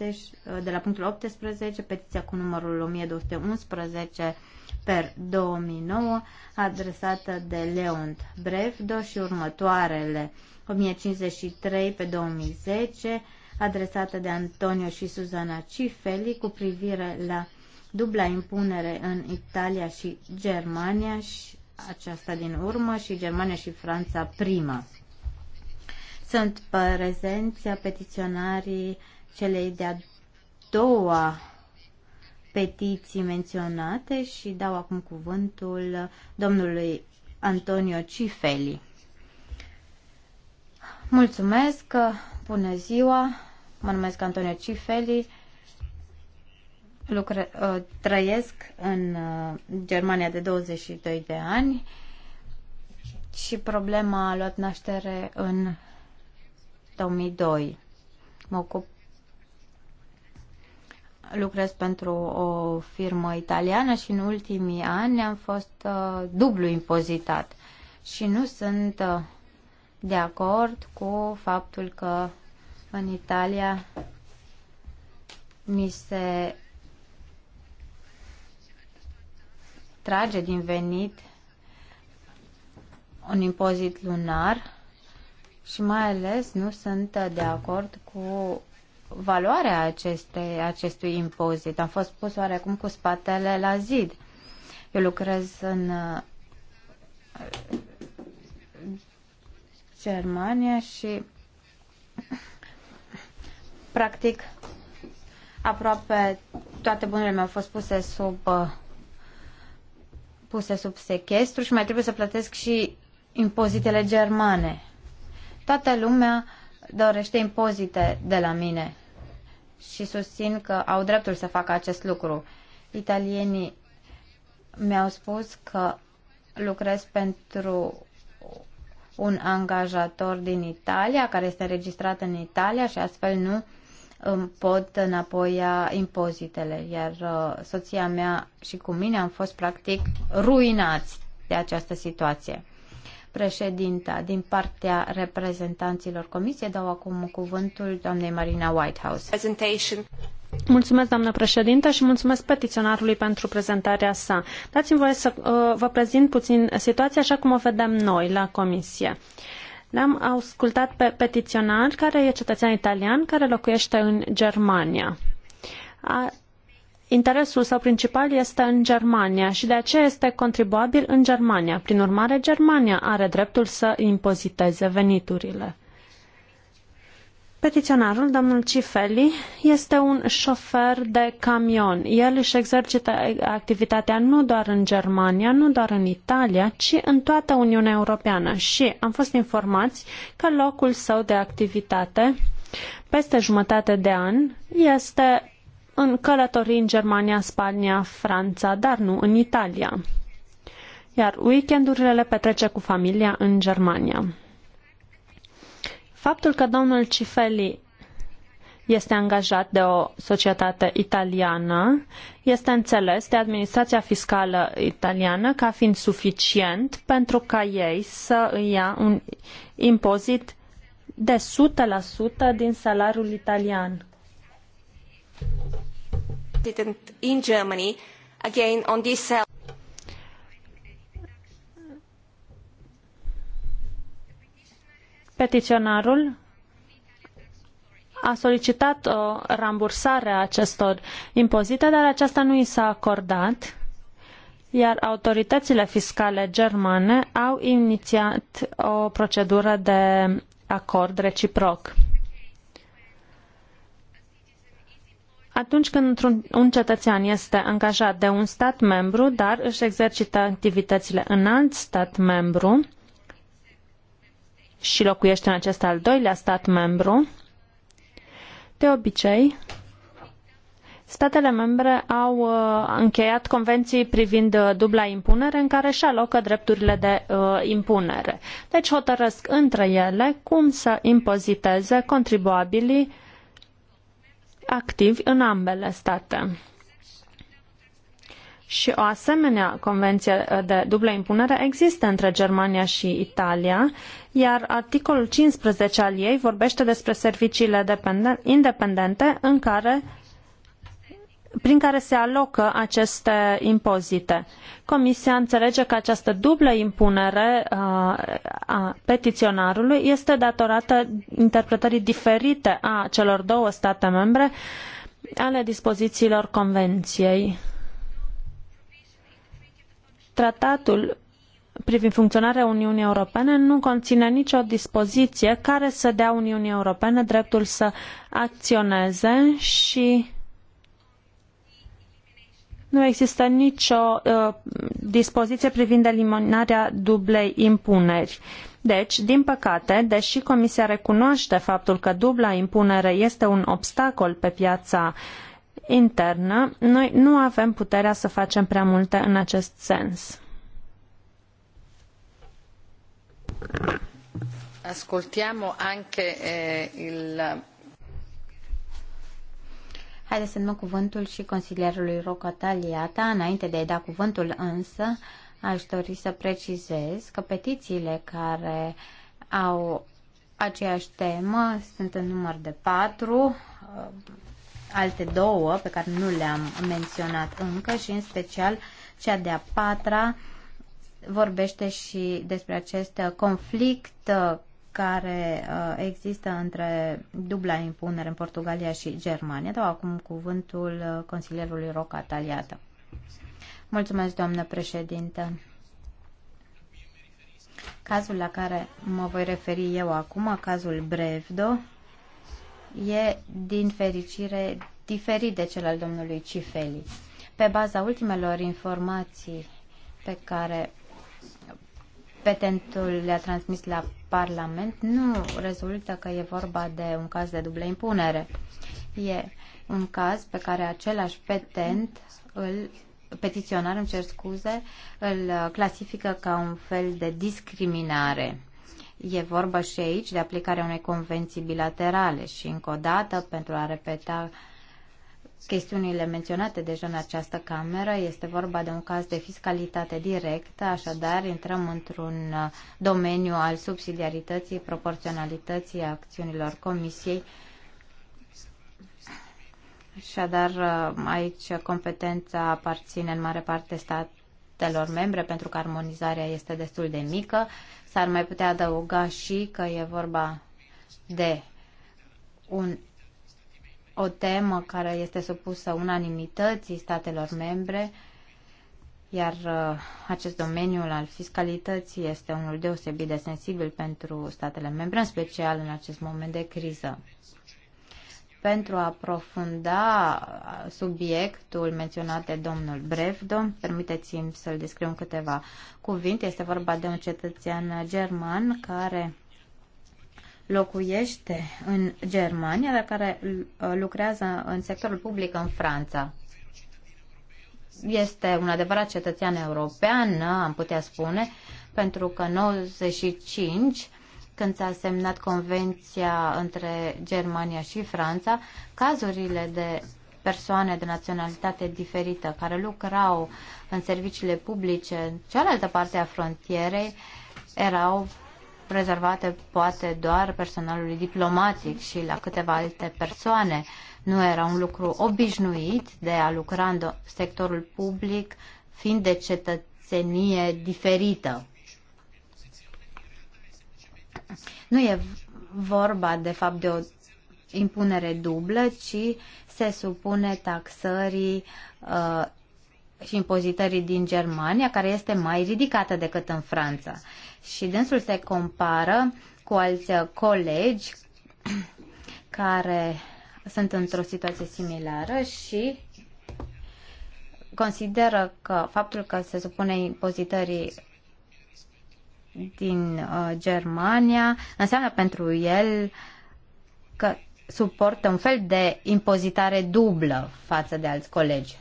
de la punctul 18, petiția cu numărul 1211 per 2009, adresată de Leont Brevdo și următoarele 1053 pe 2010, adresată de Antonio și Suzana Cifeli cu privire la dubla impunere în Italia și Germania și aceasta din urmă și Germania și Franța prima. Sunt prezenți petiționarii celei de-a doua petiții menționate și dau acum cuvântul domnului Antonio Cifeli. Mulțumesc, bună ziua, mă numesc Antonio Cifeli, lucre, uh, trăiesc în uh, Germania de 22 de ani și problema a luat naștere în 2002. Mă ocup lucrez pentru o firmă italiană și în ultimii ani am fost uh, dublu impozitat și nu sunt uh, de acord cu faptul că în Italia mi se trage din venit un impozit lunar și mai ales nu sunt de acord cu valoarea acestei, acestui impozit. Am fost pus oarecum cu spatele la zid. Eu lucrez în uh, Germania și practic aproape toate bunurile mi-au fost puse sub uh, puse sub sequestru și mai trebuie să plătesc și impozitele germane. Toată lumea dorește impozite de la mine și susțin că au dreptul să facă acest lucru. Italienii mi-au spus că lucrez pentru un angajator din Italia, care este registrat în Italia și astfel nu îmi pot înapoia impozitele, iar uh, soția mea și cu mine am fost practic ruinați de această situație. Președinta, din partea reprezentanților comisiei, dau acum cuvântul doamnei Marina Whitehouse. Mulțumesc, doamnă președintă, și mulțumesc petiționarului pentru prezentarea sa. Dați-mi voie să uh, vă prezint puțin situația așa cum o vedem noi la comisie. L-am ascultat pe petiționar care e cetățean italian care locuiește în Germania. A interesul său principal este în Germania și de aceea este contribuabil în Germania. Prin urmare, Germania are dreptul să impoziteze veniturile. Petiționarul, domnul Cifeli, este un șofer de camion. El își exercită activitatea nu doar în Germania, nu doar în Italia, ci în toată Uniunea Europeană și am fost informați că locul său de activitate peste jumătate de an este în călătorii în Germania, Spania, Franța, dar nu în Italia. Iar weekendurile le petrece cu familia în Germania. Faptul că domnul Cifeli este angajat de o societate italiană, este înțeles de administrația fiscală italiană ca fiind suficient pentru ca ei să îi ia un impozit de 100% din salariul italian president in Germany, again on this cell. Petiționarul a solicitat o uh, rambursare a acestor impozite, dar aceasta nu i s-a acordat, iar autoritățile fiscale germane au inițiat o procedură de acord reciproc. atunci când un, cetățean este angajat de un stat membru, dar își exercită activitățile în alt stat membru și locuiește în acest al doilea stat membru, de obicei, statele membre au uh, încheiat convenții privind uh, dubla impunere în care își alocă drepturile de uh, impunere. Deci hotărăsc între ele cum să impoziteze contribuabilii activi în ambele state. Și o asemenea convenție de dublă impunere există între Germania și Italia, iar articolul 15 al ei vorbește despre serviciile independente în care prin care se alocă aceste impozite. Comisia înțelege că această dublă impunere uh, a petiționarului este datorată interpretării diferite a celor două state membre ale dispozițiilor Convenției. Tratatul privind funcționarea Uniunii Europene nu conține nicio dispoziție care să dea Uniunii Europene dreptul să acționeze și nu există nicio uh, dispoziție privind eliminarea dublei impuneri. Deci, din păcate, deși Comisia recunoaște faptul că dubla impunere este un obstacol pe piața internă, noi nu avem puterea să facem prea multe în acest sens. Ascoltiamo anche eh, il Haideți să dăm cuvântul și consilierului Roca Taliata. Înainte de a-i da cuvântul însă, aș dori să precizez că petițiile care au aceeași temă sunt în număr de patru, uh, alte două pe care nu le-am menționat încă și în special cea de-a patra vorbește și despre acest conflict uh, care uh, există între dubla impunere în Portugalia și Germania. Dau acum cuvântul uh, consilierului Roca Taliată. Mulțumesc, doamnă președinte. Cazul la care mă voi referi eu acum, cazul Brevdo, e, din fericire, diferit de cel al domnului Cifeli. Pe baza ultimelor informații pe care petentul le-a transmis la Parlament, nu rezultă că e vorba de un caz de dublă impunere. E un caz pe care același petent îl petiționar, îmi cer scuze, îl clasifică ca un fel de discriminare. E vorba și aici de aplicarea unei convenții bilaterale și încă o dată, pentru a repeta chestiunile menționate deja în această cameră. Este vorba de un caz de fiscalitate directă, așadar intrăm într-un uh, domeniu al subsidiarității, proporționalității acțiunilor Comisiei. Așadar, uh, aici competența aparține în mare parte statelor membre, pentru că armonizarea este destul de mică. S-ar mai putea adăuga și că e vorba de un o temă care este supusă unanimității statelor membre, iar uh, acest domeniu al fiscalității este unul deosebit de sensibil pentru statele membre, în special în acest moment de criză. Pentru a aprofunda subiectul menționat de domnul Brevdo, permiteți-mi să-l descriu în câteva cuvinte. Este vorba de un cetățean german care locuiește în Germania, dar care uh, lucrează în sectorul public în Franța. Este un adevărat cetățean european, am putea spune, pentru că în 95, când s-a semnat convenția între Germania și Franța, cazurile de persoane de naționalitate diferită care lucrau în serviciile publice în cealaltă parte a frontierei erau rezervate poate doar personalului diplomatic și la câteva alte persoane. Nu era un lucru obișnuit de a lucra în sectorul public fiind de cetățenie diferită. Nu e vorba de fapt de o impunere dublă, ci se supune taxării uh, și impozitării din Germania, care este mai ridicată decât în Franța. Și dânsul se compară cu alți colegi care sunt într-o situație similară și consideră că faptul că se supune impozitării din uh, Germania înseamnă pentru el că suportă un fel de impozitare dublă față de alți colegi.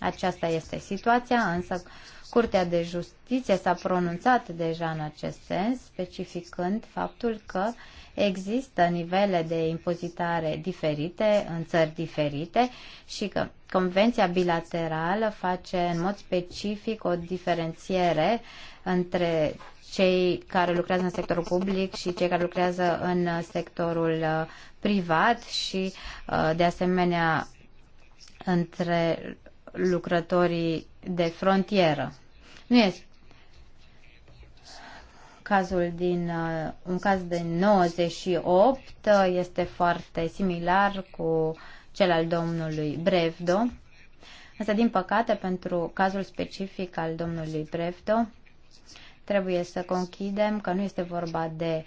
Aceasta este situația, însă Curtea de Justiție s-a pronunțat deja în acest sens, specificând faptul că există nivele de impozitare diferite în țări diferite și că convenția bilaterală face în mod specific o diferențiere între cei care lucrează în sectorul public și cei care lucrează în sectorul uh, privat și uh, de asemenea între lucrătorii de frontieră. Nu este cazul din, uh, un caz de 98 uh, este foarte similar cu cel al domnului Brevdo. Însă, din păcate, pentru cazul specific al domnului Brevdo, trebuie să conchidem că nu este vorba de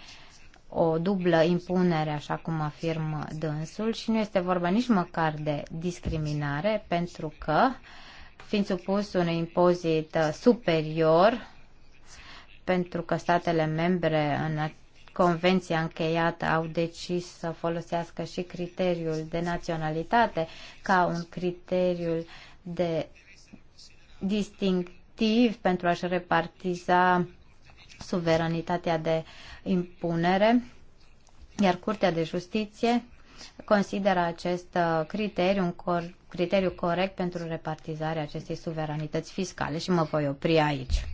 o dublă impunere, așa cum afirmă dânsul, și nu este vorba nici măcar de discriminare, pentru că, fiind supus unui impozit superior, pentru că statele membre în convenția încheiată au decis să folosească și criteriul de naționalitate ca un criteriu de distinctiv pentru a-și repartiza suveranitatea de impunere, iar Curtea de Justiție consideră acest uh, criteriu un cor- criteriu corect pentru repartizarea acestei suveranități fiscale și mă voi opri aici.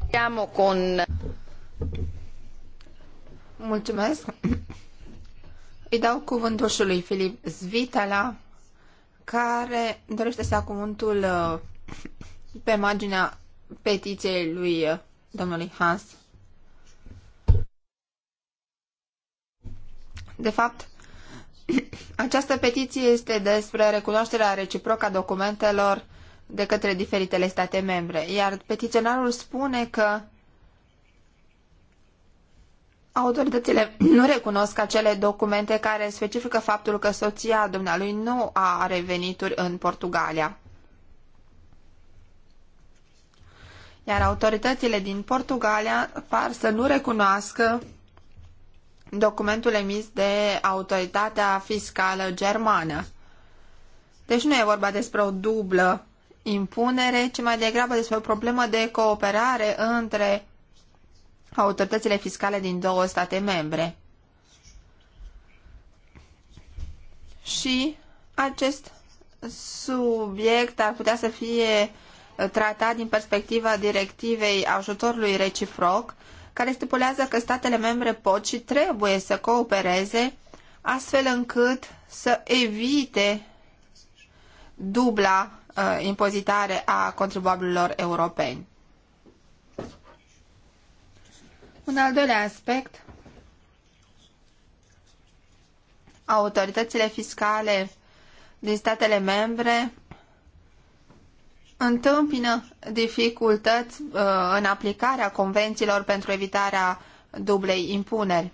Mulțumesc. Îi dau cuvântul și lui Filip Zvitala, care dorește să ia cuvântul uh, pe marginea petiției lui uh, domnului Hans De fapt, această petiție este despre recunoașterea reciprocă a documentelor de către diferitele state membre, iar petiționarul spune că autoritățile nu recunosc acele documente care specifică faptul că soția dumnealui nu are venituri în Portugalia. Iar autoritățile din Portugalia par să nu recunoască documentul emis de autoritatea fiscală germană. Deci nu e vorba despre o dublă impunere, ci mai degrabă despre o problemă de cooperare între autoritățile fiscale din două state membre. Și acest subiect ar putea să fie tratat din perspectiva directivei ajutorului reciproc, care stipulează că statele membre pot și trebuie să coopereze astfel încât să evite dubla uh, impozitare a contribuabililor europeni. Un al doilea aspect, autoritățile fiscale din statele membre întâmpină dificultăți uh, în aplicarea convențiilor pentru evitarea dublei impuneri.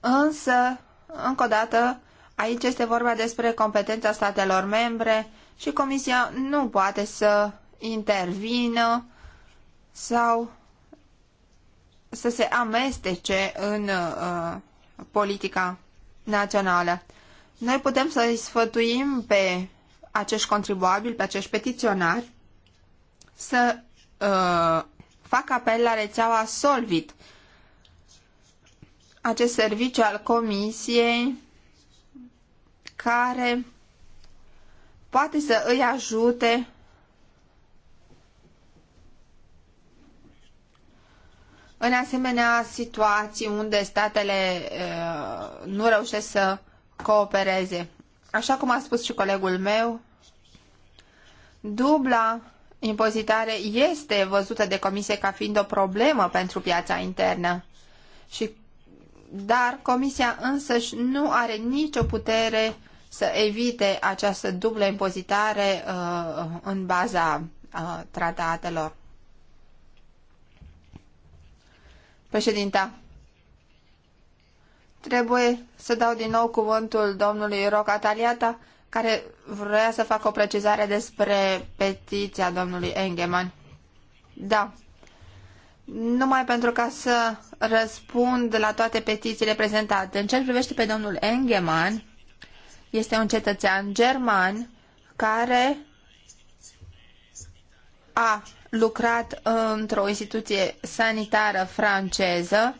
Însă, încă o dată, aici este vorba despre competența statelor membre și Comisia nu poate să intervină sau să se amestece în uh, politica națională. Noi putem să-i sfătuim pe acești contribuabili, pe acești petiționari, să uh, fac apel la rețeaua Solvit. Acest serviciu al comisiei care poate să îi ajute în asemenea situații unde statele uh, nu reușesc să coopereze. Așa cum a spus și colegul meu, dubla impozitare este văzută de comisie ca fiind o problemă pentru piața internă. Și, dar comisia însăși nu are nicio putere să evite această dublă impozitare uh, în baza uh, tratatelor. Președinta, trebuie să dau din nou cuvântul domnului Roca Taliata care vrea să facă o precizare despre petiția domnului Engeman. Da. Numai pentru ca să răspund la toate petițiile prezentate. În ce privește pe domnul Engeman, este un cetățean german care a lucrat într-o instituție sanitară franceză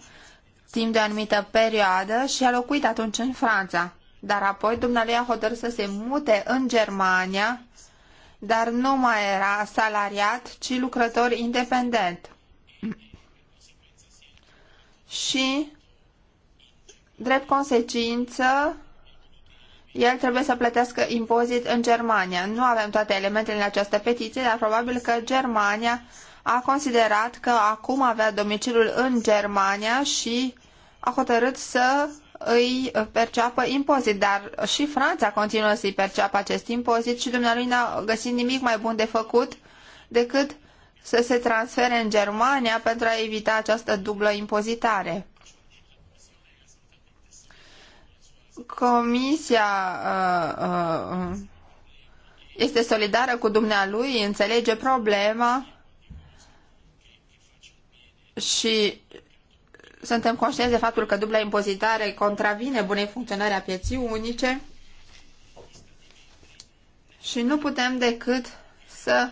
timp de o anumită perioadă și a locuit atunci în Franța. Dar apoi dumnealui a hotărât să se mute în Germania, dar nu mai era salariat, ci lucrător independent. Și, drept consecință, el trebuie să plătească impozit în Germania. Nu avem toate elementele în această petiție, dar probabil că Germania a considerat că acum avea domiciliul în Germania și a hotărât să îi perceapă impozit, dar și Franța continuă să-i perceapă acest impozit și dumnealui n-a găsit nimic mai bun de făcut decât să se transfere în Germania pentru a evita această dublă impozitare. Comisia uh, uh, este solidară cu dumnealui, înțelege problema și suntem conștienți de faptul că dubla impozitare contravine bunei funcționări a pieții unice și nu putem decât să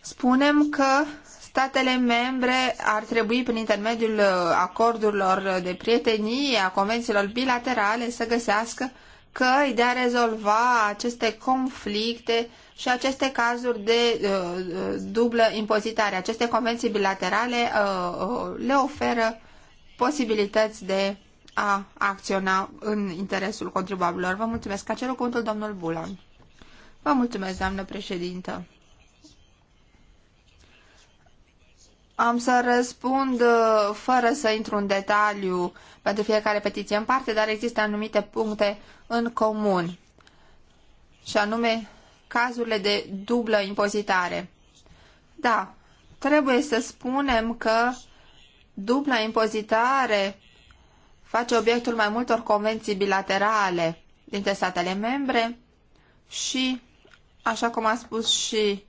spunem că statele membre ar trebui, prin intermediul acordurilor de prietenie, a convențiilor bilaterale, să găsească căi de a rezolva aceste conflicte și aceste cazuri de uh, uh, dublă impozitare, aceste convenții bilaterale uh, uh, le oferă posibilități de a acționa în interesul contribuabilor. Vă mulțumesc. A cerut contul domnul Bulan. Vă mulțumesc, doamnă președintă. Am să răspund uh, fără să intru în detaliu pentru fiecare petiție în parte, dar există anumite puncte în comun. Și anume cazurile de dublă impozitare. Da, trebuie să spunem că dubla impozitare face obiectul mai multor convenții bilaterale dintre statele membre și, așa cum a spus și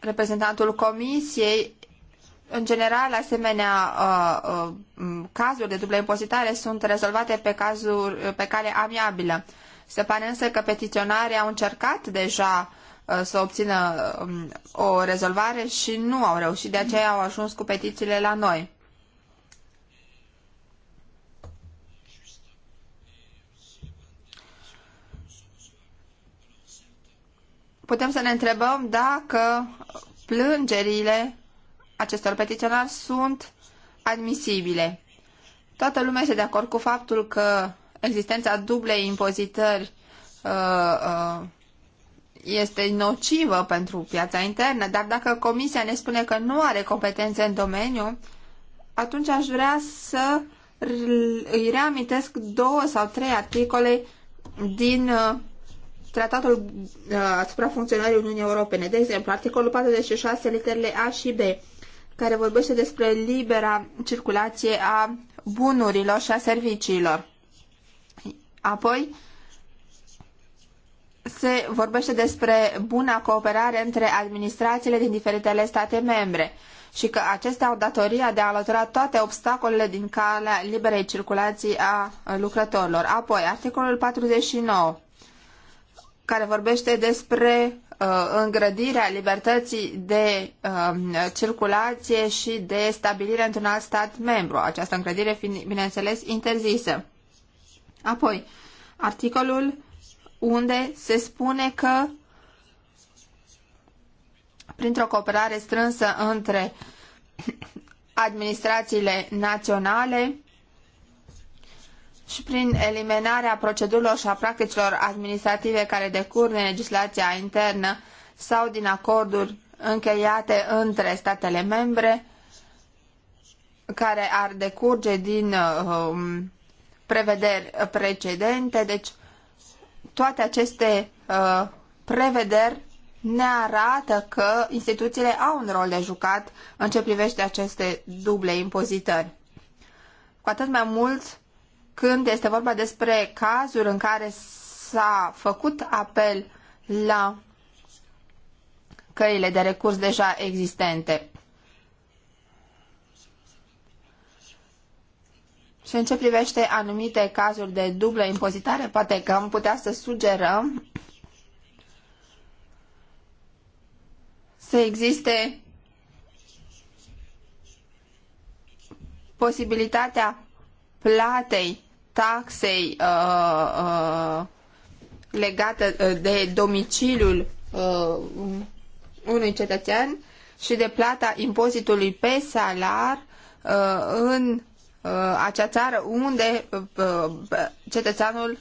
reprezentantul Comisiei, în general, asemenea uh, uh, cazuri de dublă impozitare sunt rezolvate pe, cazuri, pe cale amiabilă. Se pare însă că petiționarii au încercat deja uh, să obțină um, o rezolvare și nu au reușit, de aceea au ajuns cu petițiile la noi. Putem să ne întrebăm dacă plângerile acestor petiționari sunt admisibile. Toată lumea este de acord cu faptul că existența dublei impozitări uh, uh, este nocivă pentru piața internă, dar dacă Comisia ne spune că nu are competențe în domeniu, atunci aș vrea să îi reamintesc două sau trei articole din uh, Tratatul asupra funcționării Uniunii Europene. De exemplu, articolul 46, literele A și B, care vorbește despre libera circulație a bunurilor și a serviciilor. Apoi se vorbește despre buna cooperare între administrațiile din diferitele state membre și că acestea au datoria de a alătura toate obstacolele din calea liberei circulații a lucrătorilor. Apoi, articolul 49, care vorbește despre uh, îngrădirea libertății de uh, circulație și de stabilire într-un alt stat membru, această îngrădire fiind, bineînțeles, interzisă. Apoi, articolul unde se spune că printr-o cooperare strânsă între administrațiile naționale și prin eliminarea procedurilor și a practicilor administrative care decurg din legislația internă sau din acorduri încheiate între statele membre care ar decurge din uh, um, prevederi precedente, deci toate aceste uh, prevederi ne arată că instituțiile au un rol de jucat în ce privește aceste duble impozitări. Cu atât mai mult când este vorba despre cazuri în care s-a făcut apel la căile de recurs deja existente. Și în ce privește anumite cazuri de dublă impozitare, poate că am putea să sugerăm să existe posibilitatea platei taxei uh, uh, legată uh, de domiciliul uh, unui cetățean și de plata impozitului pe salar uh, în Uh, acea țară unde uh, uh, cetățeanul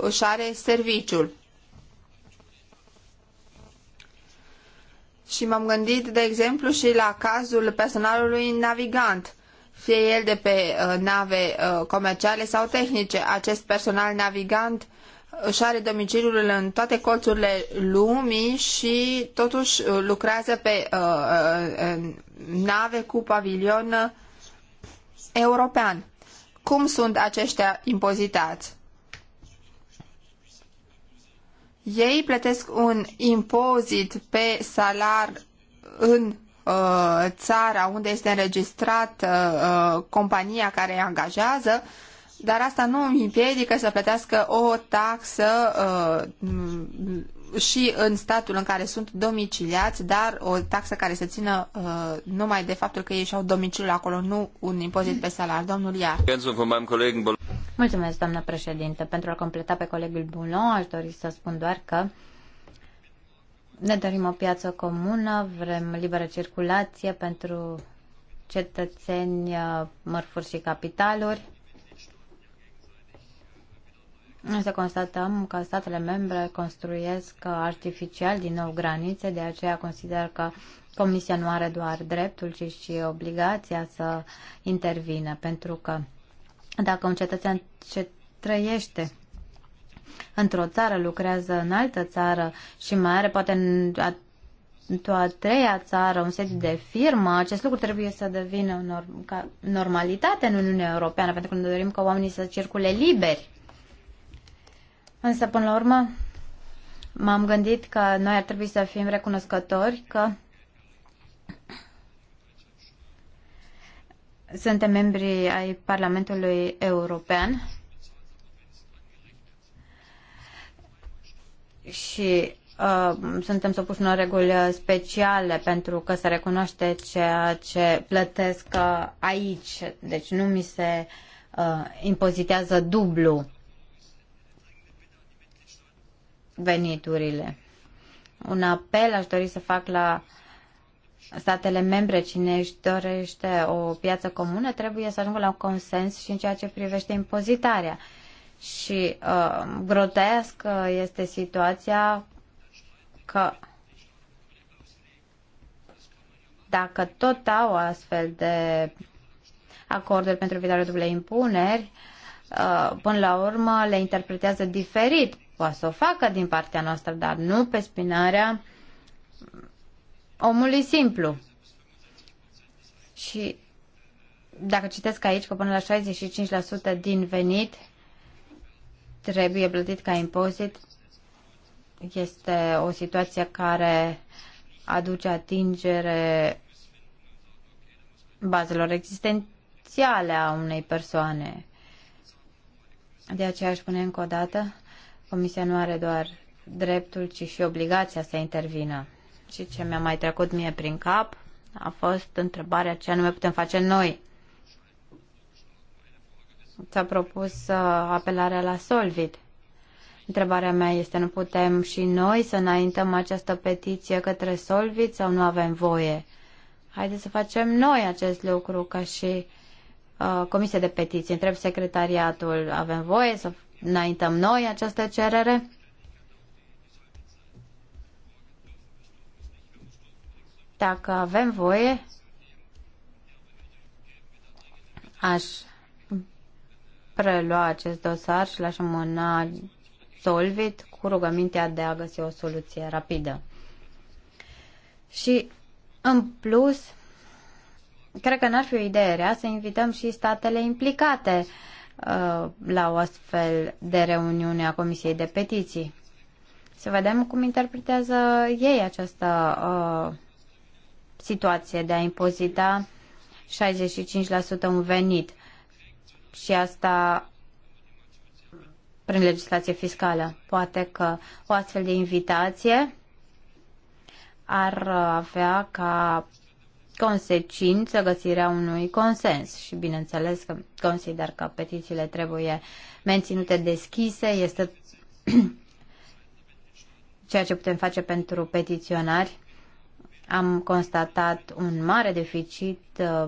își are serviciul. Și m-am gândit, de exemplu, și la cazul personalului navigant, fie el de pe nave comerciale sau tehnice. Acest personal navigant își are domiciliul în toate colțurile lumii și totuși lucrează pe nave cu pavilion european. Cum sunt aceștia impozitați? Ei plătesc un impozit pe salar în uh, țara unde este înregistrată uh, uh, compania care îi angajează, dar asta nu îi împiedică să plătească o taxă uh, și în statul în care sunt domiciliați, dar o taxă care se țină uh, numai de faptul că ei și-au domiciliul acolo, nu un impozit pe salar. Domnul Iar. Mulțumesc, doamnă președinte. Pentru a completa pe colegul Boulon, aș dori să spun doar că ne dorim o piață comună, vrem liberă circulație pentru cetățeni, uh, mărfuri și capitaluri. Să constatăm că statele membre construiesc artificial din nou granițe, de aceea consider că Comisia nu are doar dreptul, ci și obligația să intervină, pentru că dacă un cetățean ce trăiește într-o țară, lucrează în altă țară și mai are poate în a, într-o a treia țară un sediu de firmă, acest lucru trebuie să devină norm, ca normalitate în Uniunea Europeană, pentru că ne dorim ca oamenii să circule liberi. Însă, până la urmă, m-am gândit că noi ar trebui să fim recunoscători că suntem membri ai Parlamentului European și uh, suntem supuși unor reguli speciale pentru că se recunoaște ceea ce plătesc uh, aici. Deci nu mi se uh, impozitează dublu veniturile. Un apel aș dori să fac la statele membre, cine își dorește o piață comună, trebuie să ajungă la un consens și în ceea ce privește impozitarea. Și uh, grotescă este situația că dacă tot au astfel de acorduri pentru viitoare duble impuneri, uh, până la urmă le interpretează diferit poate să o facă din partea noastră, dar nu pe spinarea omului simplu. Și dacă citesc aici că până la 65% din venit trebuie plătit ca impozit, este o situație care aduce atingere bazelor existențiale a unei persoane. De aceea aș spune încă o dată Comisia nu are doar dreptul, ci și obligația să intervină. Și ce mi-a mai trecut mie prin cap a fost întrebarea ce anume putem face noi. Ți-a propus uh, apelarea la Solvit. Întrebarea mea este, nu putem și noi să înaintăm această petiție către Solvit sau nu avem voie? Haideți să facem noi acest lucru ca și uh, Comisia de Petiții. Întreb secretariatul, avem voie să înaintăm noi această cerere. Dacă avem voie, aș prelua acest dosar și l-aș mâna solvit cu rugămintea de a găsi o soluție rapidă. Și, în plus, cred că n-ar fi o idee rea să invităm și statele implicate uh, Uh, la o astfel de reuniune a Comisiei de Petiții. Să vedem cum interpretează ei această uh, situație de a impozita 65% un venit și asta prin legislație fiscală. Poate că o astfel de invitație ar uh, avea ca consecință găsirea unui consens și bineînțeles că consider că petițiile trebuie menținute deschise, este ceea ce putem face pentru petiționari. Am constatat un mare deficit uh,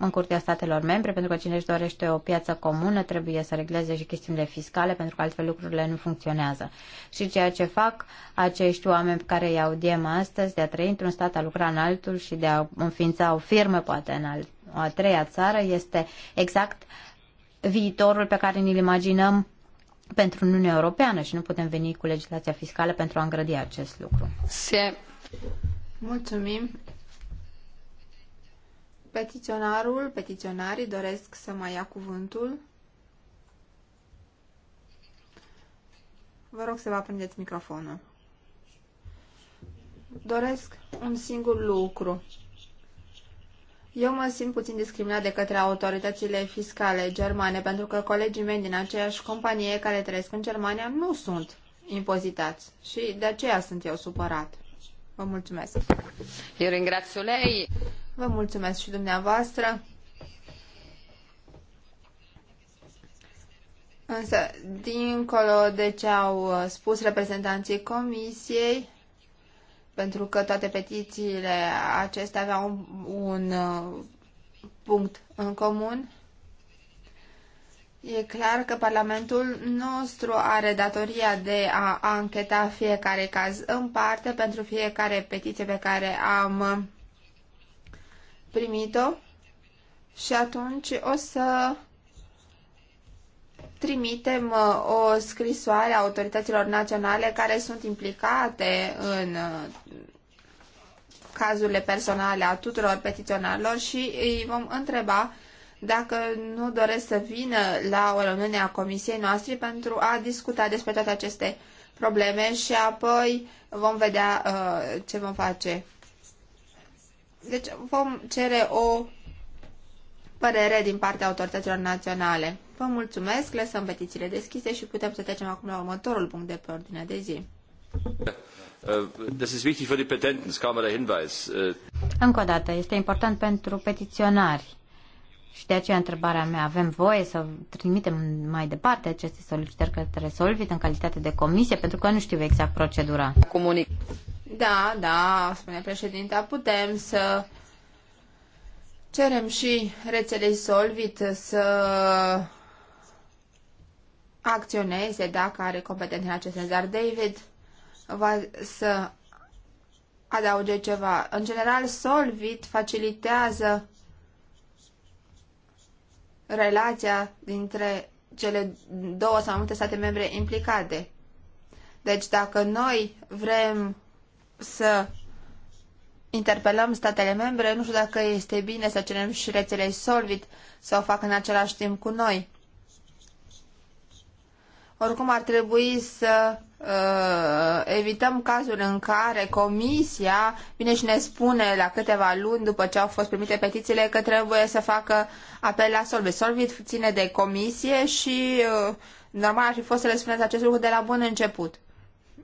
în curtea statelor membre, pentru că cine își dorește o piață comună trebuie să regleze și chestiunile fiscale, pentru că altfel lucrurile nu funcționează. Și ceea ce fac acești oameni pe care îi audiem astăzi de a trăi într-un stat, a lucra în altul și de a înființa o firmă, poate în alt, o a treia țară, este exact viitorul pe care ne-l imaginăm pentru Uniunea Europeană și nu putem veni cu legislația fiscală pentru a îngrădi acest lucru. Se... Mulțumim. Petiționarul, petiționarii doresc să mai ia cuvântul. Vă rog să vă aprindeți microfonul. Doresc un singur lucru. Eu mă simt puțin discriminat de către autoritățile fiscale germane pentru că colegii mei din aceeași companie care trăiesc în Germania nu sunt impozitați și de aceea sunt eu supărat. Vă mulțumesc. Eu lei. Vă mulțumesc și dumneavoastră. Însă, dincolo de ce au spus reprezentanții comisiei, pentru că toate petițiile acestea aveau un, un uh, punct în comun, e clar că Parlamentul nostru are datoria de a ancheta fiecare caz în parte pentru fiecare petiție pe care am primit-o și atunci o să trimitem uh, o scrisoare a autorităților naționale care sunt implicate în uh, cazurile personale a tuturor petiționarilor și îi vom întreba dacă nu doresc să vină la o reuniune a comisiei noastre pentru a discuta despre toate aceste probleme și apoi vom vedea uh, ce vom face. Deci vom cere o părere din partea autorităților naționale. Vă mulțumesc, lăsăm petițiile deschise și putem să trecem acum la următorul punct de pe ordinea de zi. Das ist wichtig für die Petenten, kam der Hinweis. Äh, Încă o dată, este important pentru petiționari. Și de aceea întrebarea mea, avem voie să trimitem mai departe aceste solicitări către Solvit în calitate de comisie, pentru că nu știu exact procedura. Comunic. Da, da, spune președinta, putem să cerem și rețelei Solvit să acționeze dacă are competențe în acest sens, dar David va să adauge ceva. În general, Solvit facilitează relația dintre cele două sau multe state membre implicate. Deci dacă noi vrem să interpelăm statele membre, nu știu dacă este bine să cerem și rețelei Solvit să o facă în același timp cu noi. Oricum ar trebui să uh, evităm cazul în care comisia vine și ne spune la câteva luni după ce au fost primite petițiile că trebuie să facă apel la Solvit. Solvit ține de comisie și uh, normal ar fi fost să le spuneți acest lucru de la bun început.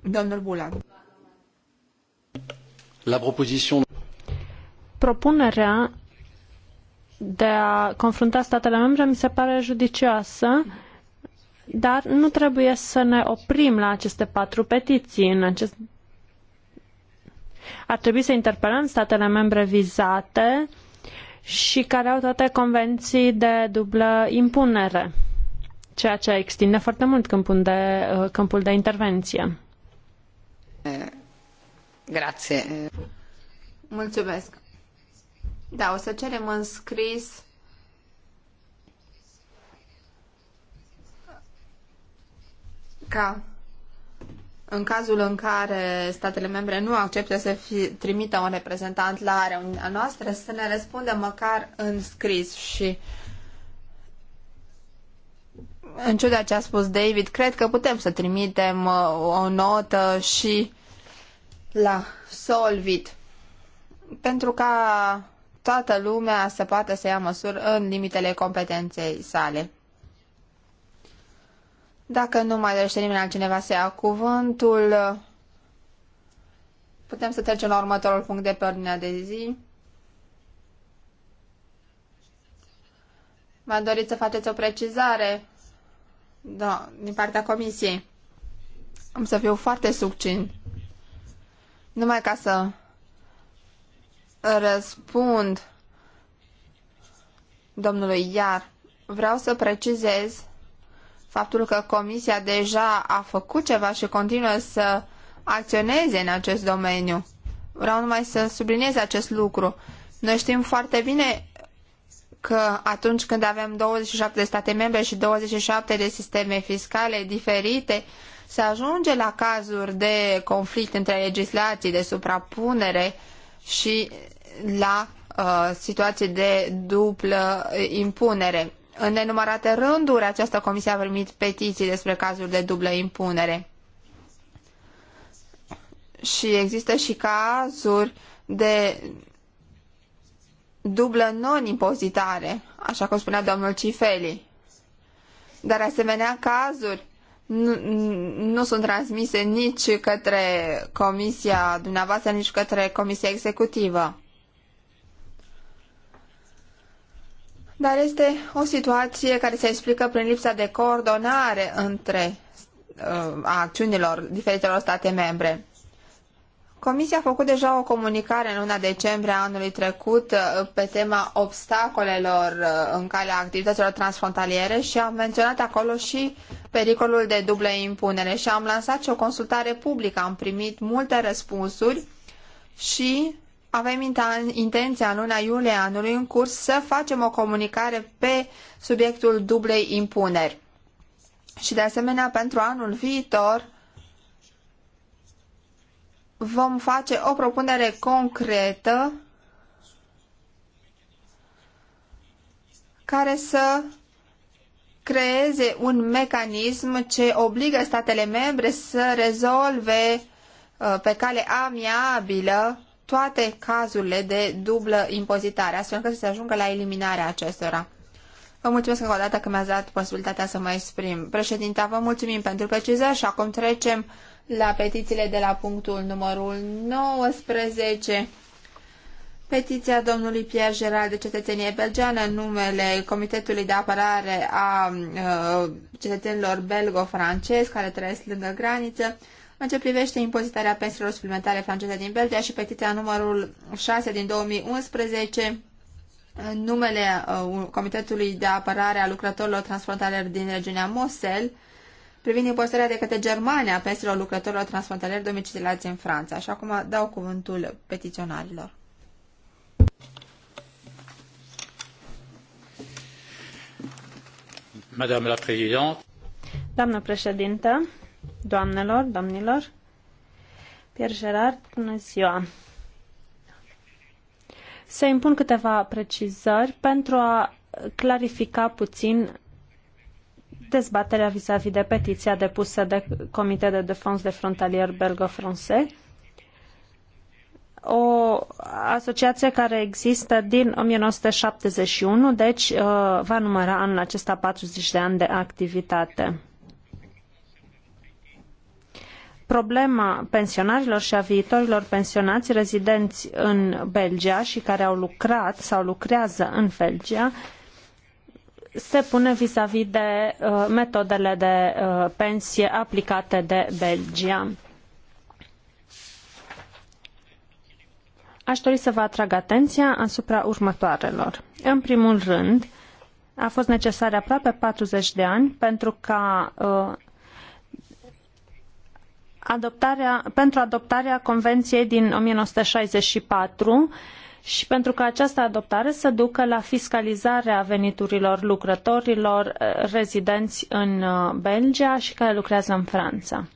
Domnul Bulan la proposition Propunerea de a confrunta statele membre mi se pare judicioasă, dar nu trebuie să ne oprim la aceste patru petiții. În acest... Ar trebui să interpelăm statele membre vizate și care au toate convenții de dublă impunere, ceea ce extinde foarte mult câmpul de, uh, câmpul de intervenție. Eh, Mulțumesc. Da, o să cerem în scris ca în cazul în care statele membre nu acceptă să fi, trimită un reprezentant la reuniunea noastră, să ne răspundă măcar în scris și în ciuda ce a spus David, cred că putem să trimitem uh, o notă și la Solvit pentru ca toată lumea să poată să ia măsuri în limitele competenței sale. Dacă nu mai dorește nimeni altcineva să ia cuvântul, putem să trecem la următorul punct de pe ordinea de zi. V-am dorit să faceți o precizare da, din partea comisiei. Am să fiu foarte succint. Numai ca să răspund domnului Iar, vreau să precizez faptul că Comisia deja a făcut ceva și continuă să acționeze în acest domeniu. Vreau numai să subliniez acest lucru. Noi știm foarte bine că atunci când avem 27 de state membre și 27 de sisteme fiscale diferite, se ajunge la cazuri de conflict între legislații, de suprapunere și la uh, situații de duplă impunere. În nenumărate rânduri, această comisie a primit petiții despre cazuri de dublă impunere. Și există și cazuri de dublă non-impozitare, așa cum spunea domnul Cifeli. Dar asemenea cazuri nu, nu sunt transmise nici către comisia dumneavoastră, nici către comisia executivă. Dar este o situație care se explică prin lipsa de coordonare între uh, a acțiunilor diferitelor state membre. Comisia a făcut deja o comunicare în luna decembrie anului trecut uh, pe tema obstacolelor uh, în calea activităților transfrontaliere și am menționat acolo și pericolul de dublă impunere și am lansat și o consultare publică. Am primit multe răspunsuri și avem intenția în luna iulie anului în curs să facem o comunicare pe subiectul dublei impuneri. Și de asemenea, pentru anul viitor, vom face o propunere concretă care să creeze un mecanism ce obligă statele membre să rezolve uh, pe cale amiabilă toate cazurile de dublă impozitare, astfel încât să se ajungă la eliminarea acestora. Vă mulțumesc încă o dată că mi-ați dat posibilitatea să mă exprim. Președinta, vă mulțumim pentru precizări și acum trecem la petițiile de la punctul numărul 19. Petiția domnului Pierre Gerald de cetățenie belgeană în numele Comitetului de Apărare a uh, cetățenilor belgo-francezi care trăiesc lângă graniță în ce privește impozitarea pensiilor suplimentare franceze din Belgia și petiția numărul 6 din 2011 în numele uh, Comitetului de Apărare a lucrătorilor transfrontalieri din regiunea Mosel privind impostarea de către Germania a pensiilor lucrătorilor transfrontalieri domiciliați în Franța. Și acum dau cuvântul petiționarilor. Madame la Présidente. Doamnă președintă, doamnelor, domnilor, Pierre Gerard, bună ziua! Se impun câteva precizări pentru a clarifica puțin dezbaterea vis-a-vis de petiția depusă de comitetul de Defense de Frontalier Belgo-Francais, o asociație care există din 1971, deci uh, va număra anul acesta 40 de ani de activitate. Problema pensionarilor și a viitorilor pensionați rezidenți în Belgia și care au lucrat sau lucrează în Belgia se pune vis-a-vis de uh, metodele de uh, pensie aplicate de Belgia. Aș dori să vă atrag atenția asupra următoarelor. În primul rând, a fost necesar aproape 40 de ani pentru ca uh, adoptarea, pentru adoptarea Convenției din 1964 și pentru că această adoptare să ducă la fiscalizarea veniturilor lucrătorilor eh, rezidenți în eh, Belgia și care lucrează în Franța.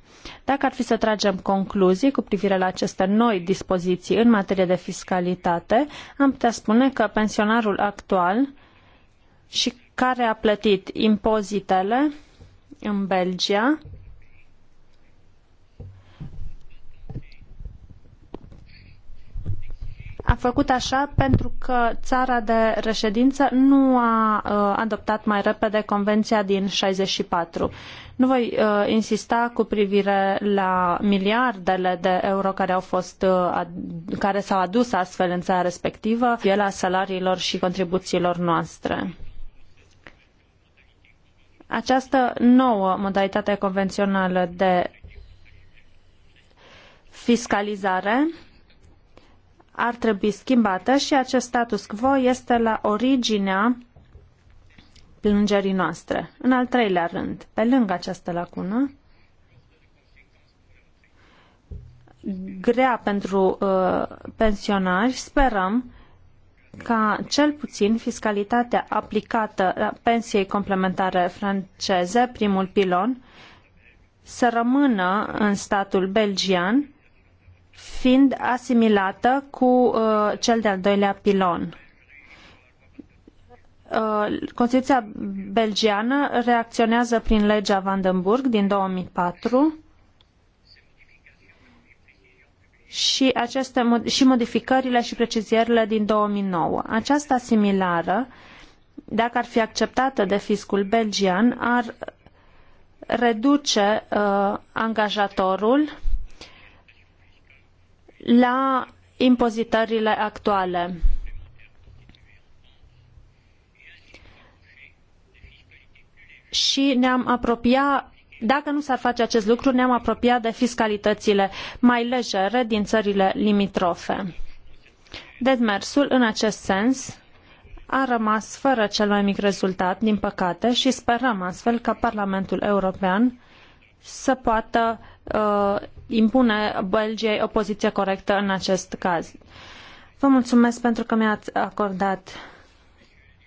Dacă ar fi să tragem concluzii cu privire la aceste noi dispoziții în materie de fiscalitate, am putea spune că pensionarul actual și care a plătit impozitele în Belgia a făcut așa pentru că țara de reședință nu a uh, adoptat mai repede Convenția din 64. Nu voi uh, insista cu privire la miliardele de euro care au fost uh, care s-au adus astfel în țara respectivă, la salariilor și contribuțiilor noastre. Această nouă modalitate convențională de fiscalizare ar trebui schimbată și acest status quo este la originea plângerii noastre. În al treilea rând, pe lângă această lacună, grea pentru uh, pensionari, sperăm ca cel puțin fiscalitatea aplicată pensiei complementare franceze, primul pilon, să rămână în statul belgian fiind asimilată cu uh, cel de-al doilea pilon. Uh, Constituția belgiană reacționează prin legea Vandenburg din 2004 și, aceste, și modificările și precizierile din 2009. Aceasta similară, dacă ar fi acceptată de fiscul belgian, ar reduce uh, angajatorul la impozitările actuale. Și ne-am apropia, dacă nu s-ar face acest lucru, ne-am apropia de fiscalitățile mai lejere din țările limitrofe. Demersul, în acest sens, a rămas fără cel mai mic rezultat, din păcate, și sperăm astfel ca Parlamentul European să poată uh, impune Belgiei o poziție corectă în acest caz. Vă mulțumesc pentru că mi-ați acordat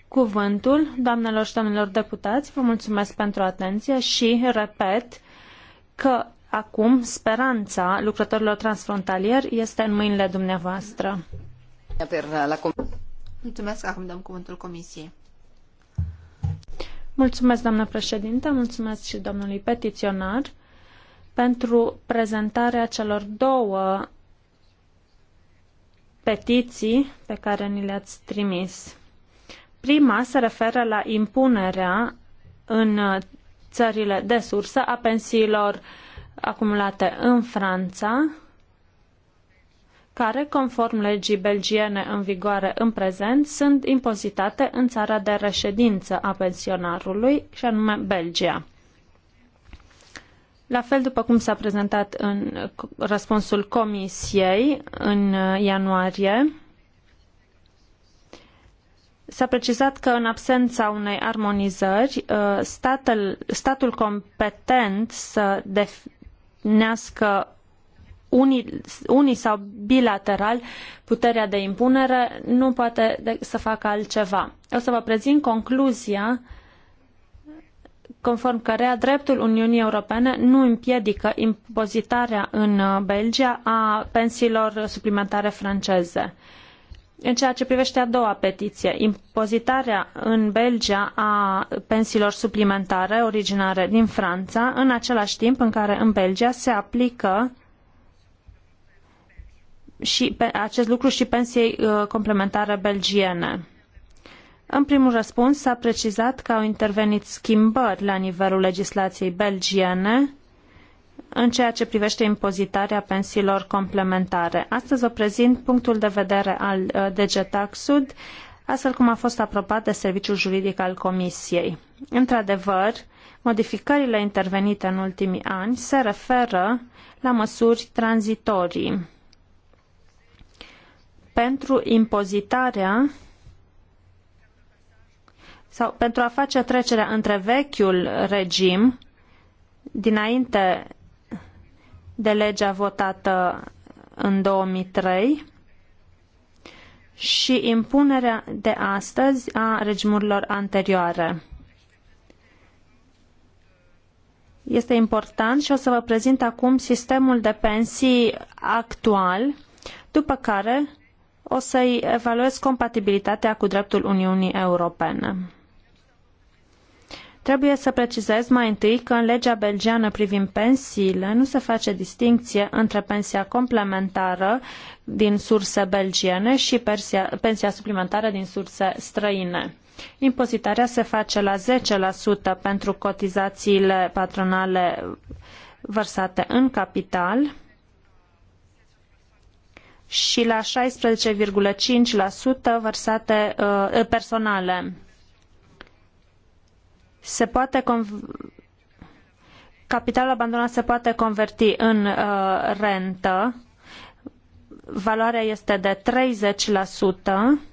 cuvântul, doamnelor și domnilor deputați. Vă mulțumesc pentru atenție și repet că acum speranța lucrătorilor transfrontalieri este în mâinile dumneavoastră. Mulțumesc, acum dăm cuvântul comisiei. Mulțumesc, doamnă președinte, mulțumesc și domnului petiționar pentru prezentarea celor două petiții pe care ni le-ați trimis. Prima se referă la impunerea în țările de sursă a pensiilor acumulate în Franța, care, conform legii belgiene în vigoare în prezent, sunt impozitate în țara de reședință a pensionarului, și anume Belgia. La fel după cum s-a prezentat în răspunsul Comisiei în uh, ianuarie, S-a precizat că în absența unei armonizări, uh, statul, statul competent să definească unii, unii sau bilateral puterea de impunere nu poate să facă altceva. O să vă prezint concluzia uh, conform căreia dreptul Uniunii Europene nu împiedică impozitarea în uh, Belgia a pensiilor suplimentare franceze. În ceea ce privește a doua petiție, impozitarea în Belgia a pensiilor suplimentare originare din Franța, în același timp în care în Belgia se aplică și acest lucru și pensiei uh, complementare belgiene. În primul răspuns s-a precizat că au intervenit schimbări la nivelul legislației belgiene în ceea ce privește impozitarea pensiilor complementare. Astăzi vă prezint punctul de vedere al uh, DG Taxud, astfel cum a fost aprobat de Serviciul Juridic al Comisiei. Într-adevăr, modificările intervenite în ultimii ani se referă la măsuri tranzitorii pentru impozitarea sau pentru a face trecerea între vechiul regim dinainte de legea votată în 2003 și impunerea de astăzi a regimurilor anterioare. Este important și o să vă prezint acum sistemul de pensii actual, după care o să-i evaluez compatibilitatea cu dreptul Uniunii Europene. Trebuie să precizez mai întâi că în legea belgiană privind pensiile nu se face distinție între pensia complementară din surse belgiene și persia, pensia suplimentară din surse străine. Impozitarea se face la 10% pentru cotizațiile patronale vărsate în capital și la 16,5% vărsate uh, personale se poate capitalul abandonat se poate converti în uh, rentă. Valoarea este de 30%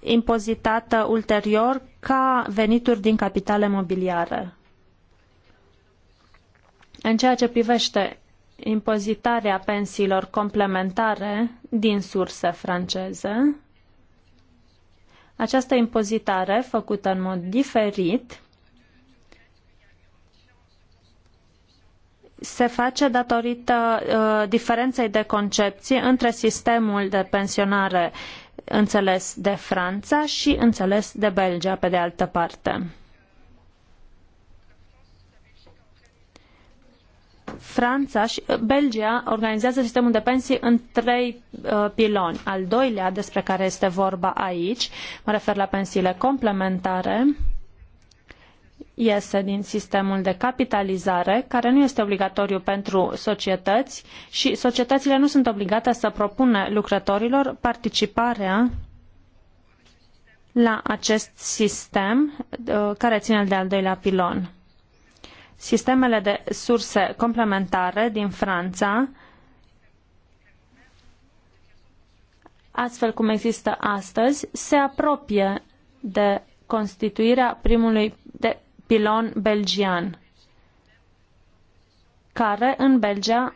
impozitată ulterior ca venituri din capitale mobiliare. În ceea ce privește impozitarea pensiilor complementare din surse franceze, această impozitare, făcută în mod diferit, se face datorită uh, diferenței de concepții între sistemul de pensionare înțeles de Franța și înțeles de Belgia, pe de altă parte. Franța și uh, Belgia organizează sistemul de pensii în trei uh, piloni. Al doilea, despre care este vorba aici, mă refer la pensiile complementare, iese din sistemul de capitalizare, care nu este obligatoriu pentru societăți și societățile nu sunt obligate să propună lucrătorilor participarea la acest sistem uh, care ține de al doilea pilon. Sistemele de surse complementare din Franța, astfel cum există astăzi, se apropie de constituirea primului de pilon belgian, care în Belgia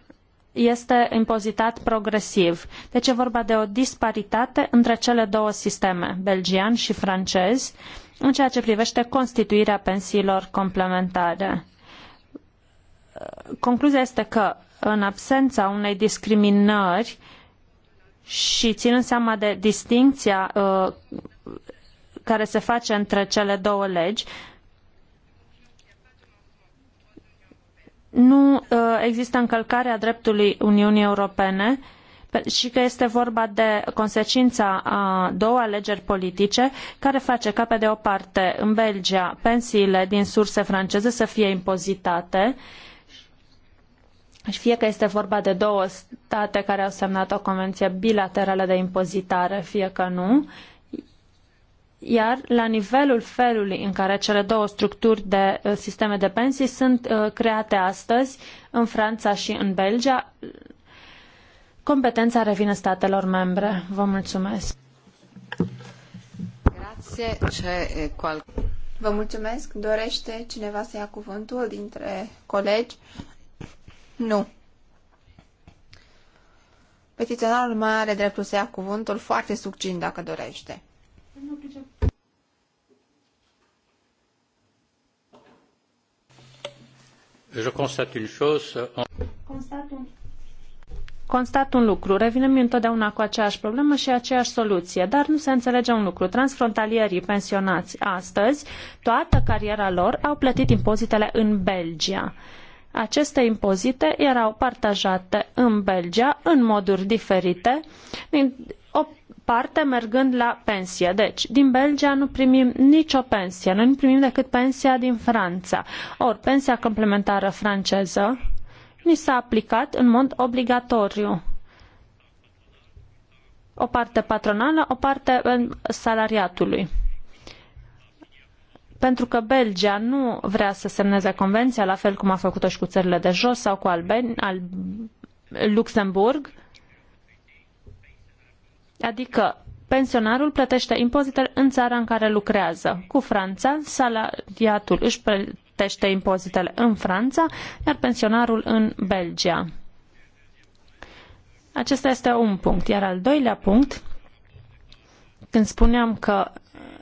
este impozitat progresiv. Deci e vorba de o disparitate între cele două sisteme, belgian și francez, în ceea ce privește constituirea pensiilor complementare concluzia este că în absența unei discriminări și ținând seama de distinția uh, care se face între cele două legi, nu uh, există încălcarea dreptului Uniunii Europene și că este vorba de consecința a două alegeri politice care face ca, pe de o parte, în Belgia, pensiile din surse franceze să fie impozitate uh, și fie că este vorba de două state care au semnat o convenție bilaterală de impozitare, fie că nu, iar la nivelul felului în care cele două structuri de uh, sisteme de pensii sunt uh, create astăzi, în Franța și în Belgia, competența revine statelor membre. Vă mulțumesc. Vă mulțumesc. Dorește cineva să ia cuvântul dintre colegi? Nu. Petiționarul mai are dreptul să ia cuvântul foarte succint dacă dorește. Je constate une chose. Constat un, constat un lucru. Revinem întotdeauna cu aceeași problemă și aceeași soluție, dar nu se înțelege un lucru. Transfrontalierii pensionați astăzi, toată cariera lor, au plătit impozitele în Belgia. Aceste impozite erau partajate în Belgia în moduri diferite, o parte mergând la pensie. Deci, din Belgia nu primim nicio pensie, noi nu primim decât pensia din Franța. Ori, pensia complementară franceză ni s-a aplicat în mod obligatoriu o parte patronală, o parte salariatului pentru că Belgia nu vrea să semneze convenția, la fel cum a făcut-o și cu țările de jos sau cu Alben, Al, Luxemburg, adică pensionarul plătește impozite în țara în care lucrează. Cu Franța, salariatul își plătește impozitele în Franța, iar pensionarul în Belgia. Acesta este un punct. Iar al doilea punct, când spuneam că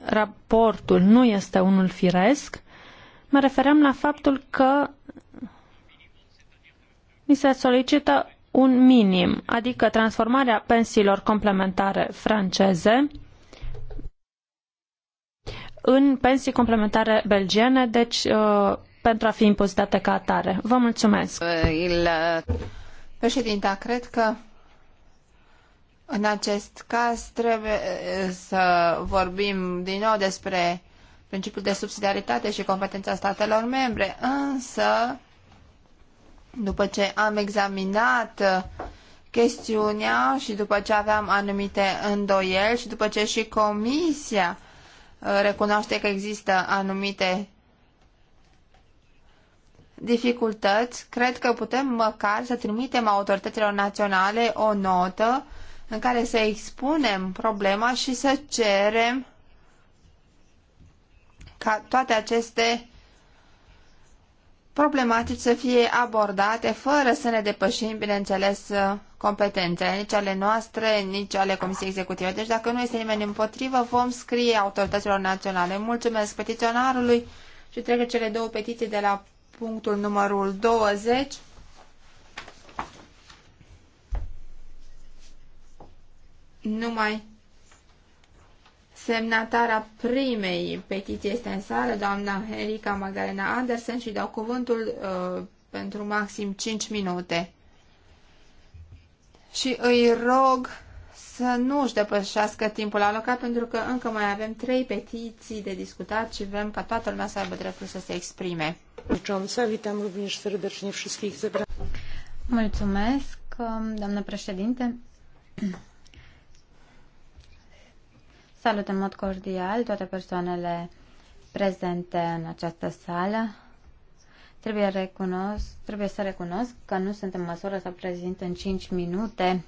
raportul nu este unul firesc, mă refeream la faptul că mi se solicită un minim, adică transformarea pensiilor complementare franceze în pensii complementare belgiene, deci uh, pentru a fi impozitate ca atare. Vă mulțumesc. Președinta, cred că în acest caz trebuie eh, să vorbim din nou despre principiul de subsidiaritate și competența statelor membre, însă după ce am examinat eh, chestiunea și după ce aveam anumite îndoieli și după ce și comisia eh, recunoaște că există anumite dificultăți, cred că putem măcar să trimitem autorităților naționale o notă în care să expunem problema și să cerem ca toate aceste problematici să fie abordate fără să ne depășim, bineînțeles, competențele, nici ale noastre, nici ale Comisiei Executive. Deci dacă nu este nimeni împotrivă, vom scrie autorităților naționale. Mulțumesc petiționarului și trec cele două petiții de la punctul numărul 20. numai semnatara primei petiții este în sală, doamna Erika Magdalena Andersen și dau cuvântul uh, pentru maxim 5 minute. Și îi rog să nu își depășească timpul alocat pentru că încă mai avem trei petiții de discutat și vrem ca toată lumea să aibă dreptul să se exprime. Mulțumesc, um, doamnă președinte. Salut în mod cordial toate persoanele prezente în această sală. Trebuie, recunosc, trebuie să recunosc că nu sunt în măsură să prezint în 5 minute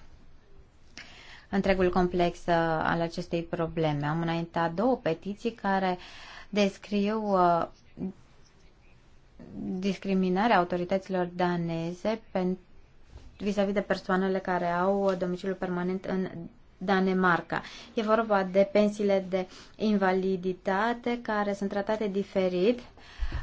întregul complex uh, al acestei probleme. Am înaintat două petiții care descriu uh, discriminarea autorităților daneze vis-a-vis -vis de persoanele care au domiciliul permanent în Danemarca. E vorba de pensiile de invaliditate care sunt tratate diferit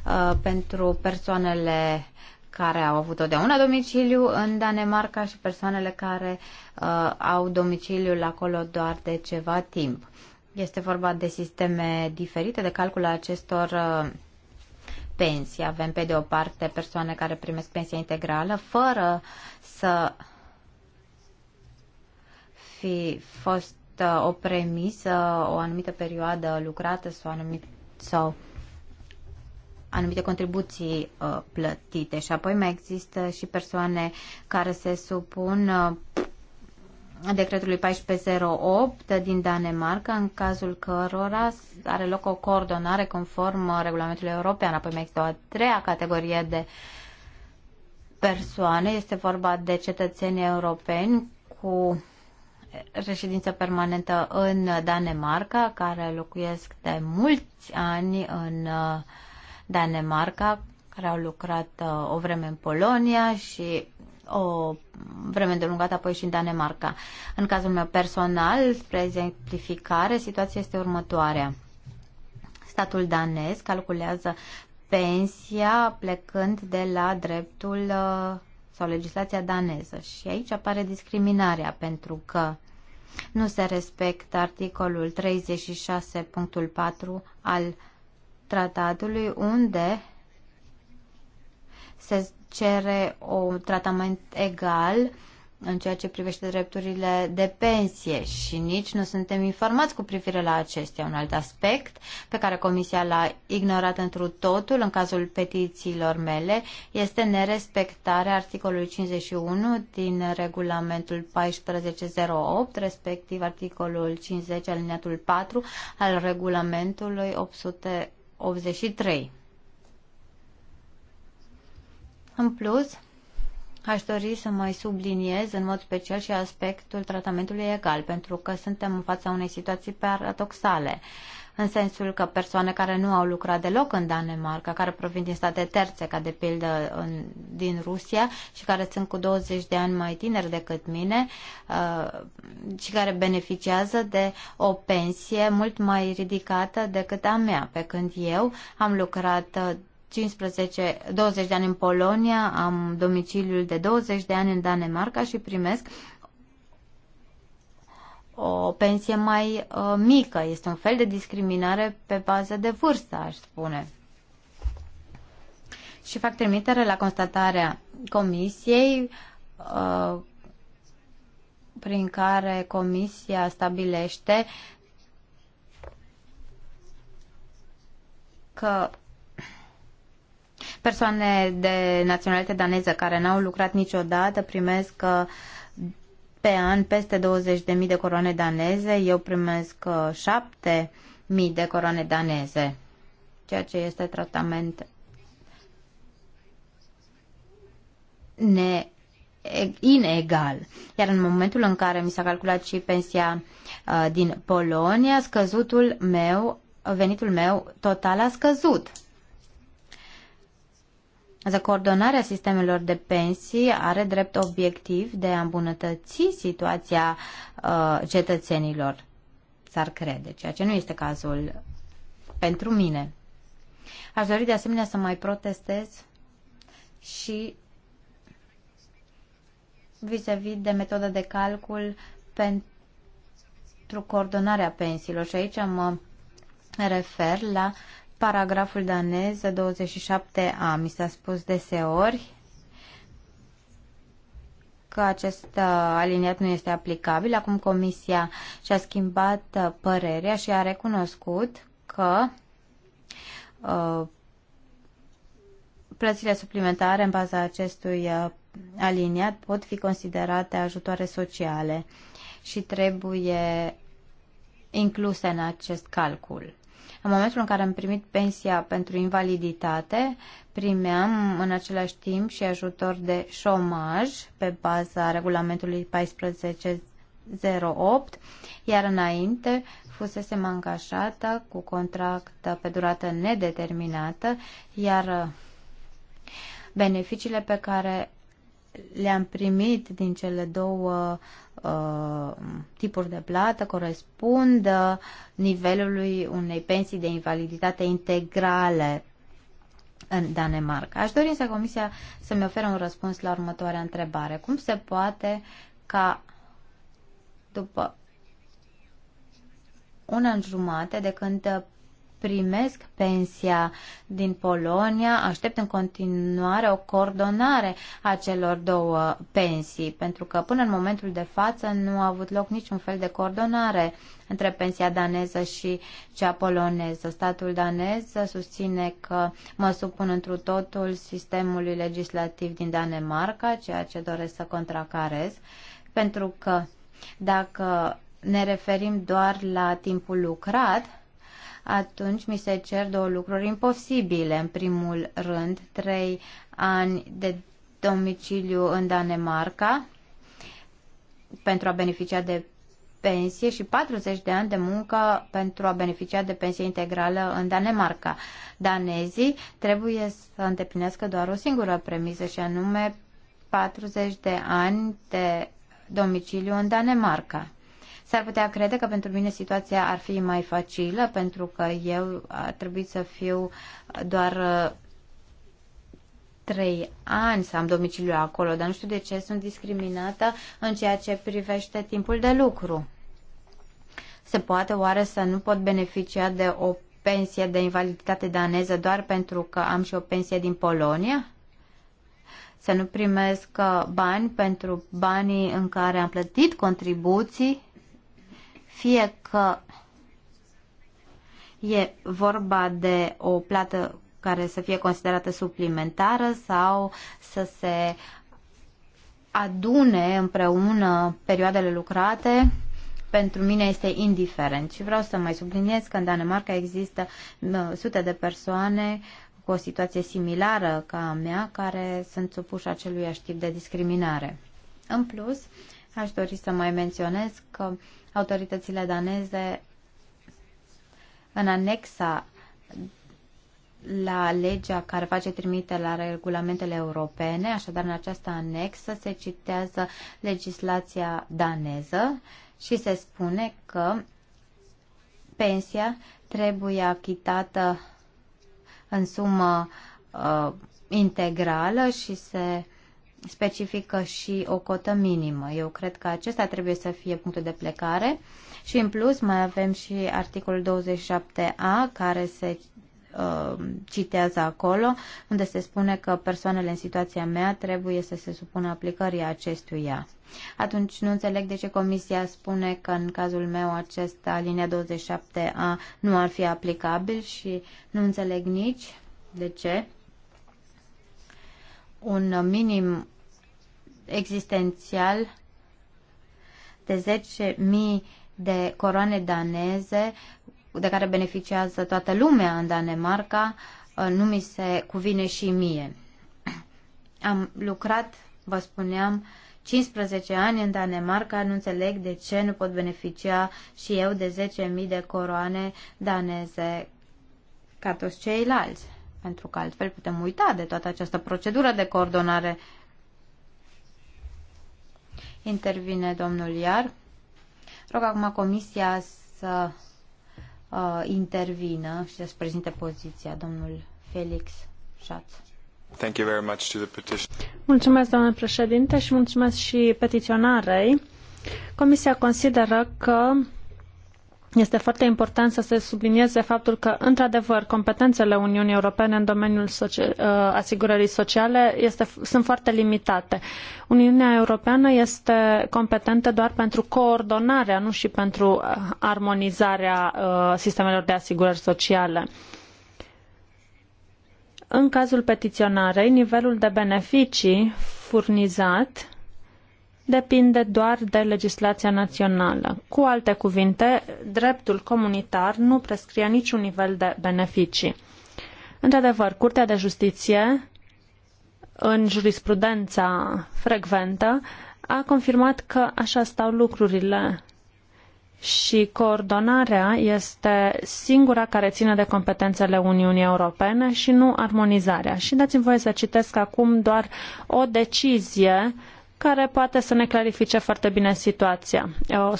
uh, pentru persoanele care au avut totdeauna domiciliu în Danemarca și persoanele care uh, au domiciliul acolo doar de ceva timp. Este vorba de sisteme diferite de calcul a acestor uh, pensii. Avem pe de o parte persoane care primesc pensia integrală fără să fi fost uh, o premisă, o anumită perioadă lucrată sau, anumit, sau anumite contribuții uh, plătite. Și apoi mai există și persoane care se supun uh, decretului 1408 din Danemarca, în cazul cărora are loc o coordonare conform uh, regulamentului european. Apoi mai există o a treia categorie de persoane, este vorba de cetățenii europeni cu reședință permanentă în Danemarca, care locuiesc de mulți ani în uh, Danemarca, care au lucrat uh, o vreme în Polonia și o vreme îndelungată apoi și în Danemarca. În cazul meu personal, spre exemplificare, situația este următoarea. Statul danez calculează pensia plecând de la dreptul uh, sau legislația daneză. Și aici apare discriminarea pentru că nu se respectă articolul 36.4 al tratatului unde se cere un tratament egal în ceea ce privește drepturile de pensie și nici nu suntem informați cu privire la acestea. Un alt aspect pe care Comisia l-a ignorat întru totul în cazul petițiilor mele este nerespectarea articolului 51 din regulamentul 1408, respectiv articolul 50 alineatul 4 al regulamentului 883. În plus, Aș dori să mai subliniez în mod special și aspectul tratamentului egal, pentru că suntem în fața unei situații paradoxale, în sensul că persoane care nu au lucrat deloc în Danemarca, care provin din state terțe, ca de pildă în, din Rusia, și care sunt cu 20 de ani mai tineri decât mine, uh, și care beneficiază de o pensie mult mai ridicată decât a mea, pe când eu am lucrat uh, 15, 20 de ani în Polonia, am domiciliul de 20 de ani în Danemarca și primesc o pensie mai uh, mică. Este un fel de discriminare pe bază de vârstă, aș spune. Și fac trimitere la constatarea comisiei uh, prin care comisia stabilește că Persoane de naționalitate daneză care n-au lucrat niciodată primesc uh, pe an peste 20.000 de coroane daneze, eu primesc 7.000 uh, de coroane daneze, ceea ce este tratament ne inegal. Iar în momentul în care mi s-a calculat și pensia uh, din Polonia, scăzutul meu, venitul meu total a scăzut. Însă coordonarea sistemelor de pensii are drept obiectiv de a îmbunătăți situația uh, cetățenilor, s-ar crede, ceea ce nu este cazul pentru mine. Aș dori de asemenea să mai protestez și vis-a-vis -vis de metoda de calcul pentru coordonarea pensiilor. Și aici mă refer la paragraful danez 27a. Mi s-a spus deseori că acest uh, aliniat nu este aplicabil. Acum Comisia și-a schimbat uh, părerea și a recunoscut că uh, plățile suplimentare în baza acestui aliniat pot fi considerate ajutoare sociale și trebuie incluse în acest calcul. În momentul în care am primit pensia pentru invaliditate, primeam în același timp și ajutor de șomaj pe baza regulamentului 1408, iar înainte fusesem angajată cu contract pe durată nedeterminată, iar beneficiile pe care le-am primit din cele două uh, tipuri de plată corespund uh, nivelului unei pensii de invaliditate integrale în Danemarca. Aș dori să Comisia să-mi ofere un răspuns la următoarea întrebare. Cum se poate ca după un an jumate de când primesc pensia din Polonia, aștept în continuare o coordonare a celor două pensii, pentru că până în momentul de față nu a avut loc niciun fel de coordonare între pensia daneză și cea poloneză. Statul danez susține că mă supun întru totul sistemului legislativ din Danemarca, ceea ce doresc să contracarez, pentru că dacă ne referim doar la timpul lucrat, atunci mi se cer două lucruri imposibile. În primul rând, trei ani de domiciliu în Danemarca pentru a beneficia de pensie și 40 de ani de muncă pentru a beneficia de pensie integrală în Danemarca. Danezii trebuie să îndeplinească doar o singură premisă și anume 40 de ani de domiciliu în Danemarca. S-ar putea crede că pentru mine situația ar fi mai facilă, pentru că eu ar trebui să fiu doar uh, trei ani să am domiciliu acolo, dar nu știu de ce sunt discriminată în ceea ce privește timpul de lucru. Se poate oare să nu pot beneficia de o pensie de invaliditate daneză doar pentru că am și o pensie din Polonia? Să nu primesc uh, bani pentru banii în care am plătit contribuții? fie că e vorba de o plată care să fie considerată suplimentară sau să se adune împreună perioadele lucrate, pentru mine este indiferent. Și vreau să mai subliniez că în Danemarca există sute de persoane cu o situație similară ca a mea care sunt supuși acelui tip de discriminare. În plus, aș dori să mai menționez că uh, autoritățile daneze în anexa la legea care face trimite la regulamentele europene, așadar în această anexă se citează legislația daneză și se spune că pensia trebuie achitată în sumă uh, integrală și se uh, specifică și o cotă minimă. Eu cred că acesta trebuie să fie punctul de plecare și în plus mai avem și articolul 27a care se uh, citează acolo, unde se spune că persoanele în situația mea trebuie să se supună aplicării acestuia. Atunci nu înțeleg de ce Comisia spune că în cazul meu acesta, linia 27A, nu ar fi aplicabil și nu înțeleg nici de ce un minim existențial de 10.000 de coroane daneze de care beneficiază toată lumea în Danemarca, uh, nu mi se cuvine și mie. Am lucrat, vă spuneam, 15 ani în Danemarca, nu înțeleg de ce nu pot beneficia și eu de 10.000 de coroane daneze ca toți ceilalți pentru că altfel putem uita de toată această procedură de coordonare. Intervine domnul Iar. Rog acum Comisia să uh, intervină și să-și prezinte poziția domnul Felix Schatz. Thank you very much to the petition. Mulțumesc, domnule președinte, și mulțumesc și petiționarei. Comisia consideră că este foarte important să se sublinieze faptul că, într-adevăr, competențele Uniunii Europene în domeniul uh, asigurării sociale este, sunt foarte limitate. Uniunea Europeană este competentă doar pentru coordonarea, nu și pentru uh, armonizarea uh, sistemelor de asigurări sociale. În cazul petiționarei, nivelul de beneficii furnizat depinde doar de legislația națională. Cu alte cuvinte, dreptul comunitar nu prescrie niciun nivel de beneficii. Într-adevăr, Curtea de Justiție, în jurisprudența frecventă, a confirmat că așa stau lucrurile și coordonarea este singura care ține de competențele Uniunii Europene și nu armonizarea. Și dați-mi voie să citesc acum doar o decizie uh, care poate să ne clarifice foarte bine situația. O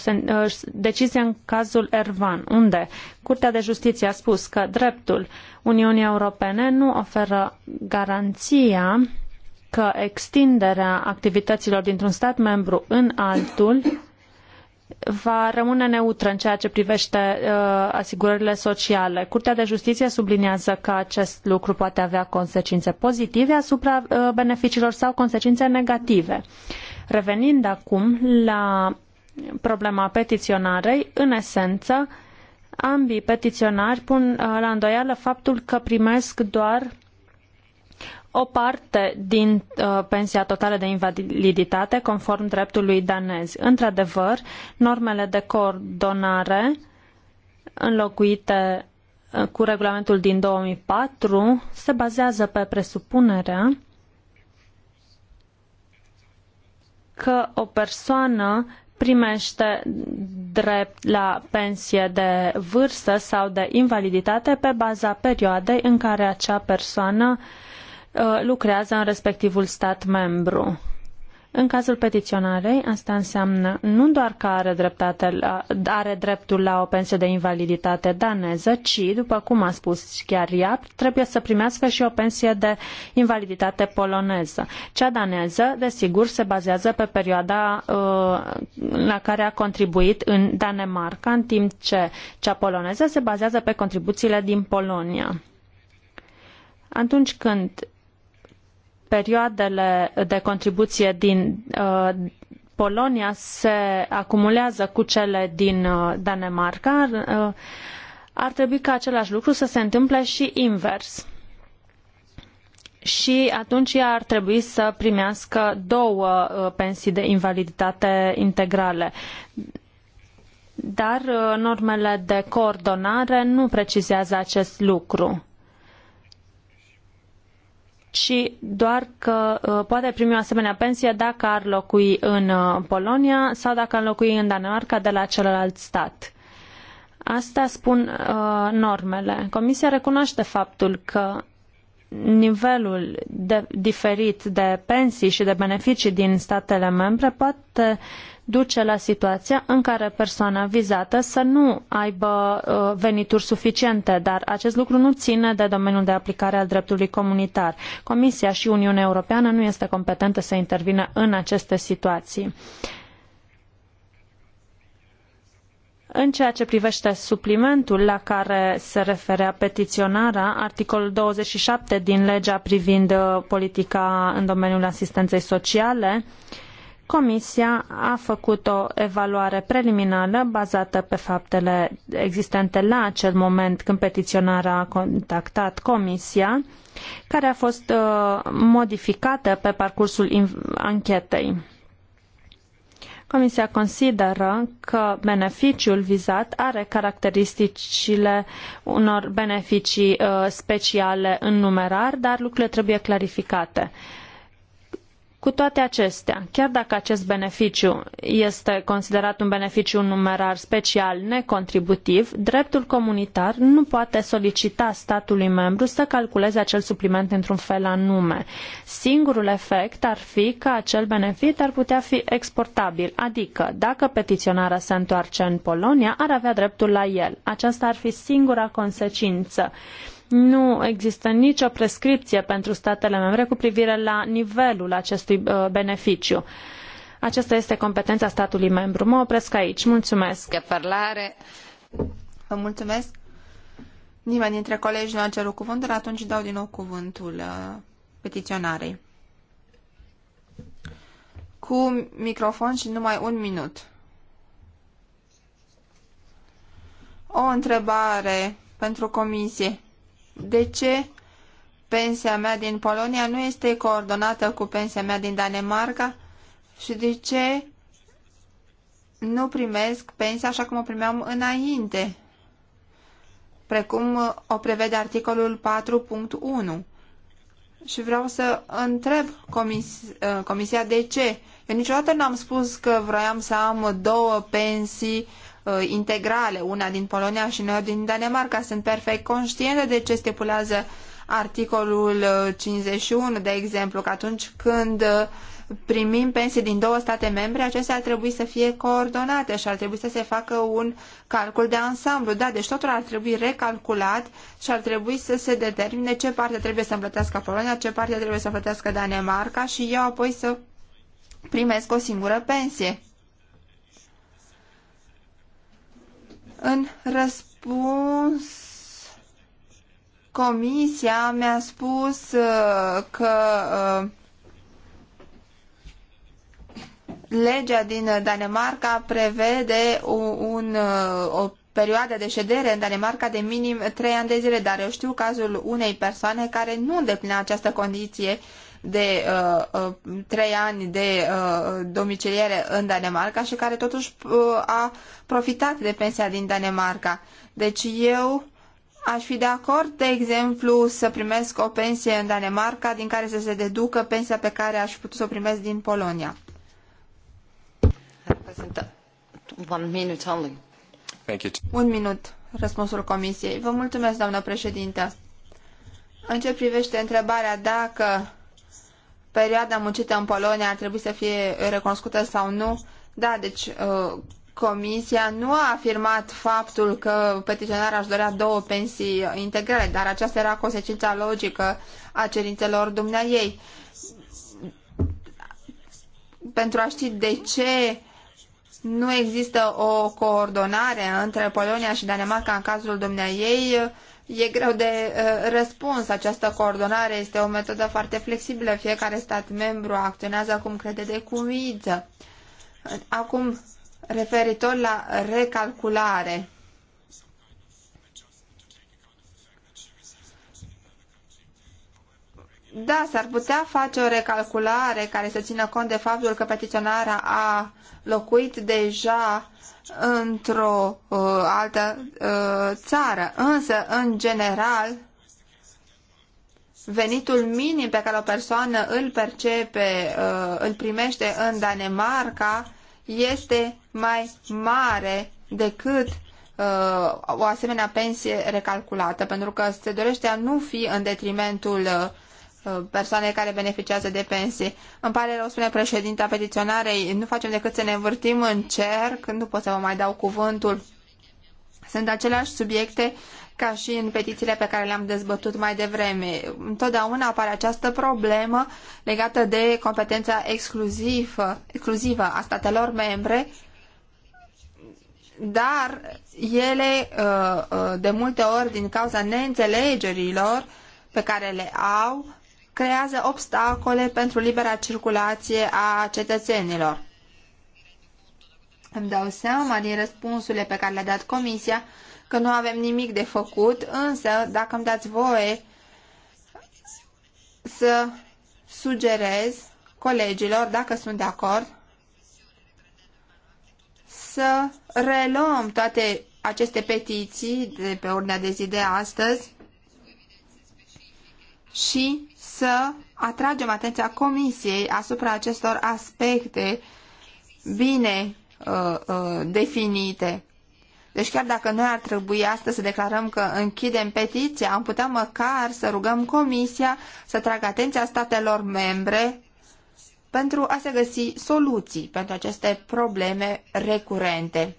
decizie în cazul Ervan, unde Curtea de Justiție a spus că dreptul Uniunii Europene nu oferă garanția că extinderea activităților dintr-un stat membru în altul va rămâne neutră în ceea ce privește uh, asigurările sociale. Curtea de Justiție subliniază că acest lucru poate avea consecințe pozitive asupra uh, beneficiilor sau consecințe negative. Revenind acum la problema petiționarei, în esență, ambii petiționari pun uh, la îndoială faptul că primesc doar o parte din uh, pensia totală de invaliditate conform dreptului danez. Într-adevăr, normele de coordonare înlocuite uh, cu regulamentul din 2004 se bazează pe presupunerea că o persoană primește drept la pensie de vârstă sau de invaliditate pe baza perioadei în care acea persoană uh, Uh, lucrează în respectivul stat membru. În cazul petiționarei, asta înseamnă nu doar că are, dreptate la, are dreptul la o pensie de invaliditate daneză, ci, după cum a spus chiar ea, trebuie să primească și o pensie de invaliditate poloneză. Cea daneză, desigur, se bazează pe perioada uh, la care a contribuit în Danemarca, în timp ce cea poloneză se bazează pe contribuțiile din Polonia. Atunci când perioadele de contribuție din uh, Polonia se acumulează cu cele din uh, Danemarca, uh, ar trebui ca același lucru să se întâmple și invers. Și atunci ea ar trebui să primească două pensii de invaliditate integrale. Dar normele de coordonare nu precizează acest lucru ci doar că uh, poate primi o asemenea pensie dacă ar locui în uh, Polonia sau dacă ar locui în Danemarca de la celălalt stat. Asta spun uh, normele. Comisia recunoaște faptul că nivelul de, diferit de pensii și de beneficii din statele membre poate duce la situația în care persoana vizată să nu aibă uh, venituri suficiente, dar acest lucru nu ține de domeniul de aplicare al dreptului comunitar. Comisia și Uniunea Europeană nu este competentă să intervină în aceste situații. În ceea ce privește suplimentul la care se referea petiționara, articolul 27 din legea privind uh, politica în domeniul asistenței sociale, uh, Comisia a făcut o evaluare preliminară bazată pe faptele existente la acel moment când petiționarea a contactat Comisia, care a fost uh, modificată pe parcursul anchetei. Comisia consideră că beneficiul vizat are caracteristicile unor beneficii uh, speciale în numerar, dar lucrurile trebuie clarificate. Uh, cu toate acestea, chiar dacă acest beneficiu este considerat un beneficiu numerar special necontributiv, dreptul comunitar nu poate solicita statului membru să calculeze acel supliment într-un fel anume. Singurul efect ar fi că acel benefit ar putea fi exportabil, adică dacă petiționarea se întoarce în Polonia, ar avea dreptul la el. Aceasta ar fi singura consecință. Nu există nicio prescripție pentru statele membre cu privire la nivelul acestui uh, beneficiu. Aceasta este competența statului membru. Mă opresc aici. Mulțumesc. Parlare. Vă mulțumesc. Nimeni dintre colegi nu a cerut cuvântul, atunci dau din nou cuvântul uh, petiționarei. Cu microfon și numai un minut. O întrebare pentru comisie de ce pensia mea din Polonia nu este coordonată cu pensia mea din Danemarca și de ce nu primesc pensia așa cum o primeam înainte, precum o prevede articolul 4.1. Și vreau să întreb comis uh, comisia de ce. Eu niciodată n-am spus că vroiam să am două pensii Uh, integrale, una din Polonia și una din Danemarca. Sunt perfect conștiente de ce stipulează articolul 51, uh, de exemplu, că atunci când uh, primim pensii din două state membre, acestea ar trebui să fie coordonate și ar trebui să se facă un calcul de ansamblu. Da, deci totul ar trebui recalculat și ar trebui să se determine ce parte trebuie să plătească Polonia, ce parte trebuie să plătească Danemarca și eu apoi să primesc o singură pensie. În răspuns, comisia mi-a spus uh, că uh, legea din Danemarca prevede un, uh, o perioadă de ședere în Danemarca de minim trei ani de zile, dar eu știu cazul unei persoane care nu îndeplinea această condiție de uh, uh, trei uh, ani de uh, domiciliere în Danemarca și care totuși uh, a profitat de pensia din Danemarca. Deci eu aș fi de acord, de exemplu, să primesc o pensie în Danemarca din care să se deducă pensia pe care aș putea să o primesc din Polonia. One minute only. Thank you. Un minut, răspunsul comisiei. Vă mulțumesc, doamnă președintă. În ce privește întrebarea dacă perioada muncită în Polonia ar trebui să fie recunoscută sau nu. Da, deci uh, Comisia nu a afirmat faptul că petiționarul aș dorea două pensii integrale, dar aceasta era consecința logică a cerințelor dumnea ei. Pentru a ști de ce nu există o coordonare între Polonia și Danemarca în cazul dumnea ei, E greu de uh, răspuns. Această coordonare este o metodă foarte flexibilă. Fiecare stat membru acționează cum crede de cuvință. Acum, referitor la recalculare, Da, s-ar putea face o recalculare care să țină cont de faptul că petiționarea a locuit deja într-o uh, altă uh, țară, însă, în general, venitul minim pe care o persoană îl percepe, uh, îl primește în Danemarca, este mai mare decât uh, o asemenea pensie recalculată, pentru că se dorește a nu fi în detrimentul uh, Uh, persoane care beneficiază de pensii. Îmi pare rău, spune președinta petiționarei, nu facem decât să ne învârtim în cerc, nu pot să vă mai dau cuvântul. Sunt aceleași subiecte ca și în petițiile pe care le-am dezbătut mai devreme. Întotdeauna apare această problemă legată de competența exclusivă, exclusivă a statelor membre, dar ele, uh, uh, de multe ori, din cauza neînțelegerilor pe care le au, creează obstacole pentru libera circulație a cetățenilor. Îmi dau seama din răspunsurile pe care le-a dat Comisia că nu avem nimic de făcut, însă, dacă îmi dați voie să sugerez colegilor, dacă sunt de acord, să reluăm toate aceste petiții de pe ordinea de zi de astăzi și să atragem atenția Comisiei asupra acestor aspecte bine uh, uh, definite. Deci chiar dacă noi ar trebui astăzi să declarăm că închidem petiția, am putea măcar să rugăm Comisia să tragă atenția statelor membre pentru a se găsi soluții pentru aceste probleme recurente.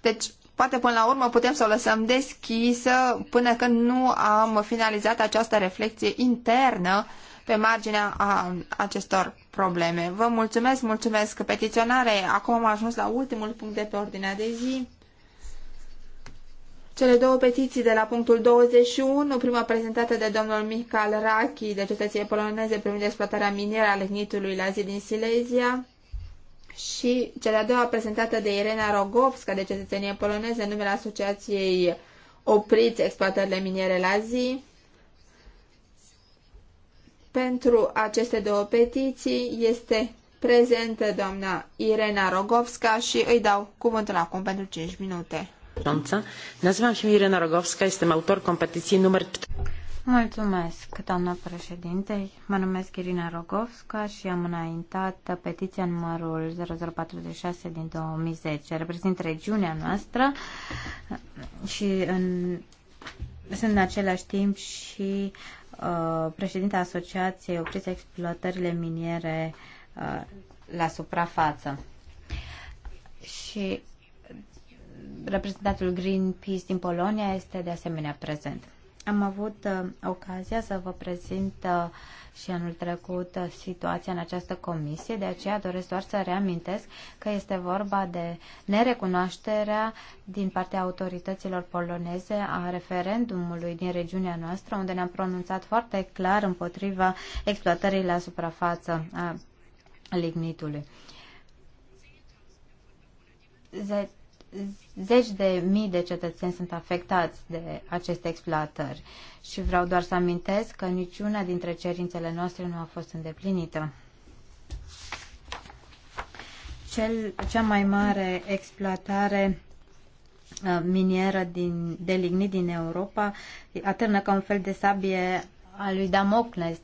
Deci, Poate până la urmă putem să o lăsăm deschisă până când nu am finalizat această reflexie internă pe marginea a acestor probleme. Vă mulțumesc, mulțumesc petiționare. Acum am ajuns la ultimul punct de pe ordinea de zi. Cele două petiții de la punctul 21, prima prezentată de domnul Michael Rachi, de cetăție poloneze privind exploatarea minieră a lignitului la zi din Silesia, și cea de-a doua prezentată de Irena Rogovska de cetățenie poloneză în numele Asociației Opriți Exploatările Miniere la zi. Pentru aceste două petiții este prezentă doamna Irena Rogovska și îi dau cuvântul acum pentru 5 minute. Nazywam się Irena Rogowska, jestem autorką petycji numer 4. Mulțumesc, doamna președinte. Mă numesc Irina Rogovska și am înaintat petiția numărul 0046 din 2010. Reprezint regiunea noastră și în, sunt în același timp și uh, președinta Asociației Opriți Exploatările Miniere uh, la suprafață. Și reprezentantul Greenpeace din Polonia este de asemenea prezent. Am avut uh, ocazia să vă prezint uh, și anul trecut uh, situația în această comisie, de aceea doresc doar să reamintesc că este vorba de nerecunoașterea din partea autorităților poloneze a referendumului din regiunea noastră, unde ne-am pronunțat foarte clar împotriva exploatării la suprafață a lignitului. Ze- zeci de mii de cetățeni sunt afectați de aceste exploatări și vreau doar să amintesc că niciuna dintre cerințele noastre nu a fost îndeplinită. Cel, cea mai mare exploatare uh, minieră din, de lignit din Europa atârnă ca un fel de sabie a lui Damocles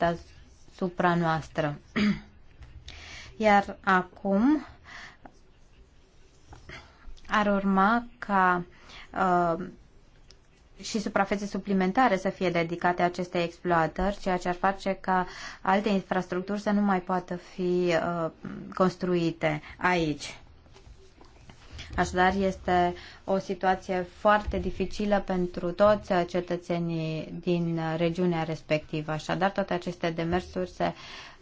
asupra noastră. Iar acum ar urma ca uh, și suprafețe suplimentare să fie dedicate acestei exploatări, ceea ce ar face ca alte infrastructuri să nu mai poată fi uh, construite aici. Așadar, este o situație foarte dificilă pentru toți cetățenii din regiunea respectivă. Așadar, toate aceste demersuri se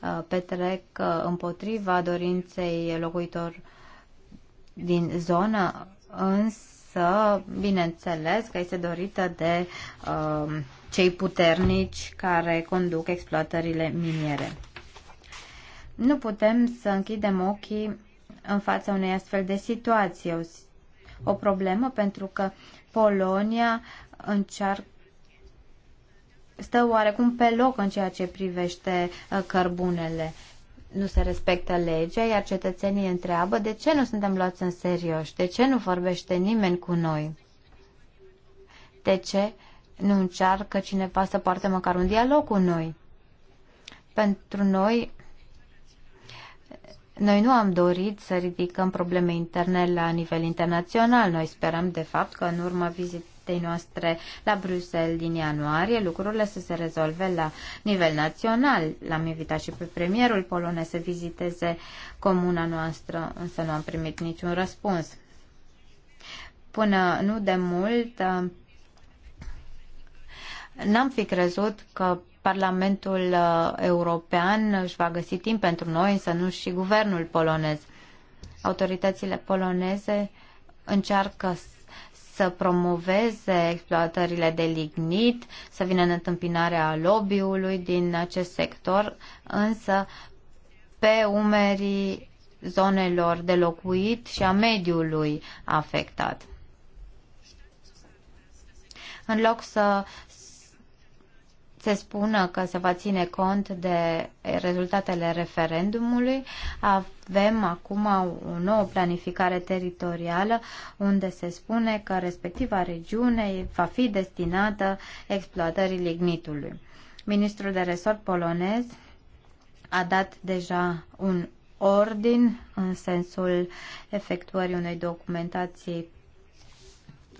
uh, petrec uh, împotriva dorinței locuitorilor din zonă, însă, bineînțeles că este dorită de uh, cei puternici care conduc exploatările miniere. Nu putem să închidem ochii în fața unei astfel de situații. O, o problemă pentru că Polonia încearcă stă oarecum pe loc în ceea ce privește uh, cărbunele nu se respectă legea, iar cetățenii întreabă de ce nu suntem luați în serios, de ce nu vorbește nimeni cu noi, de ce nu încearcă cineva să poarte măcar un dialog cu noi. Pentru noi, noi nu am dorit să ridicăm probleme interne la nivel internațional. Noi sperăm, de fapt, că în urma vizit vizitei noastre la Bruxelles din ianuarie, lucrurile să se rezolve la nivel național. L-am invitat și pe premierul polonez să viziteze comuna noastră, însă nu am primit niciun răspuns. Până nu de mult, n-am fi crezut că Parlamentul uh, European își va găsi timp pentru noi, însă nu și guvernul polonez. Autoritățile poloneze încearcă să promoveze exploatările de lignit, să vină în întâmpinarea lobby-ului din acest sector, însă pe umerii zonelor de locuit și a mediului afectat. În loc să se spună că se va ține cont de rezultatele referendumului. Avem acum o nouă planificare teritorială unde se spune că respectiva regiune va fi destinată exploatării lignitului. Ministrul de resort polonez a dat deja un ordin în sensul efectuării unei documentații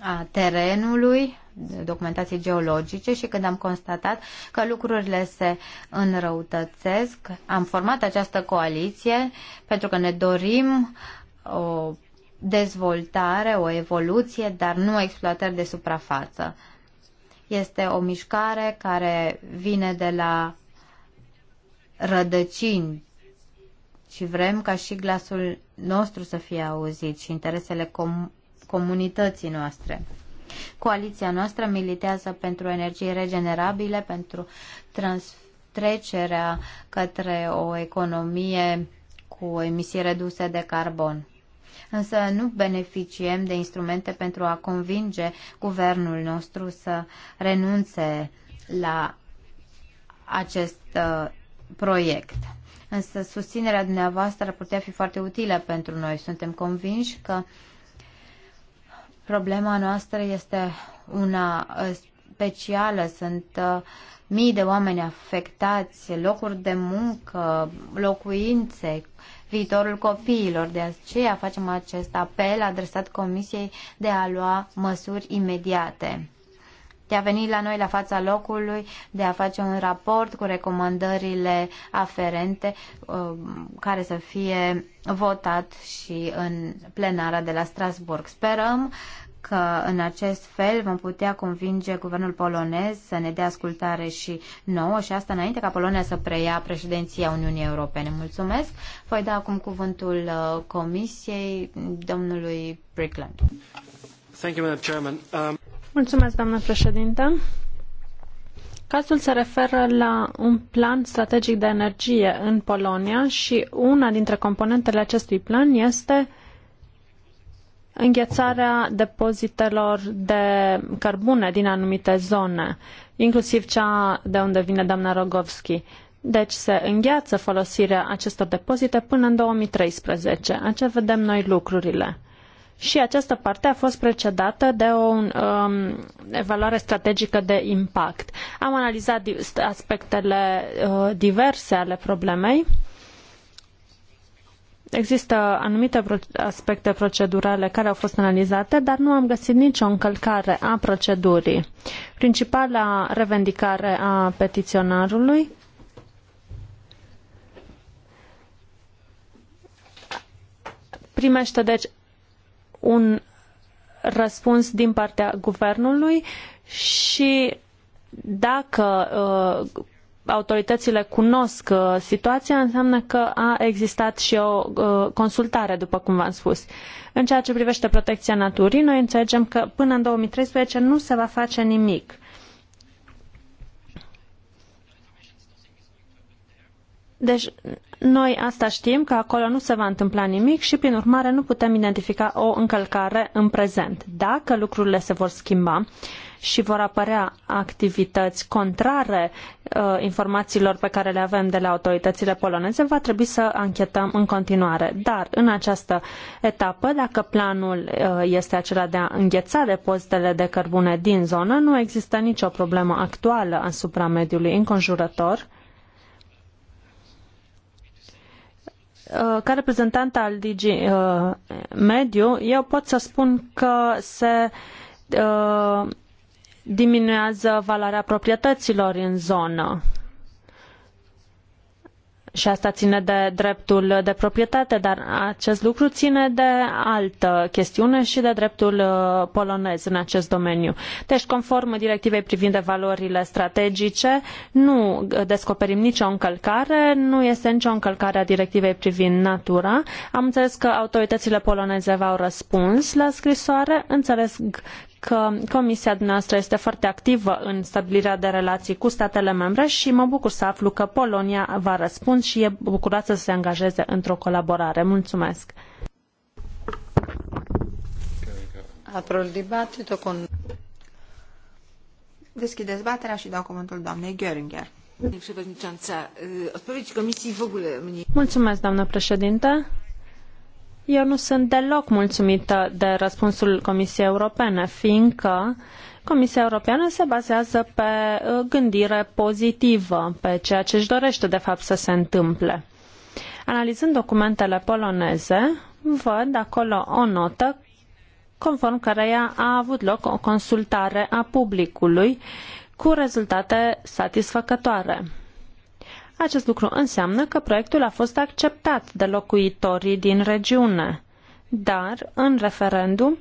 a terenului, documentații geologice și când am constatat că lucrurile se înrăutățesc, am format această coaliție pentru că ne dorim o dezvoltare, o evoluție, dar nu exploatări de suprafață. Este o mișcare care vine de la rădăcini și vrem ca și glasul nostru să fie auzit și interesele com- comunității noastre. Coaliția noastră militează pentru energii regenerabile, pentru trecerea către o economie cu emisii reduse de carbon. Însă nu beneficiem de instrumente pentru a convinge guvernul nostru să renunțe la acest uh, proiect. Însă susținerea dumneavoastră ar putea fi foarte utilă pentru noi. Suntem convinși că uh, Problema noastră este una uh, specială, sunt uh, mii de oameni afectați, locuri de muncă, locuințe, viitorul copiilor. De aceea facem acest apel adresat Comisiei de a lua măsuri imediate de a veni la noi la fața locului, de a face un raport cu recomandările aferente um, care să fie votat și în plenara de la Strasburg. Sperăm că în acest fel vom putea convinge guvernul polonez să ne dea ascultare și nouă și asta înainte ca Polonia să preia președinția Uniunii Europene. Mulțumesc. Voi da acum cuvântul uh, Comisiei domnului Brickland. Thank you, Madam Chairman. Um... Mulțumesc, Cazul se referă la un plan strategic de energie în Polonia și una dintre componentele acestui plan este înghețarea depozitelor de cărbune din anumite zone, inclusiv cea de unde vine doamna Rogovski. Deci se îngheață folosirea acestor depozite până în 2013. Așa vedem noi lucrurile și această parte a fost precedată de o um, evaluare strategică de impact. Am analizat aspectele uh, diverse ale problemei. Există anumite aspecte procedurale care au fost analizate, dar nu am găsit nicio încălcare a procedurii. Principala revendicare a petiționarului primește deci un răspuns din partea guvernului și dacă uh, autoritățile cunosc uh, situația, înseamnă că a existat și o uh, consultare, după cum v-am spus. În ceea ce privește protecția naturii, noi înțelegem că până în 2013 nu se va face nimic. Deci noi asta știm că acolo nu se va întâmpla nimic și, prin urmare, nu putem identifica o încălcare în prezent. Dacă lucrurile se vor schimba și vor apărea activități contrare uh, informațiilor pe care le avem de la autoritățile poloneze, va trebui să anchetăm în continuare. Dar, în această etapă, dacă planul uh, este acela de a îngheța depozitele de cărbune din zonă, nu există nicio problemă actuală asupra mediului înconjurător Uh, ca reprezentant al DG uh, Mediu, eu pot să spun că se uh, diminuează valoarea proprietăților în zonă și asta ține de dreptul de proprietate, dar acest lucru ține de altă chestiune și de dreptul uh, polonez în acest domeniu. Deci, conform directivei privind valorile strategice, nu descoperim nicio încălcare, nu este nicio încălcare a directivei privind natura. Am înțeles că autoritățile poloneze v-au răspuns la scrisoare, înțeles că comisia noastră este foarte activă în stabilirea de relații cu statele membre și mă bucur să aflu că Polonia va răspunde și e bucuroasă să se angajeze într-o colaborare. Mulțumesc! Apro il dibattito con... Deschid dezbaterea și dau cuvântul doamnei Göringer. Mulțumesc, doamnă președintă. Eu nu sunt deloc mulțumită de răspunsul Comisiei Europene, fiindcă Comisia Europeană se bazează pe uh, gândire pozitivă, pe ceea ce își dorește de fapt să se întâmple. Analizând documentele poloneze, văd acolo o notă conform căreia a avut loc o consultare a publicului cu rezultate satisfăcătoare. Acest lucru înseamnă că proiectul a fost acceptat de locuitorii din regiune. Dar, în referendum,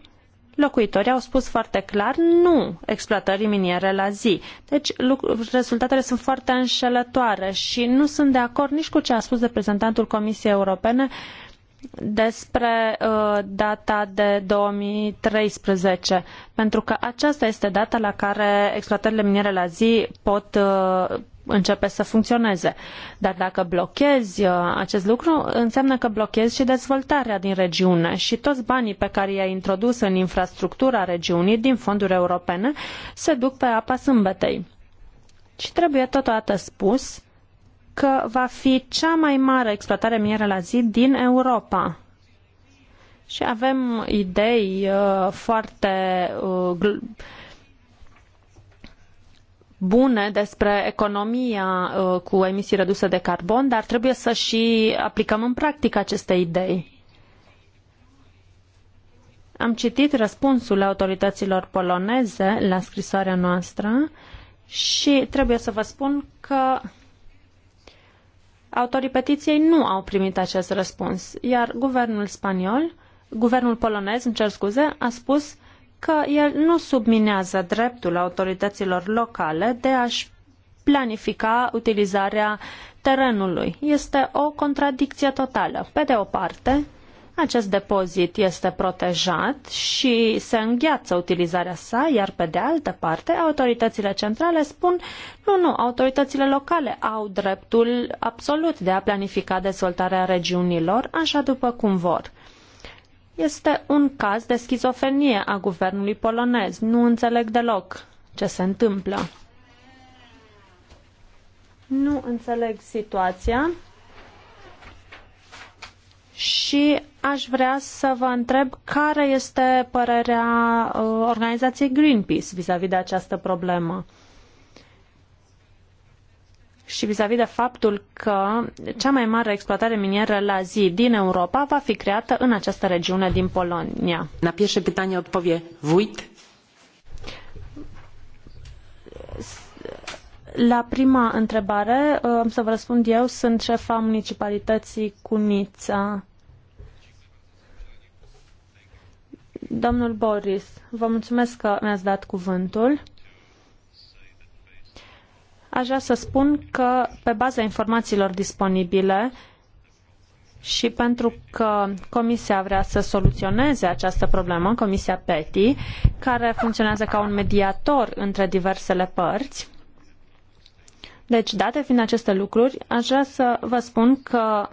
locuitorii au spus foarte clar nu exploatării miniere la zi. Deci rezultatele sunt foarte înșelătoare și nu sunt de acord nici cu ce a spus reprezentantul Comisiei Europene despre uh, data de 2013, pentru că aceasta este data la care exploatările miniere la zi pot uh, începe să funcționeze. Dar dacă blochezi uh, acest lucru, înseamnă că blochezi și dezvoltarea din regiune și toți banii pe care i-ai introdus în infrastructura regiunii din fonduri europene se duc pe apa sâmbetei. Și trebuie totodată spus că va fi cea mai mare exploatare minieră la zi din Europa. Și avem idei uh, foarte uh, bune despre economia uh, cu emisii reduse de carbon, dar trebuie să și aplicăm în practică aceste idei. Am citit răspunsul autorităților poloneze la scrisoarea noastră și trebuie să vă spun că autorii petiției nu au primit acest răspuns, iar guvernul spaniol, guvernul polonez, îmi cer scuze, a spus că el nu subminează dreptul autorităților locale de a-și planifica utilizarea terenului. Este o contradicție totală. Pe de o parte, acest depozit este protejat și se îngheață utilizarea sa, iar pe de altă parte, autoritățile centrale spun nu, nu, autoritățile locale au dreptul absolut de a planifica dezvoltarea regiunilor așa după cum vor. Este un caz de schizofrenie a guvernului polonez. Nu înțeleg deloc ce se întâmplă. Nu înțeleg situația și aș vrea să vă întreb care este părerea uh, organizației Greenpeace vis-a-vis de această problemă și vis-a-vis de faptul că cea mai mare exploatare minieră la zi din Europa va fi creată în această regiune din Polonia. Na pierwsze pytanie odpowie Wójt. La prima întrebare, uh, să vă răspund eu, sunt șefa municipalității Cunița. Domnul Boris, vă mulțumesc că mi-ați dat cuvântul. Aș vrea să spun că, pe baza informațiilor disponibile și pentru că Comisia vrea să soluționeze această problemă, Comisia PETI, care funcționează ca un mediator între diversele părți, deci, date fiind aceste lucruri, aș vrea să vă spun că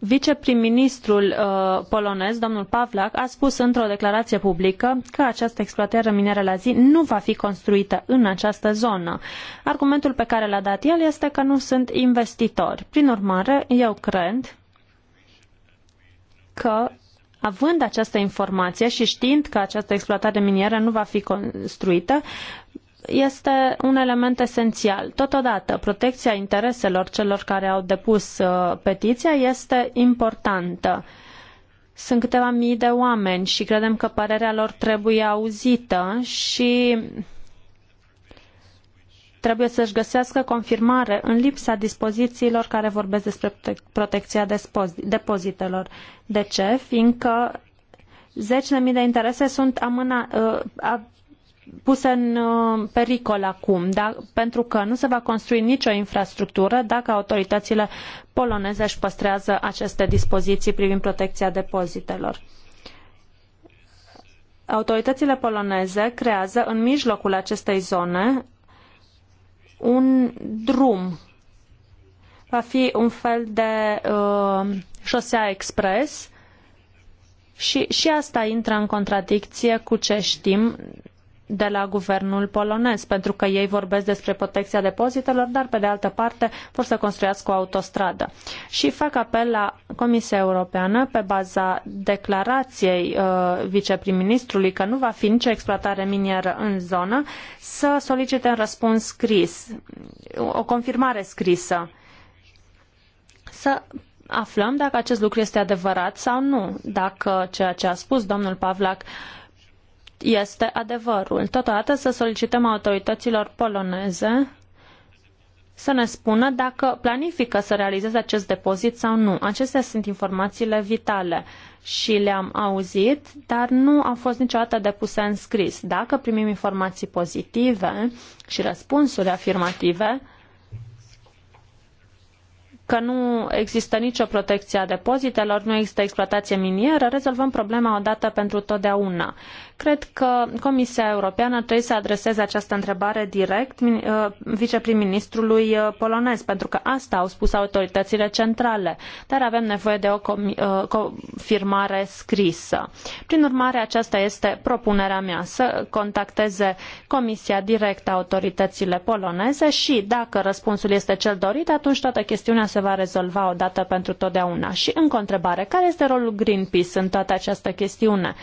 Viceprim-ministrul uh, polonez, domnul Pavlak, a spus într-o declarație publică că această exploatare minieră la zi nu va fi construită în această zonă. Argumentul pe care l-a dat el este că nu sunt investitori. Prin urmare, eu cred că având această informație și știind că această exploatare minieră nu va fi construită, este un element esențial. Totodată, protecția intereselor celor care au depus uh, petiția este importantă. Sunt câteva mii de oameni și credem că părerea lor trebuie auzită și trebuie să-și găsească confirmare în lipsa dispozițiilor care vorbesc despre protecția depozitelor. De ce? Fiindcă zeci de mii de interese sunt amâna, uh, puse în uh, pericol acum, da? pentru că nu se va construi nicio infrastructură dacă autoritățile poloneze își păstrează aceste dispoziții privind protecția depozitelor. Autoritățile poloneze creează în mijlocul acestei zone un drum. Va fi un fel de uh, șosea expres și, și asta intră în contradicție cu ce știm de la guvernul polonez, pentru că ei vorbesc despre protecția depozitelor, dar pe de altă parte vor să construiască o autostradă. Și fac apel la Comisia Europeană pe baza declarației uh, viceprim-ministrului că nu va fi nicio exploatare minieră în zonă să solicite un răspuns scris, o confirmare scrisă. Să aflăm dacă acest lucru este adevărat sau nu, dacă ceea ce a spus domnul Pavlac uh, este adevărul. Totodată să solicităm autorităților poloneze să ne spună dacă planifică să realizeze acest depozit sau nu. Acestea sunt informațiile vitale și le-am auzit, dar nu au fost niciodată depuse în scris. Dacă primim informații pozitive și răspunsuri afirmative, că nu există nicio protecție a depozitelor, nu există exploatație minieră, rezolvăm problema odată pentru totdeauna. Cred că Comisia Europeană trebuie să adreseze această întrebare direct uh, viceprim-ministrului uh, polonez, pentru că asta au spus autoritățile centrale, dar avem nevoie de o uh, confirmare scrisă. Prin urmare, aceasta este propunerea mea, să contacteze Comisia direct autoritățile poloneze și, dacă răspunsul este cel dorit, atunci toată chestiunea se va rezolva odată pentru totdeauna. Și încă o întrebare, care este rolul Greenpeace în toată această chestiune?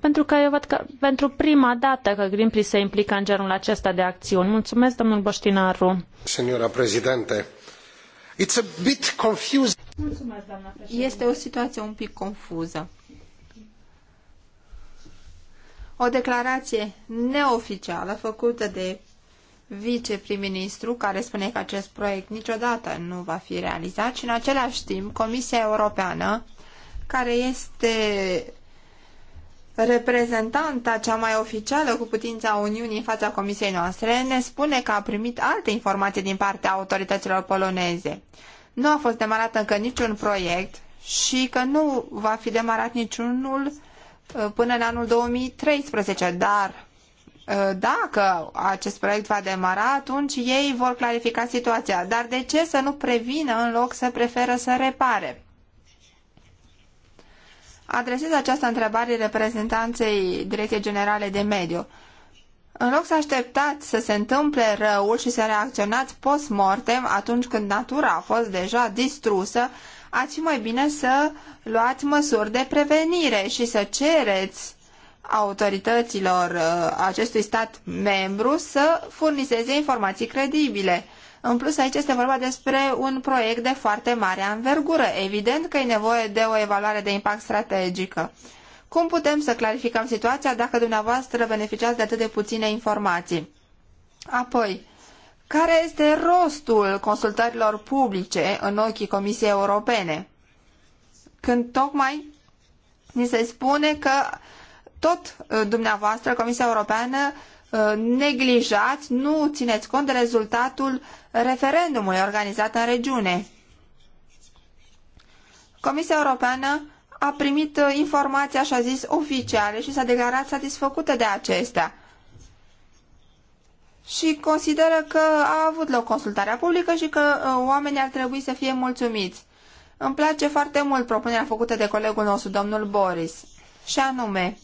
pentru că eu văd că pentru prima dată că Greenpeace se implică în genul acesta de acțiuni. Mulțumesc, domnul Boștinaru. Senora președinte, it's a bit confused. Mulțumesc, doamna Este o situație un pic confuză. O declarație neoficială făcută de viceprim-ministru care spune că acest proiect niciodată nu va fi realizat și în același timp Comisia Europeană care este reprezentanta cea mai oficială cu putința a Uniunii în fața comisiei noastre ne spune că a primit alte informații din partea autorităților poloneze. Nu a fost demarat încă niciun proiect și că nu va fi demarat niciunul uh, până în anul 2013, dar uh, dacă acest proiect va demara, atunci ei vor clarifica situația. Dar de ce să nu prevină în loc să preferă să repare? adresez această întrebare reprezentanței Direcției Generale de Mediu. În loc să așteptați să se întâmple răul și să reacționați post-mortem atunci când natura a fost deja distrusă, ați fi mai bine să luați măsuri de prevenire și să cereți autorităților uh, acestui stat membru să furnizeze informații credibile în plus, aici este vorba despre un proiect de foarte mare anvergură. Evident că e nevoie de o evaluare de impact strategică. Cum putem să clarificăm situația dacă dumneavoastră beneficiați de atât de puține informații? Apoi, care este rostul consultărilor publice în ochii Comisiei Europene? Când tocmai ni se spune că tot uh, dumneavoastră, Comisia Europeană, Uh, neglijați, nu țineți cont de rezultatul referendumului organizat în regiune. Comisia Europeană a primit uh, informații, așa zis, oficiale și s-a declarat satisfăcută de acestea. Și consideră că a avut loc consultarea publică și că uh, oamenii ar trebui să fie mulțumiți. Îmi place foarte mult propunerea făcută de colegul nostru, domnul Boris. Și anume,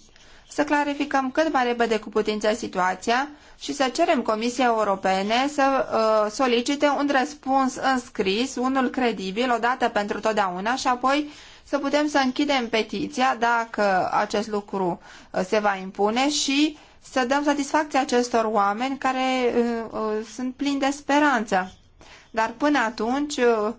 să clarificăm cât mai repede cu putință situația și să cerem Comisiei Europene să uh, solicite un răspuns înscris, unul credibil, odată pentru totdeauna și apoi să putem să închidem petiția dacă acest lucru uh, se va impune și să dăm satisfacție acestor oameni care uh, uh, sunt plini de speranță. Dar până atunci uh,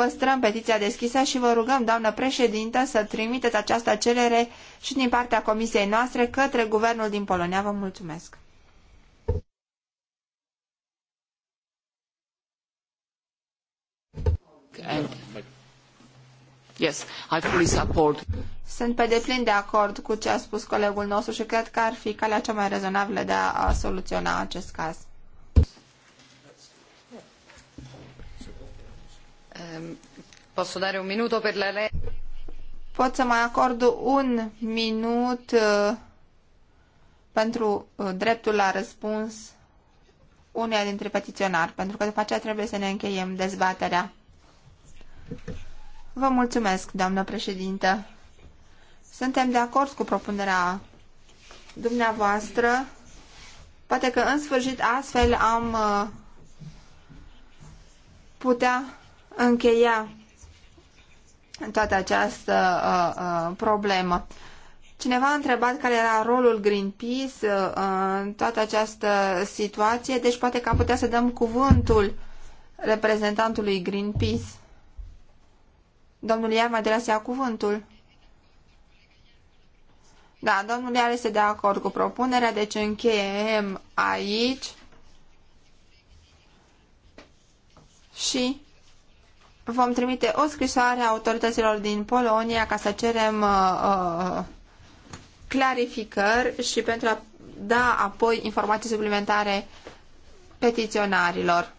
păstrăm petiția deschisă și vă rugăm, doamnă președintă, să trimiteți această cerere și din partea comisiei noastre către guvernul din Polonia. Vă mulțumesc! And... Yes, I fully support. Sunt pe deplin de acord cu ce a spus colegul nostru și cred că ar fi calea cea mai rezonabilă de a soluționa acest caz. Ehm, posso dare un minuto per la lei? Pot să mai acord un minut eh, pentru eh, dreptul la răspuns uneia dintre petiționari, pentru că după aceea trebuie să ne încheiem dezbaterea. Vă mulțumesc, doamnă președintă. Suntem de acord cu propunerea dumneavoastră. Poate că în sfârșit astfel am eh, putea încheia toată această uh, uh, problemă. Cineva a întrebat care era rolul Greenpeace uh, în toată această situație, deci poate că am putea să dăm cuvântul reprezentantului Greenpeace. Domnul Iar mai dorea să ia cuvântul. Da, domnul Iar este de acord cu propunerea, deci încheiem aici. Și vom trimite o scrisoare autorităților din Polonia ca să cerem uh, uh, clarificări și pentru a da apoi informații suplimentare petiționarilor.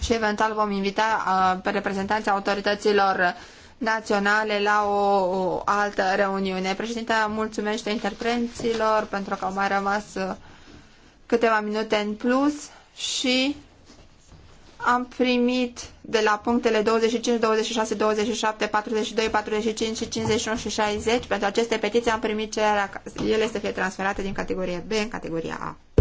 Și eventual vom invita uh, pe reprezentanții autorităților naționale la o, o altă reuniune. Președinta mulțumește interprenților pentru că au mai rămas uh, câteva minute în plus și am primit de la punctele 25, 26, 27, 42, 45 și 51 și 60. Pentru aceste petiții am primit cererea ca ele să fie transferate din categoria B în categoria A.